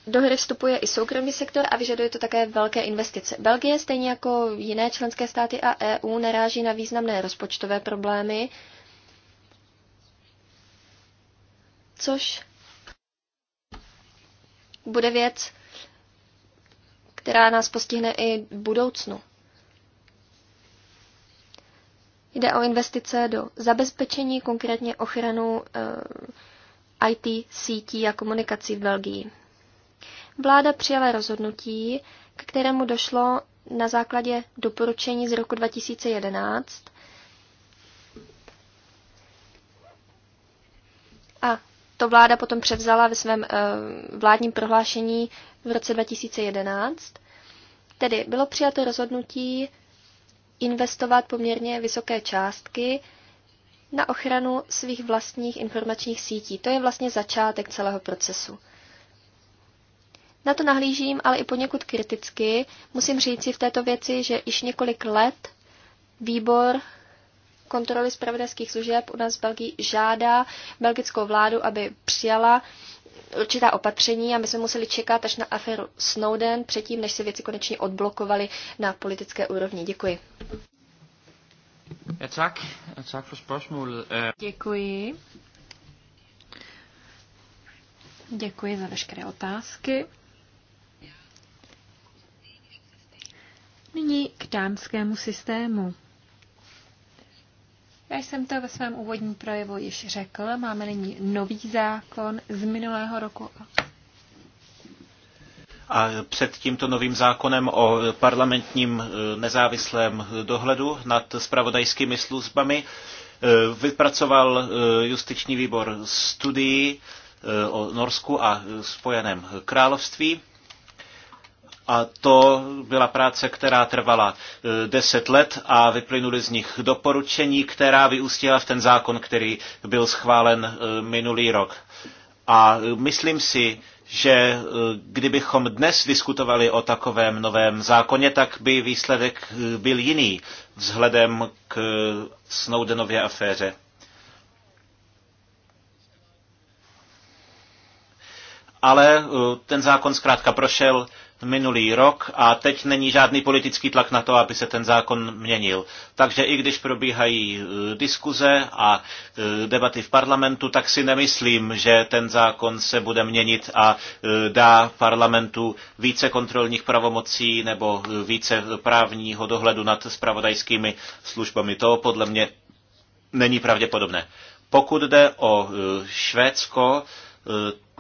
do hry vstupuje i soukromý sektor a vyžaduje to také velké investice. Belgie, stejně jako jiné členské státy a EU, naráží na významné rozpočtové problémy, což bude věc, která nás postihne i v budoucnu. Jde o investice do zabezpečení, konkrétně ochranu e, eh, IT sítí a komunikací v Belgii. Vláda přijala rozhodnutí, k kterému došlo na základě doporučení z roku 2011 a to vláda potom převzala ve svém e, vládním prohlášení v roce 2011. Tedy bylo přijato rozhodnutí investovat poměrně vysoké částky na ochranu svých vlastních informačních sítí. To je vlastně začátek celého procesu. Na to nahlížím, ale i poněkud kriticky. Musím říct si v této věci, že již několik let výbor kontroly zpravodajských služeb u nás v Belgii žádá belgickou vládu, aby přijala určitá opatření a my jsme museli čekat až na aferu Snowden předtím, než se věci konečně odblokovaly na politické úrovni. Děkuji. Ja, tak. tak for spørgsmålet. Øh. Děkuji. Děkuji za veškeré otázky. Nyní k dámskému systému. Já jsem to ve svém úvodním projevu již řekl. Máme nyní nový zákon z minulého roku a před tímto novým zákonem o parlamentním e, nezávislém dohledu nad spravodajskými službami e, vypracoval e, justiční výbor studii o Norsku a Spojeném království. A to byla práce, která trvala eh, deset let a vyplynuly z nich doporučení, která vyústila v ten zákon, který byl schválen eh, minulý rok. A eh, myslím si, že kdybychom dnes diskutovali o takovém novém zákoně, tak by výsledek byl jiný vzhledem k Snowdenově aféře. Ale ten zákon zkrátka prošel minulý rok a teď není žádný politický tlak na to, aby se ten zákon měnil. Takže i když probíhají e, diskuze a e, debaty v parlamentu, tak si nemyslím, že ten zákon se bude měnit a e, dá parlamentu více kontrolních pravomocí nebo více právního dohledu nad spravodajskými službami. To podle mě není pravděpodobné. Pokud jde o Švédsko,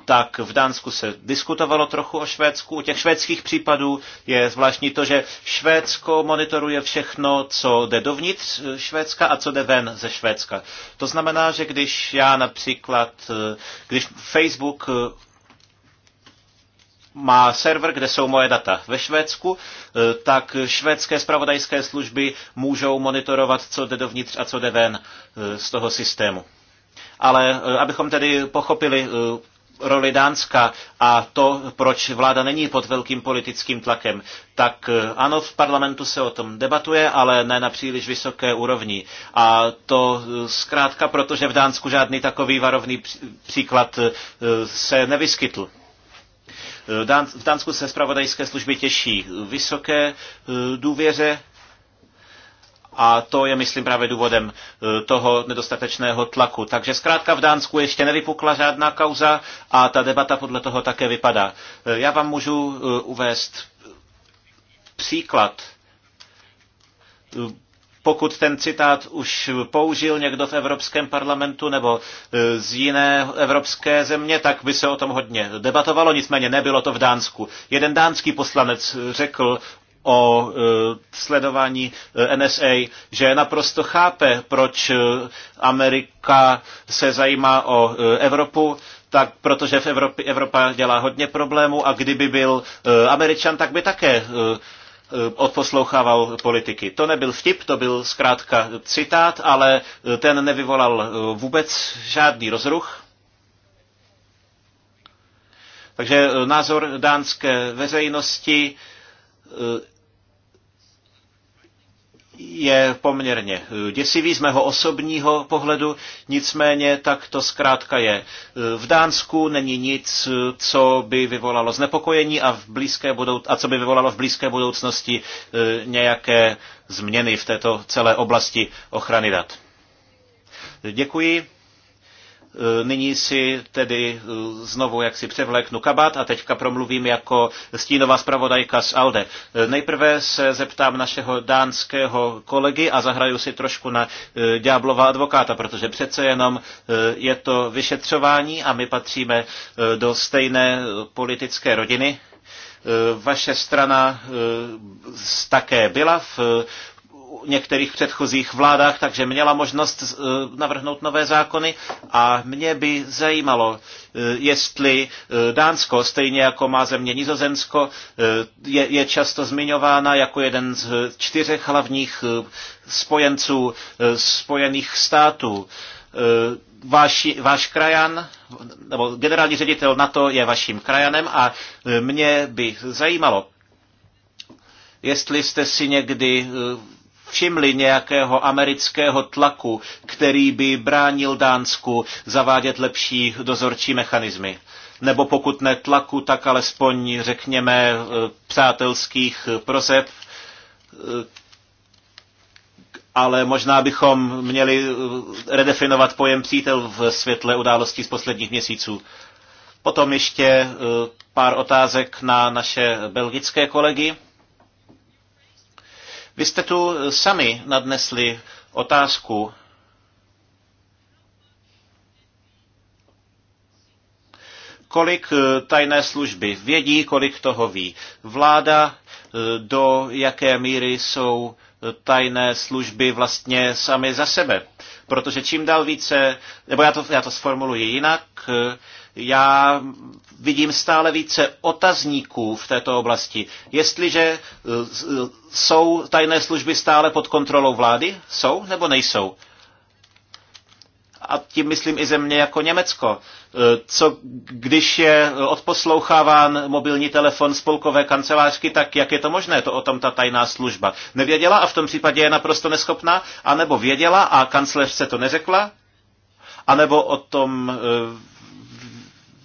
tak v Dánsku se diskutovalo trochu o Švédsku. U těch švédských případů je zvláštní to, že Švédsko monitoruje všechno, co jde dovnitř Švédska a co jde ven ze Švédska. To znamená, že když já například, eh, když Facebook eh, má server, kde jsou moje data ve Švédsku, eh, tak švédské spravodajské služby můžou monitorovat, co jde dovnitř a co jde ven z toho systému. Ale abychom tedy pochopili roli Dánska a to, proč vláda není pod velkým politickým tlakem, tak eh, ano, v parlamentu se o tom debatuje, ale ne na příliš vysoké úrovni. A to eh, zkrátka proto, že v Dánsku žádný takový varovný příklad eh, se nevyskytl. V Dánsku se zpravodajské služby těší vysoké důvěře a to je, myslím, právě důvodem eh, toho nedostatečného tlaku. Takže zkrátka v Dánsku ještě nevypukla žádná kauza a ta debata podle toho také vypadá. Eh, já vám můžu eh, uvést příklad. Pokud ten citát už použil někdo v Evropském parlamentu nebo z jiné evropské země, tak by se o tom hodně debatovalo, nicméně nebylo to v Dánsku. Jeden dánský poslanec řekl o e, sledování e, NSA, že naprosto chápe, proč e, Amerika se zajímá o Evropu, tak protože v Evropě, Evropa dělá hodně problémů a kdyby byl Američan, tak by také odposlouchával politiky. To nebyl vtip, to byl zkrátka citát, ale ten nevyvolal vůbec žádný rozruch. Takže názor dánské veřejnosti je poměrně eh, děsivý z mého osobního pohledu, nicméně tak to zkrátka je. Eh, v Dánsku není nic, eh, co by vyvolalo znepokojení a, v blízké budou, a co by vyvolalo v blízké budoucnosti nějaké změny v této celé oblasti ochrany dat. Děkuji. Eh, nyní si tedy eh, znovu jak si převléknu kabát a teďka promluvím jako stínová zpravodajka z ALDE. Eh, nejprve se zeptám našeho dánského kolegy a zahraju si trošku na ďáblova advokáta, protože přece jenom je to vyšetřování a my patříme do stejné politické rodiny vaše strana také byla v některých předchozích vládách, takže měla možnost eh, navrhnout nové zákony a mě by zajímalo, eh, jestli eh, Dánsko, stejně jako má země Nizozemsko, je, je často zmiňována jako jeden z čtyřech hlavních spojenců Spojených států váš, váš krajan, nebo generální ředitel NATO je vaším krajanem a mě by zajímalo, jestli jste si někdy všimli nějakého amerického tlaku, který by bránil Dánsku zavádět lepší dozorčí mechanismy? Nebo pokud ne tlaku, tak alespoň, řekněme, eh, přátelských prozeb, eh, ale možná bychom měli eh, redefinovat pojem přítel v světle událostí z posledních měsíců. Potom ještě pár otázek na naše belgické kolegy. Vy jste tu eh, sami nadnesli otázku, kolik eh, tajné služby vědí, kolik toho ví vláda, eh, do jaké míry jsou tajné služby vlastně sami za sebe. Protože čím dál více, nebo já to, já to sformuluji jinak, já vidím stále více otazníků v této oblasti. Jestliže eh, eh, jsou tajné služby stále pod kontrolou vlády? Jsou nebo nejsou? a tím myslím i země jako Německo. Eh, co když je odposloucháván mobilní telefon spolkové kancelářky, tak jak je to možné, to o tom ta tajná služba. Nevěděla a v tom případě je naprosto neschopná, anebo věděla a kancléřce to neřekla, anebo o tom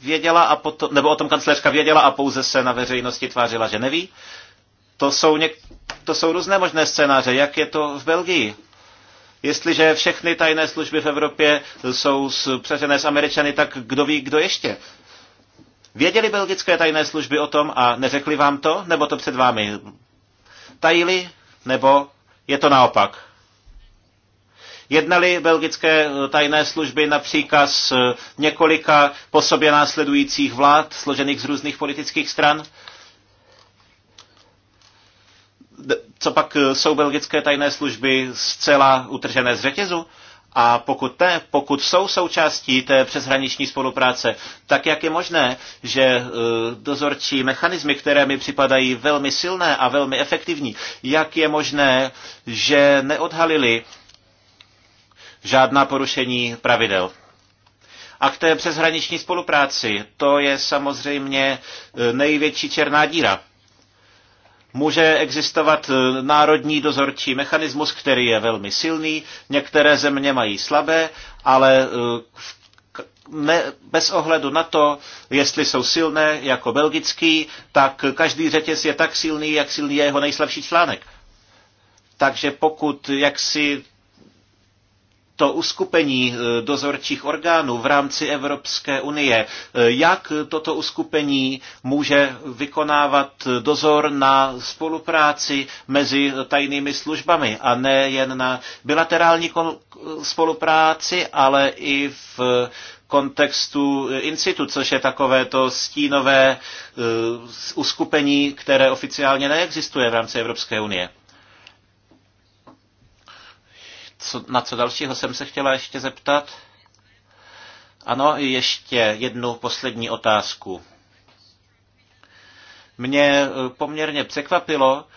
věděla a poto, nebo o tom kancléřka věděla a pouze se na veřejnosti tvářila, že neví. To jsou, něk, to jsou různé možné scénáře, jak je to v Belgii. Jestliže všechny tajné služby v Evropě jsou přežené z Američany, tak kdo ví, kdo ještě? Věděli belgické tajné služby o tom a neřekli vám to, nebo to před vámi tajili, nebo je to naopak? Jednali belgické eh, tajné služby na příkaz eh, několika po sobě následujících vlád, složených z různých politických stran? Co pak eh, jsou belgické tajné služby zcela utržené z řetězu? A pokud ne, pokud jsou součástí té přeshraniční spolupráce, tak jak je možné, že dozorčí mechanismy, které mi připadají velmi silné a velmi efektivní, jak je možné, že neodhalili žádná porušení pravidel. A k té přeshraniční spolupráci, to je samozřejmě e, největší černá díra. Může existovat e, národní dozorčí mechanismus, který je velmi silný, některé země mají slabé, ale e, ne, bez ohledu na to, jestli jsou silné jako belgický, tak každý řetěz je tak silný, jak silný je jeho nejslabší článek. Takže pokud jaksi to uskupení eh, dozorčích orgánů v rámci Evropské unie, eh, jak toto uskupení může vykonávat dozor na spolupráci mezi tajnými službami a ne jen na bilaterální spolupráci, ale i v kontextu institu, což je takové to stínové eh, uskupení, které oficiálně neexistuje v rámci Evropské unie co, na co dalšího jsem se chtěla ještě zeptat? Ano, ještě jednu poslední otázku. Mě eh, poměrně překvapilo,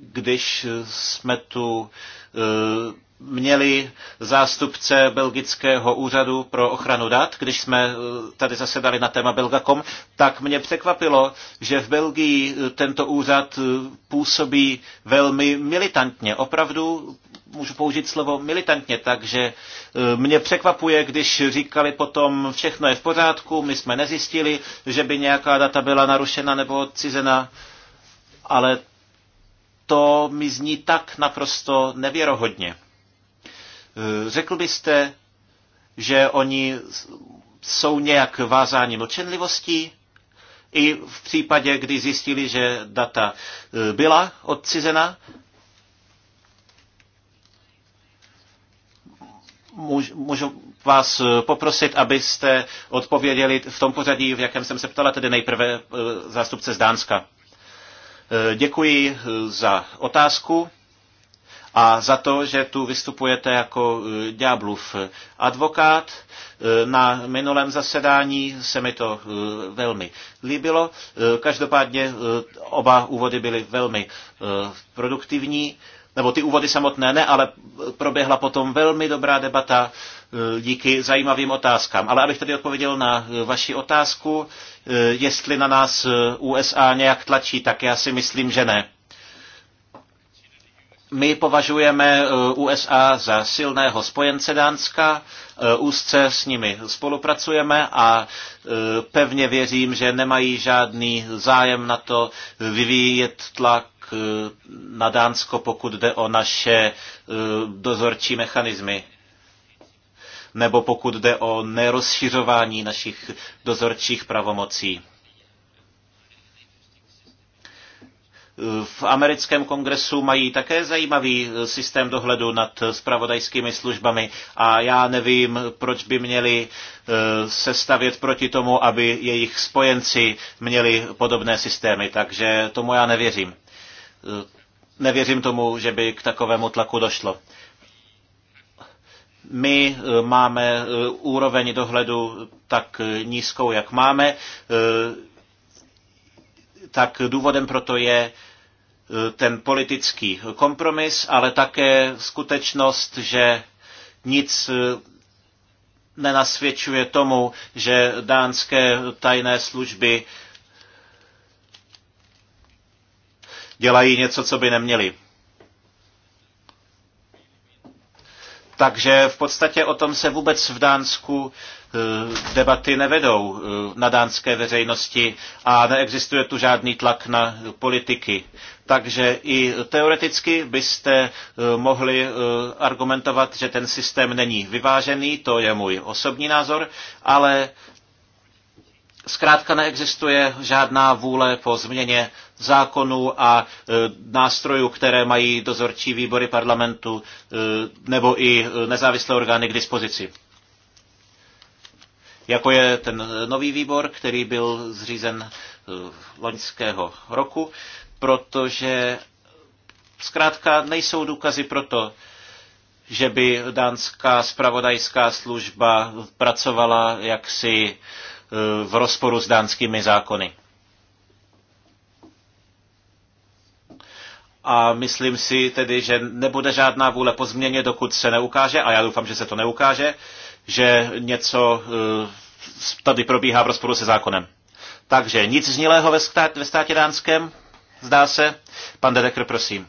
když jsme tu eh, měli zástupce belgického úřadu pro ochranu dat, když jsme eh, tady zasedali na téma Belgacom, tak mě překvapilo, že v Belgii eh, tento úřad eh, působí velmi militantně. Opravdu můžu použít slovo militantně, takže mě překvapuje, když říkali potom, všechno je v pořádku, my jsme nezjistili, že by nějaká data byla narušena nebo odcizena, ale to mi zní tak naprosto nevěrohodně. Eh, řekl byste, že oni jsou nějak vázáni mlčenlivostí? I v případě, kdy zjistili, že data eh, byla odcizena, můžu vás eh, poprosit, abyste odpověděli v tom pořadí, v jakém jsem se ptala, tedy nejprve zástupce z Dánska. Děkuji za otázku a za to, že tu vystupujete jako eh, ďáblův advokát. Eh, na minulém zasedání se mi to eh, velmi líbilo. Každopádně oba úvody byly velmi produktivní nebo ty úvody samotné ne, ale proběhla potom velmi dobrá debata díky zajímavým otázkám. Ale abych tady odpověděl na vaši otázku, jestli na nás USA nějak tlačí, tak já si myslím, že ne. My považujeme eh, USA za silného spojence Dánska, eh, úzce s nimi spolupracujeme a eh, pevně věřím, že nemají žádný zájem na to vyvíjet tlak na Dánsko, pokud jde o naše dozorčí mechanizmy nebo pokud jde o nerozšiřování našich dozorčích pravomocí. v americkém kongresu mají také zajímavý eh, systém dohledu nad spravodajskými službami a já nevím, proč by měli eh, se stavět proti tomu, aby jejich spojenci měli podobné systémy, takže tomu já nevěřím. Eh, nevěřím tomu, že by k takovému tlaku došlo. My máme úroveň dohledu tak nízkou, jak máme tak důvodem pro to je eh, ten politický kompromis, ale také skutečnost, že nic eh, nenasvědčuje tomu, že dánské tajné služby dělají něco, co by neměli. Takže v podstatě o tom se vůbec v Dánsku eh, debaty nevedou eh, na dánské veřejnosti a neexistuje tu žádný tlak na politiky. Takže i teoreticky byste eh, mohli argumentovat, že ten systém není vyvážený, to je můj osobní názor, ale Zkrátka neexistuje žádná vůle po změně zákonů a e, nástrojů, které mají dozorčí výbory parlamentu e, nebo i e, nezávislé orgány k dispozici. Jako je ten nový výbor, který byl zřízen loňského roku, protože zkrátka nejsou důkazy pro to, že by dánská spravodajská služba pracovala jaksi v rozporu s dánskými zákony. a myslím si tedy, že nebude žádná vůle po změně, dokud se neukáže, a já doufám, že se to neukáže, že něco eh, tady probíhá v rozporu se zákonem. Takže nic znilého ve, stát, ve státě dánském, zdá se. Pan Dedekr, prosím.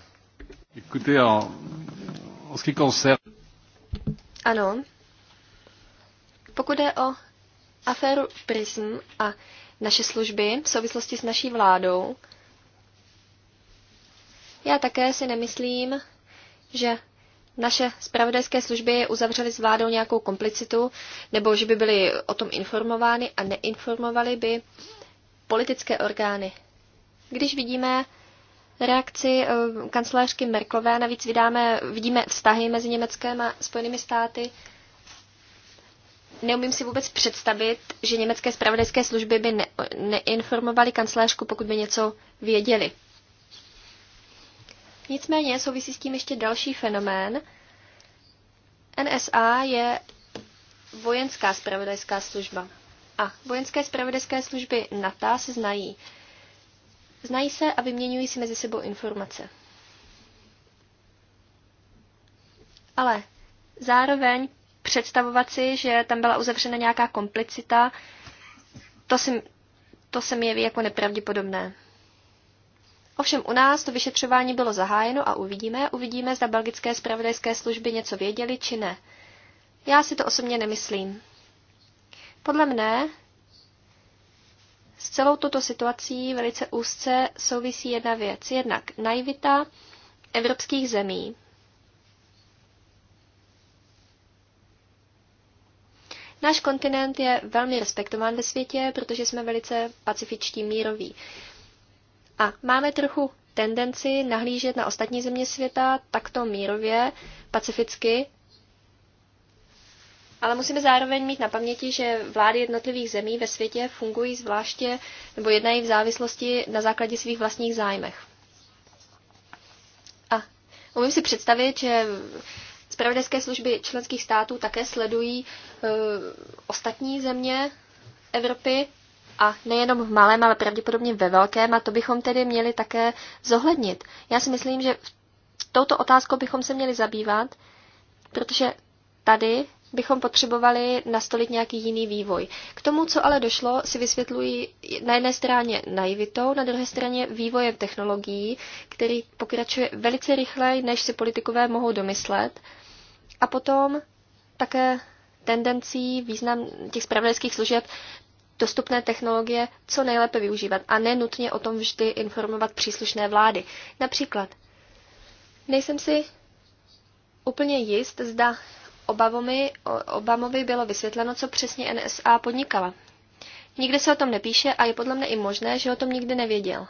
Ano. Pokud je o aféru PRISM a naše služby v souvislosti s naší vládou, já také si nemyslím, že naše spravodajské služby uzavřely s vládou nějakou komplicitu, nebo že by byly o tom informovány a neinformovaly by politické orgány. Když vidíme reakci eh, kancelářky Merklové, navíc vidíme, vidíme vztahy mezi Německém a Spojenými státy, neumím si vůbec představit, že německé spravodajské služby by ne, neinformovaly kancelářku, pokud by něco věděli. Nicméně souvisí s tím ještě další fenomén. NSA je vojenská spravodajská služba. A vojenské spravodajské služby NATO se znají. Znají se a vyměňují si mezi sebou informace. Ale zároveň představovat si, že tam byla uzavřena nějaká komplicita, to, si, to se mi jeví jako nepravděpodobné. Ovšem u nás to vyšetřování bylo zahájeno a uvidíme, uvidíme, zda belgické spravodajské služby něco věděli či ne. Já si to osobně nemyslím. Podle mne s celou tuto situací velice úzce souvisí jedna věc. Jednak naivita evropských zemí, Náš kontinent je velmi respektován ve světě, protože jsme velice pacifičtí, míroví. A máme trochu tendenci nahlížet na ostatní země světa takto mírově, pacificky, ale musíme zároveň mít na paměti, že vlády jednotlivých zemí ve světě fungují zvláště nebo jednají v závislosti na základě svých vlastních zájmech. A umím si představit, že Spravodajské služby členských států také sledují e, ostatní země Evropy a nejenom v malém, ale pravděpodobně ve velkém a to bychom tedy měli také zohlednit. Já si myslím, že touto otázkou bychom se měli zabývat, protože tady bychom potřebovali nastolit nějaký jiný vývoj. K tomu, co ale došlo, si vysvětlují na jedné straně naivitou, na druhé straně vývojem technologií, který pokračuje velice rychleji, než si politikové mohou domyslet. A potom také tendencí význam těch spravodajských služeb dostupné technologie co nejlépe využívat a nenutně o tom vždy informovat příslušné vlády. Například, nejsem si úplně jist, zda Obamovi, Obamovi bylo vysvětleno, co přesně NSA podnikala. Nikde se o tom nepíše a je podle mne i možné, že o tom nikdy nevěděl.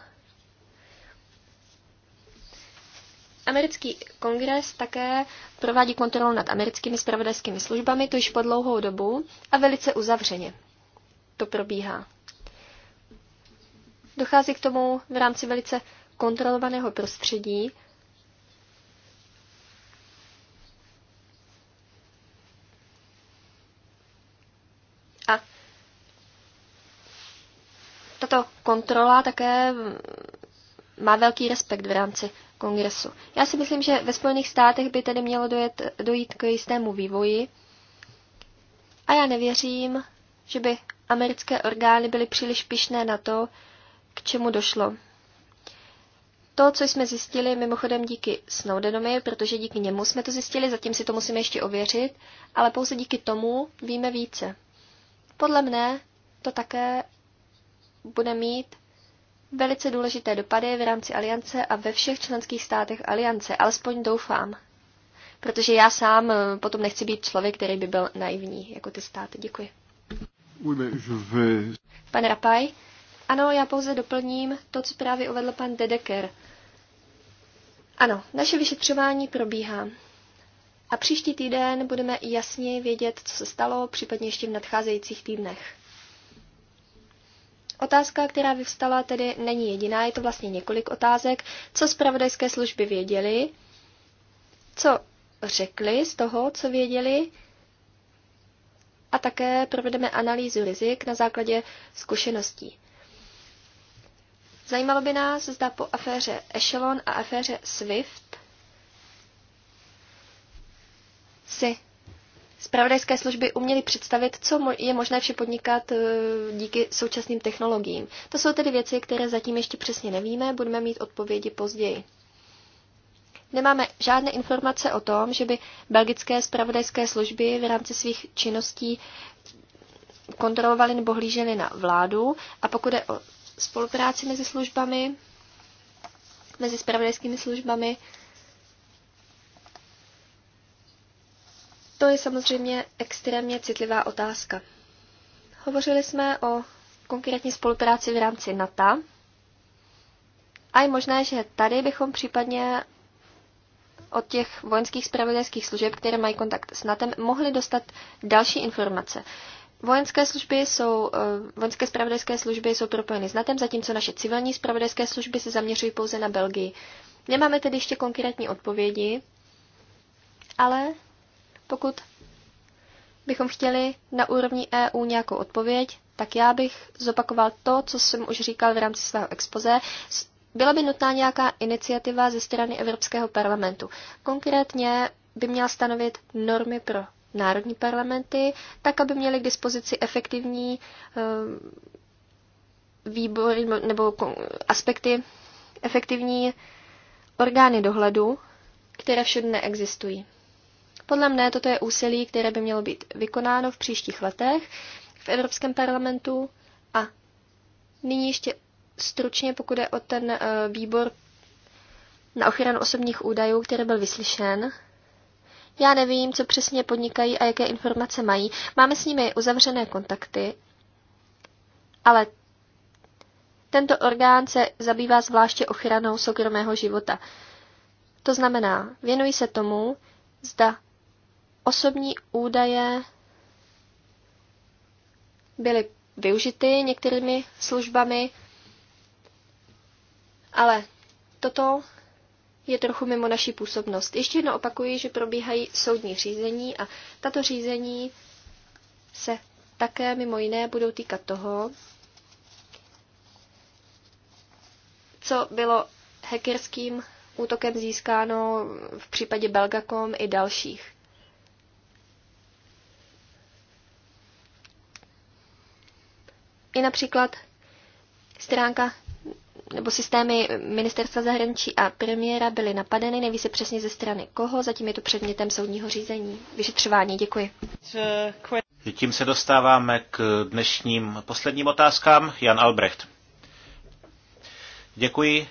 Americký kongres také provádí kontrolu nad americkými spravodajskými službami, to již po dlouhou dobu a velice uzavřeně. To probíhá. Dochází k tomu v rámci velice kontrolovaného prostředí. A tato kontrola také má velký respekt v rámci kongresu. Já si myslím, že ve Spojených státech by tedy mělo dojet, dojít k jistému vývoji a já nevěřím, že by americké orgány byly příliš pišné na to, k čemu došlo. To, co jsme zjistili, mimochodem díky Snowdenovi, protože díky němu jsme to zjistili, zatím si to musíme ještě ověřit, ale pouze díky tomu víme více. Podle mne to také bude mít velice důležité dopady v rámci aliance a ve všech členských státech aliance, alespoň doufám. Protože já sám eh, potom nechci být člověk, který by byl naivní, jako ty státy. Děkuji. Pan Rapaj? Ano, já pouze doplním to, co právě uvedl pan Dedeker. Ano, naše vyšetřování probíhá. A příští týden budeme jasně vědět, co se stalo, případně ještě v nadcházejících týdnech. Otázka, která vyvstala, tedy není jediná, je to vlastně několik otázek. Co zpravodajské služby věděli, co řekli z toho, co věděli, a také provedeme analýzu rizik na základě zkušeností. Zajímalo by nás, zda po aféře Echelon a aféře SWIFT si zpravodajské služby uměly představit, co je možné vše podnikat eh, díky současným technologiím. To jsou tedy věci, které zatím ještě přesně nevíme, budeme mít odpovědi později. Nemáme žádné informace o tom, že by belgické zpravodajské služby v rámci svých činností kontrolovali nebo hlíželi na vládu. A pokud je o spolupráci mezi službami, mezi spravodajskými službami, To je samozřejmě extrémně citlivá otázka. Hovořili jsme o konkrétní spolupráci v rámci NATO a je možné, že tady bychom případně od těch vojenských spravodajských služeb, které mají kontakt s NATO, mohli dostat další informace. Vojenské služby jsou, eh, vojenské spravodajské služby jsou propojeny s NATO, zatímco naše civilní spravodajské služby se zaměřují pouze na Belgii. Nemáme tedy ještě konkrétní odpovědi, ale pokud bychom chtěli na úrovni EU nějakou odpověď, tak já bych zopakoval to, co jsem už říkal v rámci svého expoze. Byla by nutná nějaká iniciativa ze strany Evropského parlamentu. Konkrétně by měla stanovit normy pro národní parlamenty, tak aby měly k dispozici efektivní eh, výbory nebo aspekty, efektivní orgány dohledu, které všude neexistují. Podle mne toto je úsilí, které by mělo být vykonáno v příštích letech v Evropském parlamentu. A nyní ještě stručně, pokud je o ten eh, výbor na ochranu osobních údajů, který byl vyslyšen. Já nevím, co přesně podnikají a jaké informace mají. Máme s nimi uzavřené kontakty, ale tento orgán se zabývá zvláště ochranou soukromého života. To znamená, věnují se tomu, zda osobní údaje byly využity některými službami, ale toto je trochu mimo naší působnost. Ještě jednou opakuji, že probíhají soudní řízení a tato řízení se také mimo jiné budou týkat toho, co bylo hackerským útokem získáno v případě Belgacom i dalších. je například stránka nebo systémy ministerstva zahraničí a premiéra byly napadeny, neví se přesně ze strany koho, zatím je to předmětem soudního řízení. Vyšetřování, děkuji. Tím se dostáváme k dnešním posledním otázkám. Jan Albrecht. Děkuji.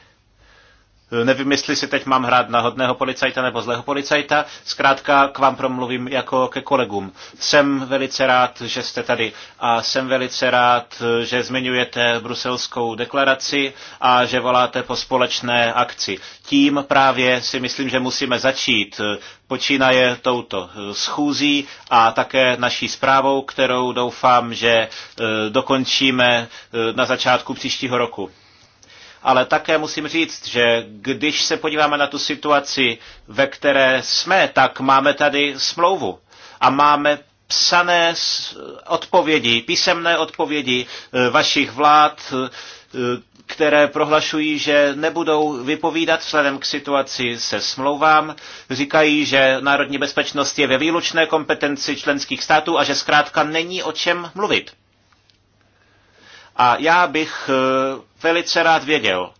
Nevím, jestli si teď mám hrát na hodného policajta nebo zlého policajta. Zkrátka k vám promluvím jako ke kolegům. Jsem velice rád, že jste tady a jsem velice rád, že zmiňujete bruselskou deklaraci a že voláte po společné akci. Tím právě si myslím, že musíme začít. Počínaje touto eh, schůzí a také naší zprávou, kterou doufám, že eh, dokončíme eh, na začátku příštího roku ale také musím říct, že když se podíváme na tu situaci, ve které jsme, tak máme tady smlouvu a máme psané odpovědi, písemné odpovědi eh, vašich vlád, eh, které prohlašují, že nebudou vypovídat vzhledem k situaci se smlouvám. Říkají, že národní bezpečnost je ve výlučné kompetenci členských států a že zkrátka není o čem mluvit. A já bych eh, velice rád věděl,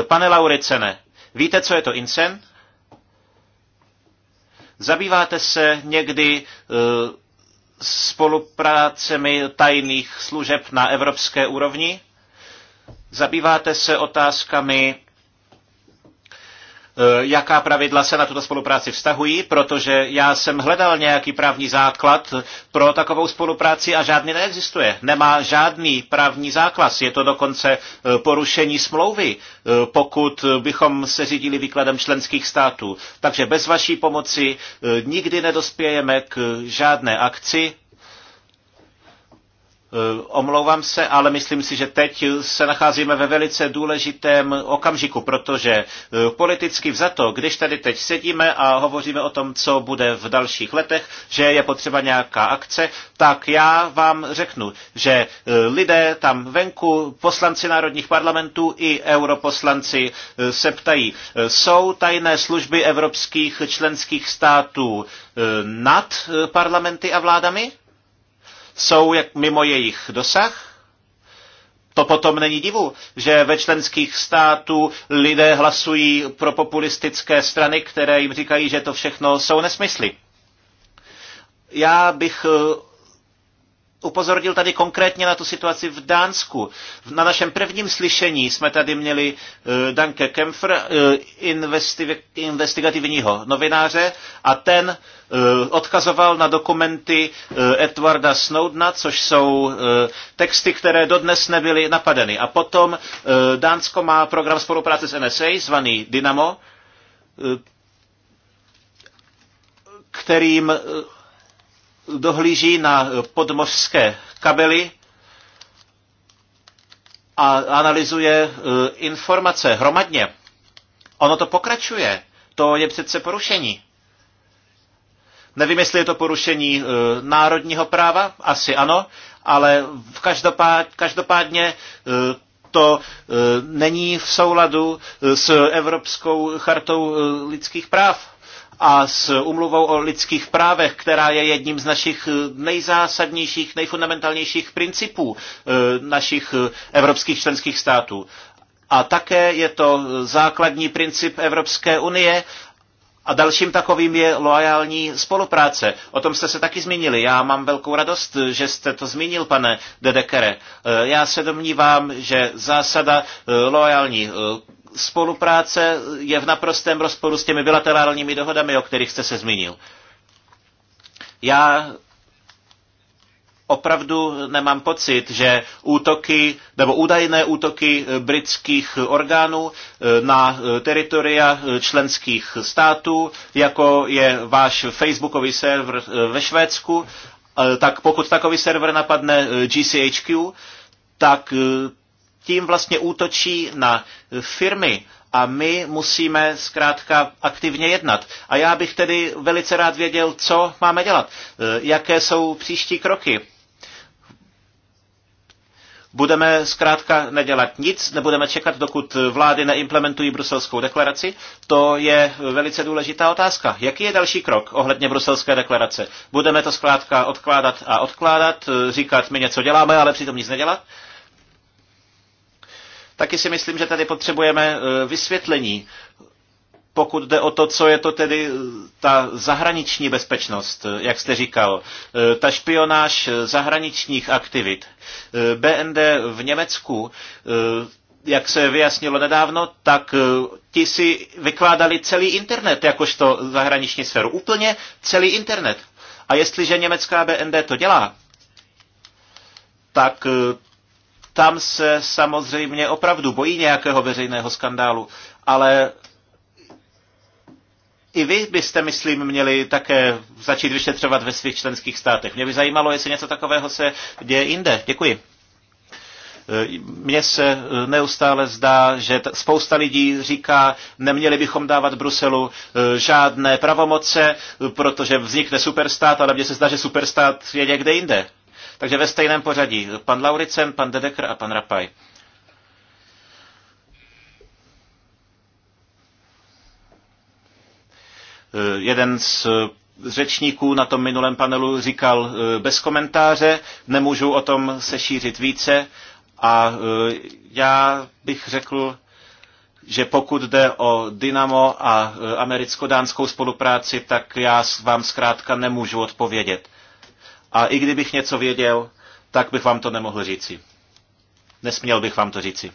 eh, pane Lauricene, víte, co je to incen? Zabýváte se někdy eh, spoluprácemi tajných služeb na evropské úrovni? Zabýváte se otázkami Eh, jaká pravidla se na tuto spolupráci vztahují, protože já jsem hledal nějaký právní základ pro takovou spolupráci a žádný neexistuje. Nemá žádný právní základ. Je to dokonce eh, porušení smlouvy, eh, pokud bychom se řídili výkladem členských států. Takže bez vaší pomoci nikdy nedospějeme k žádné akci Eh, omlouvám se, ale myslím si, že teď se nacházíme ve velice důležitém okamžiku, protože eh, politicky vzato, když tady teď sedíme a hovoříme o tom, co bude v dalších letech, že je potřeba nějaká akce, tak já vám řeknu, že eh, lidé tam venku, poslanci národních parlamentů i europoslanci se ptají, jsou tajné služby evropských členských států nad parlamenty a vládami? jsou jak mimo jejich dosah, to potom není divu, že ve členských států lidé hlasují pro populistické strany, které jim říkají, že to všechno jsou nesmysly. Já bych eh, upozornil tady konkrétně na tu situaci v Dánsku. Na našem prvním slyšení jsme tady měli uh, Danke Kempfer, uh, eh, investi- investigativního novináře, a ten uh, odkazoval na dokumenty uh, Edwarda Snowdena, což jsou uh, texty, které dodnes nebyly napadeny. A potom uh, Dánsko má program spolupráce s NSA, zvaný Dynamo, uh, kterým uh, dohlíží na podmořské kabely a analyzuje e, informace hromadně. Ono to pokračuje. To je přece porušení. Nevím, jestli je to porušení e, národního práva, asi ano, ale v každopád, každopádně e, to není v souladu s Evropskou chartou lidských práv a s umluvou o lidských právech, která je jedním z našich nejzásadnějších, nejfundamentálnějších principů eh, našich eh, evropských členských států. A také je to základní princip Evropské unie a dalším takovým je loajální spolupráce. O tom jste se taky zmínili. Já mám velkou radost, že jste to zmínil, pane Dedekere. Eh, já se domnívám, že zásada loajální spolupráce je v naprostém rozporu s těmi bilaterálními dohodami, o kterých jste se zmínil. Já opravdu nemám pocit, že útoky nebo údajné útoky britských orgánů eh, na teritoria členských států, jako je váš facebookový server eh, ve Švédsku, eh, tak pokud takový server napadne GCHQ, tak tím vlastně útočí na firmy a my musíme zkrátka aktivně jednat. A já bych tedy velice rád věděl, co máme dělat, e, jaké jsou příští kroky. Budeme zkrátka nedělat nic, nebudeme čekat, dokud vlády neimplementují bruselskou deklaraci? To je velice důležitá otázka. Jaký je další krok ohledně bruselské deklarace? Budeme to zkrátka odkládat a odkládat, e, říkat, my něco děláme, ale přitom nic nedělat? Taky si myslím, že tady potřebujeme eh, vysvětlení, pokud jde o to, co je to tedy eh, ta zahraniční bezpečnost, eh, jak jste říkal, ta špionáž zahraničních aktivit. BND v Německu jak se vyjasnilo nedávno, tak ti si vykládali celý internet jakožto zahraniční sféru. Úplně celý internet. A jestliže německá BND to dělá, tak tam se samozřejmě opravdu bojí nějakého veřejného skandálu, ale i vy byste, myslím, měli také začít vyšetřovat ve svých členských státech. Mě by zajímalo, jestli něco takového se děje jinde. Děkuji. Mně se neustále zdá, že spousta lidí říká, neměli bychom dávat Bruselu eh, žádné pravomoce, protože vznikne superstát, ale mně se zdá, že superstát je někde jinde. Takže ve stejném pořadí. Pan Lauricen, pan Dedekr a pan Rapaj. Eh, jeden z řečníků na tom minulém panelu říkal eh, bez komentáře, nemůžu o tom se šířit více a eh, já bych řekl, že pokud jde o Dynamo a americko-dánskou spolupráci, tak já vám zkrátka nemůžu odpovědět. A i kdybych něco věděl, tak bych vám to nemohl říci. Nesměl bych vám to říci.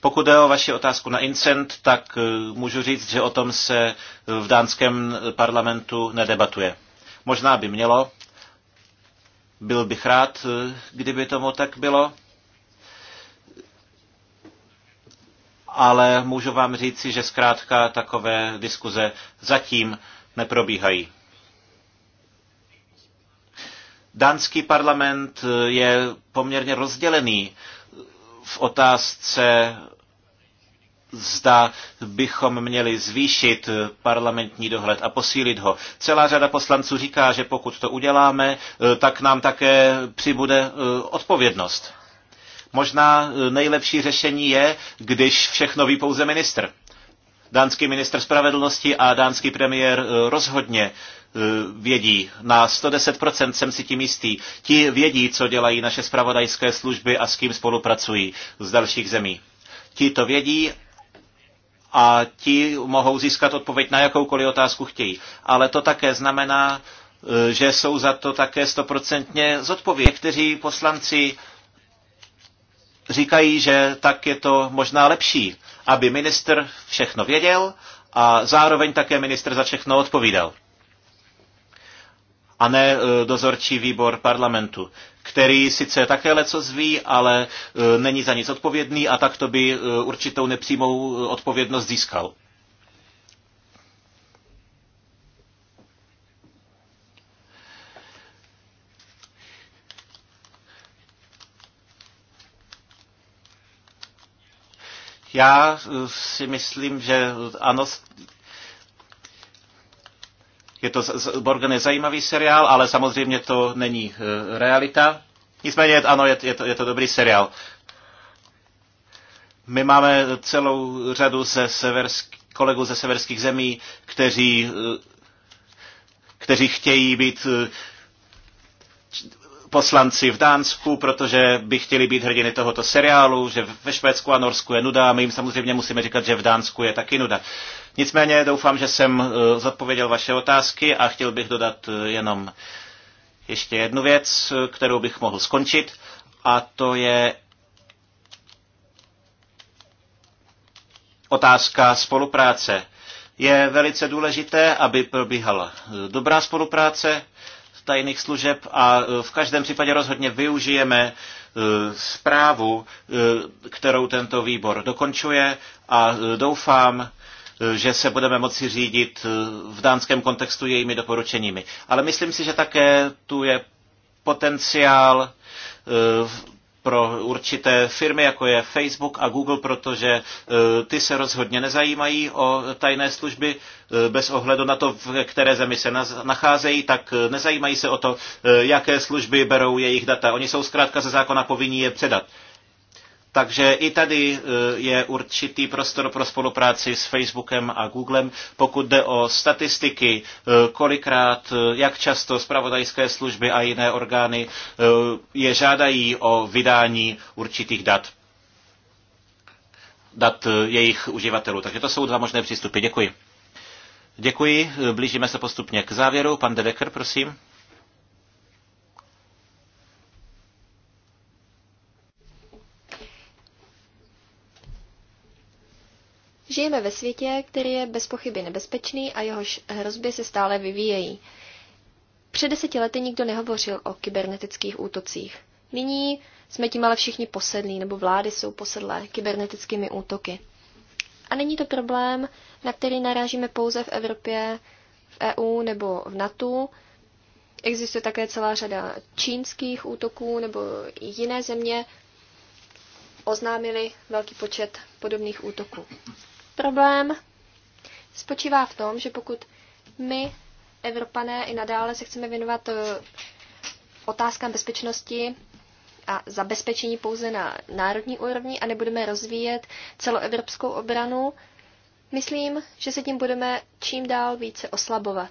Pokud jde o vaši otázku na incent, tak eh, můžu říct, že o tom se v dánském parlamentu nedebatuje. Možná by mělo. Byl bych rád, eh, kdyby tomu tak bylo. Ale můžu vám říci, že zkrátka takové diskuze zatím neprobíhají. Dánský parlament eh, je poměrně rozdělený eh, v otázce, zda bychom měli zvýšit eh, parlamentní dohled a posílit ho. Celá řada poslanců říká, že pokud to uděláme, tak nám také přibude odpovědnost. Možná nejlepší řešení je, když všechno ví pouze ministr. Dánský minister spravedlnosti a dánský premiér eh, rozhodně eh, vědí. Na 110% jsem si tím jistý. Ti vědí, co dělají naše spravodajské služby a s kým spolupracují z dalších zemí. Ti to vědí a ti mohou získat odpověď na jakoukoliv otázku chtějí. Ale to také znamená, eh, že jsou za to také stoprocentně zodpovědní. Někteří poslanci říkají, že tak je to možná lepší, aby minister všechno věděl a zároveň také minister za všechno odpovídal. A ne e, dozorčí výbor parlamentu, který sice také leco zví, ale e, není za nic odpovědný a takto by e, určitou nepřímou odpovědnost získal. Já eh, si myslím, že ano, je to, Borgen je zajímavý seriál, ale samozřejmě to není eh, realita. Nicméně ano, je, je, to, je to dobrý seriál. My máme celou řadu ze severských kolegů ze severských zemí, kteří, eh, kteří chtějí být poslanci v Dánsku, protože by chtěli být hrdiny tohoto seriálu, že ve Švédsku a Norsku je nuda a my jim samozřejmě musíme říkat, že v Dánsku je taky nuda. Nicméně doufám, že jsem eh, zodpověděl vaše otázky a chtěl bych dodat eh, jenom ještě jednu věc, eh, kterou bych mohl skončit a to je otázka spolupráce. Je velice důležité, aby probíhala dobrá spolupráce, tajných služeb a e, v každém případě rozhodně využijeme e, zprávu, e, kterou tento výbor dokončuje a doufám, že se budeme moci řídit v dánském kontextu jejími doporučeními. Ale myslím si, že také tu je potenciál pro určité firmy, jako je Facebook a Google, protože e, ty se rozhodně nezajímají o tajné služby e, bez ohledu na to, v které zemi se nacházejí, tak e, nezajímají se o to, jaké služby berou jejich data. Oni jsou zkrátka ze zákona povinní je předat. Takže i tady e, je určitý prostor pro spolupráci s Facebookem a Googlem, pokud jde o statistiky, e, kolikrát, e, jak často zpravodajské služby a jiné orgány je žádají o vydání určitých dat dat jejich uživatelů. Takže to jsou dva možné přístupy. Děkuji. Děkuji. Blížíme se postupně k závěru. Pan Dedeker, prosím. Žijeme ve světě, který je bez pochyby nebezpečný a jehož hrozby se stále vyvíjejí. Před deseti lety nikdo nehovořil o kybernetických útocích. Nyní jsme tím ale všichni posedlí, nebo vlády jsou posedlé kybernetickými útoky. A není to problém, na který narážíme pouze v Evropě, v EU nebo v NATO. Existuje také celá řada čínských útoků nebo jiné země oznámili velký počet podobných útoků. Problém spočívá v tom, že pokud my, Evropané, i nadále se chceme věnovat eh, otázkám bezpečnosti a zabezpečení pouze na národní úrovni a nebudeme rozvíjet celoevropskou obranu, myslím, že se tím budeme čím dál více oslabovat.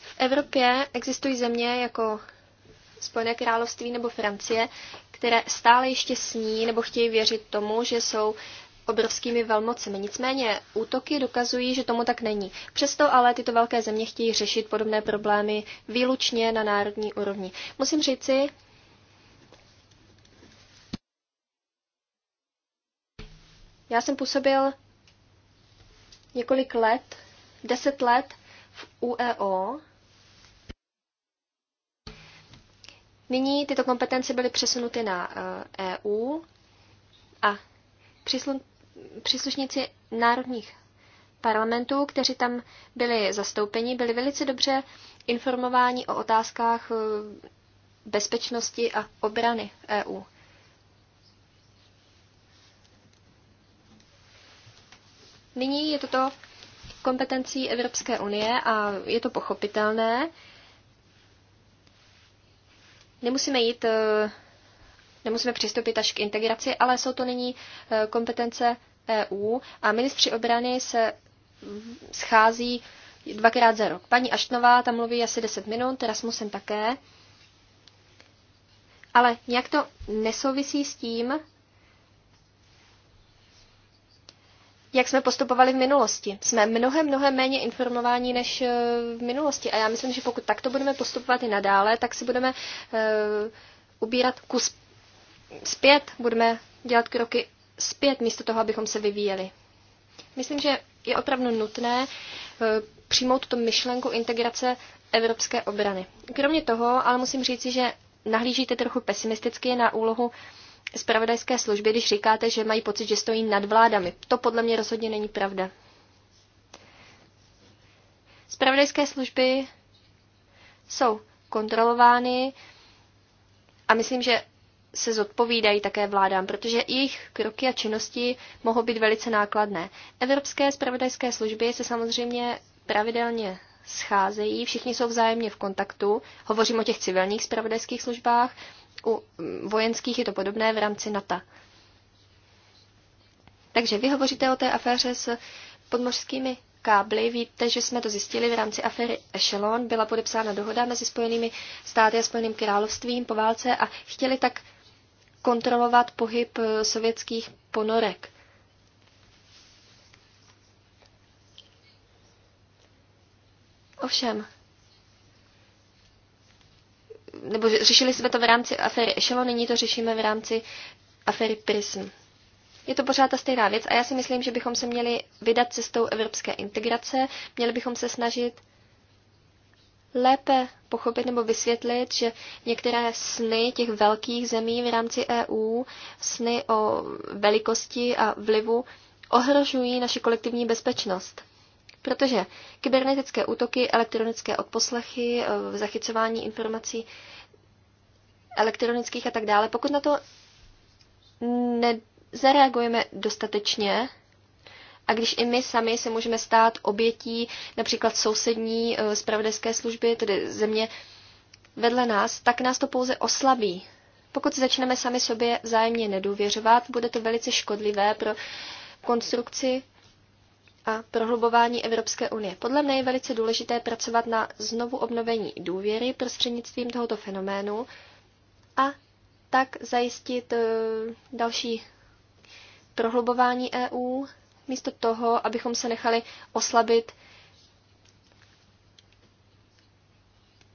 V Evropě existují země jako Spojené království nebo Francie, které stále ještě sní nebo chtějí věřit tomu, že jsou obrovskými velmocemi. Nicméně útoky dokazují, že tomu tak není. Přesto ale tyto velké země chtějí řešit podobné problémy výlučně na národní úrovni. Musím říci, já jsem působil několik let, deset let v UEO, Nyní tyto kompetence byly přesunuty na EU eh, e a příslušníci národních parlamentů, kteří tam byli zastoupeni, byli velice dobře informováni o otázkách eh, bezpečnosti a obrany EU. Nyní je toto kompetencí Evropské unie a je to pochopitelné, Nemusíme jít, eh, nemusíme přistoupit až k integraci, ale jsou to nyní eh, kompetence EU a ministři obrany se mm, schází dvakrát za rok. Paní Aštnová tam mluví asi 10 minut, Rasmusem také. Ale nějak to nesouvisí s tím, jak jsme postupovali v minulosti. Jsme mnohem, mnohem méně informováni než eh, v minulosti. A já myslím, že pokud takto budeme postupovat i nadále, tak si budeme uh, ubírat kus zpět, budeme dělat kroky zpět, místo toho, abychom se vyvíjeli. Myslím, že je opravdu nutné uh, přijmout tuto myšlenku integrace evropské obrany. Kromě toho, ale musím říci, že nahlížíte trochu pesimisticky na úlohu uh, zpravodajské služby, když říkáte, že mají pocit, že stojí nad vládami. To podle mě rozhodně není pravda. Spravodajské služby jsou kontrolovány a myslím, že se zodpovídají také vládám, protože jejich kroky a činnosti mohou být velice nákladné. Evropské spravodajské služby se samozřejmě pravidelně scházejí, všichni jsou vzájemně v kontaktu, hovořím o těch civilních spravodajských službách, u vojenských je to podobné v rámci NATO. Takže vy hovoříte o té aféře s podmořskými kábly. Víte, že jsme to zjistili v rámci aféry Echelon. Byla podepsána dohoda mezi Spojenými státy a Spojeným královstvím po válce a chtěli tak kontrolovat pohyb eh, sovětských ponorek. Ovšem, nebo řešili jsme to v rámci aféry Echelon, nyní to řešíme v rámci aféry Prism. Je to pořád ta stejná věc a já si myslím, že bychom se měli vydat cestou evropské integrace, měli bychom se snažit lépe pochopit nebo vysvětlit, že některé sny těch velkých zemí v rámci EU, sny o velikosti a vlivu, ohrožují naši kolektivní bezpečnost. Protože kybernetické útoky, elektronické odposlechy, eh, zachycování informací elektronických a tak dále, pokud na to nezareagujeme dostatečně, a když i my sami se můžeme stát obětí například sousední eh, spravodajské služby, tedy země vedle nás, tak nás to pouze oslabí. Pokud začneme sami sobě vzájemně nedůvěřovat, bude to velice škodlivé pro konstrukci a prohlubování Evropské unie. Podle mne je velice důležité pracovat na znovu obnovení důvěry prostřednictvím tohoto fenoménu a tak zajistit e, další prohlubování EU, místo toho, abychom se nechali oslabit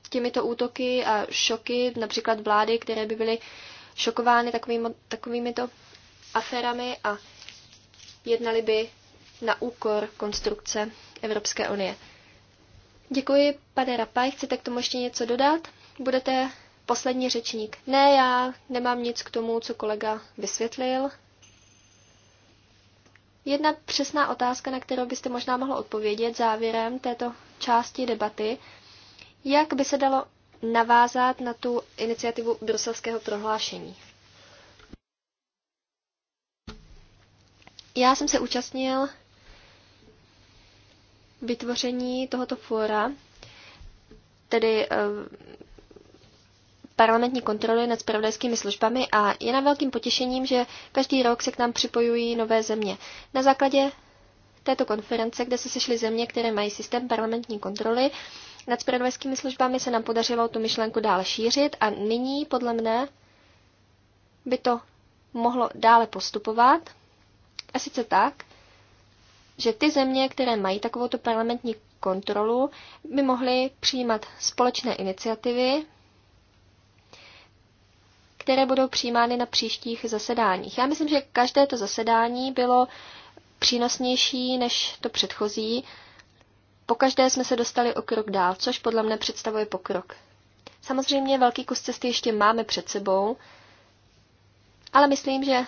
těmito útoky a šoky, například vlády, které by byly šokovány takovými, takovými to aferami a jednali by na úkor konstrukce Evropské unie. Děkuji, pane Rapaj. Chcete k tomu ještě něco dodat? Budete poslední řečník. Ne, já nemám nic k tomu, co kolega vysvětlil. Jedna přesná otázka, na kterou byste možná mohla odpovědět závěrem této části debaty. Jak by se dalo navázat na tu iniciativu bruselského prohlášení? Já jsem se účastnil vytvoření tohoto fóra, tedy eh, parlamentní kontroly nad spravodajskými službami a je na velkým potěšením, že každý rok se k nám připojují nové země. Na základě této konference, kde se sešly země, které mají systém parlamentní kontroly nad spravodajskými službami, se nám podařilo tu myšlenku dále šířit a nyní, podle mne, by to mohlo dále postupovat. A sice tak, že ty země, které mají takovouto parlamentní kontrolu, by mohly přijímat společné iniciativy, které budou přijímány na příštích zasedáních. Já myslím, že každé to zasedání bylo přínosnější než to předchozí. Po každé jsme se dostali o krok dál, což podle mne představuje pokrok. Samozřejmě velký kus cesty ještě máme před sebou, ale myslím, že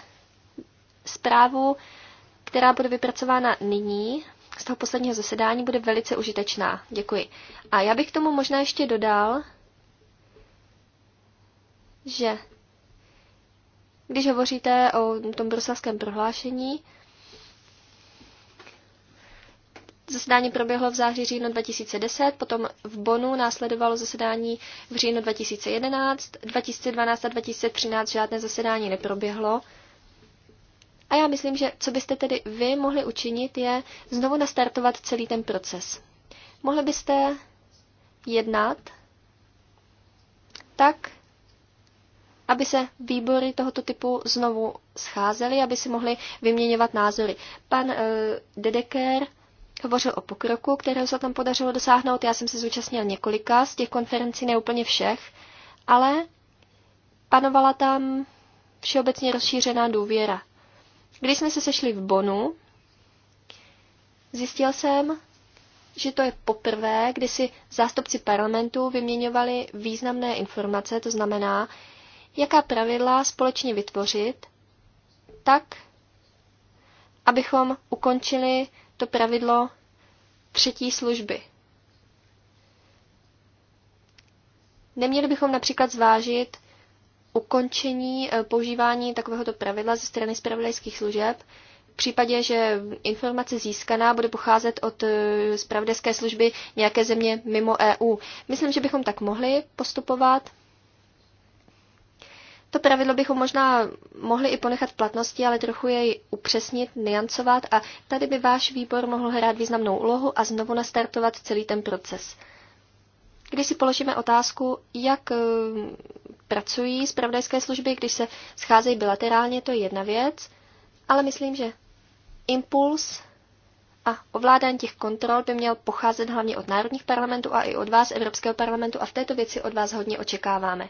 zprávu která bude vypracována nyní z toho posledního zasedání, bude velice užitečná. Děkuji. A já bych k tomu možná ještě dodal, že když hovoříte o tom bruselském prohlášení, Zasedání proběhlo v září říjnu 2010, potom v Bonu následovalo zasedání v říjnu 2011, 2012 a 2013 žádné zasedání neproběhlo. A já myslím, že co byste tedy vy mohli učinit, je znovu nastartovat celý ten proces. Mohli byste jednat tak, aby se výbory tohoto typu znovu scházely, aby si mohli vyměňovat názory. Pan uh, Dedeker hovořil o pokroku, kterého se tam podařilo dosáhnout. Já jsem se zúčastnil několika z těch konferencí, ne úplně všech, ale panovala tam všeobecně rozšířená důvěra. Když jsme se sešli v Bonu, zjistil jsem, že to je poprvé, kdy si zástupci parlamentu vyměňovali významné informace, to znamená, jaká pravidla společně vytvořit, tak, abychom ukončili to pravidlo třetí služby. Neměli bychom například zvážit ukončení eh, používání takovéhoto pravidla ze strany spravodajských služeb v případě, že informace získaná bude pocházet od spravodajské eh, služby nějaké země mimo EU. Myslím, že bychom tak mohli postupovat. To pravidlo bychom možná mohli i ponechat v platnosti, ale trochu jej upřesnit, niancovat a tady by váš výbor mohl hrát významnou úlohu a znovu nastartovat celý ten proces. Když si položíme otázku, jak eh, pracují pravdajské služby, když se scházejí bilaterálně, to je jedna věc, ale myslím, že impuls a ovládání těch kontrol by měl pocházet hlavně od národních parlamentů a i od vás, Evropského parlamentu, a v této věci od vás hodně očekáváme.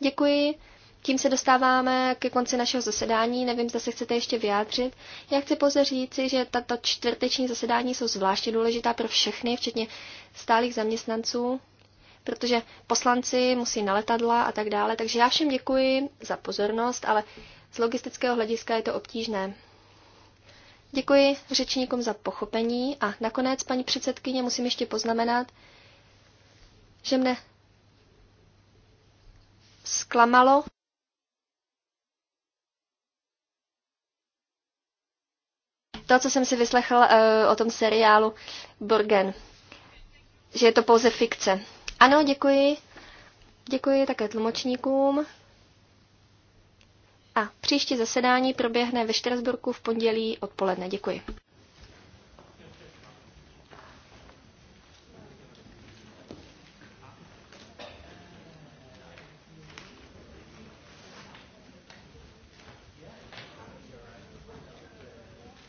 Děkuji. Tím se dostáváme ke konci našeho zasedání. Nevím, zda se chcete ještě vyjádřit. Já chci pouze říci, že tato čtvrteční zasedání jsou zvláště důležitá pro všechny, včetně stálých zaměstnanců protože poslanci musí na letadla a tak dále. Takže já všem děkuji za pozornost, ale z logistického hlediska je to obtížné. Děkuji řečníkům za pochopení a nakonec, paní předsedkyně, musím ještě poznamenat, že mne zklamalo. To, co jsem si vyslechla uh, o tom seriálu Borgen, že je to pouze fikce. Ano, děkuji. Děkuji také tlumočníkům. A příští zasedání proběhne ve Štrasburku v pondělí odpoledne. Děkuji.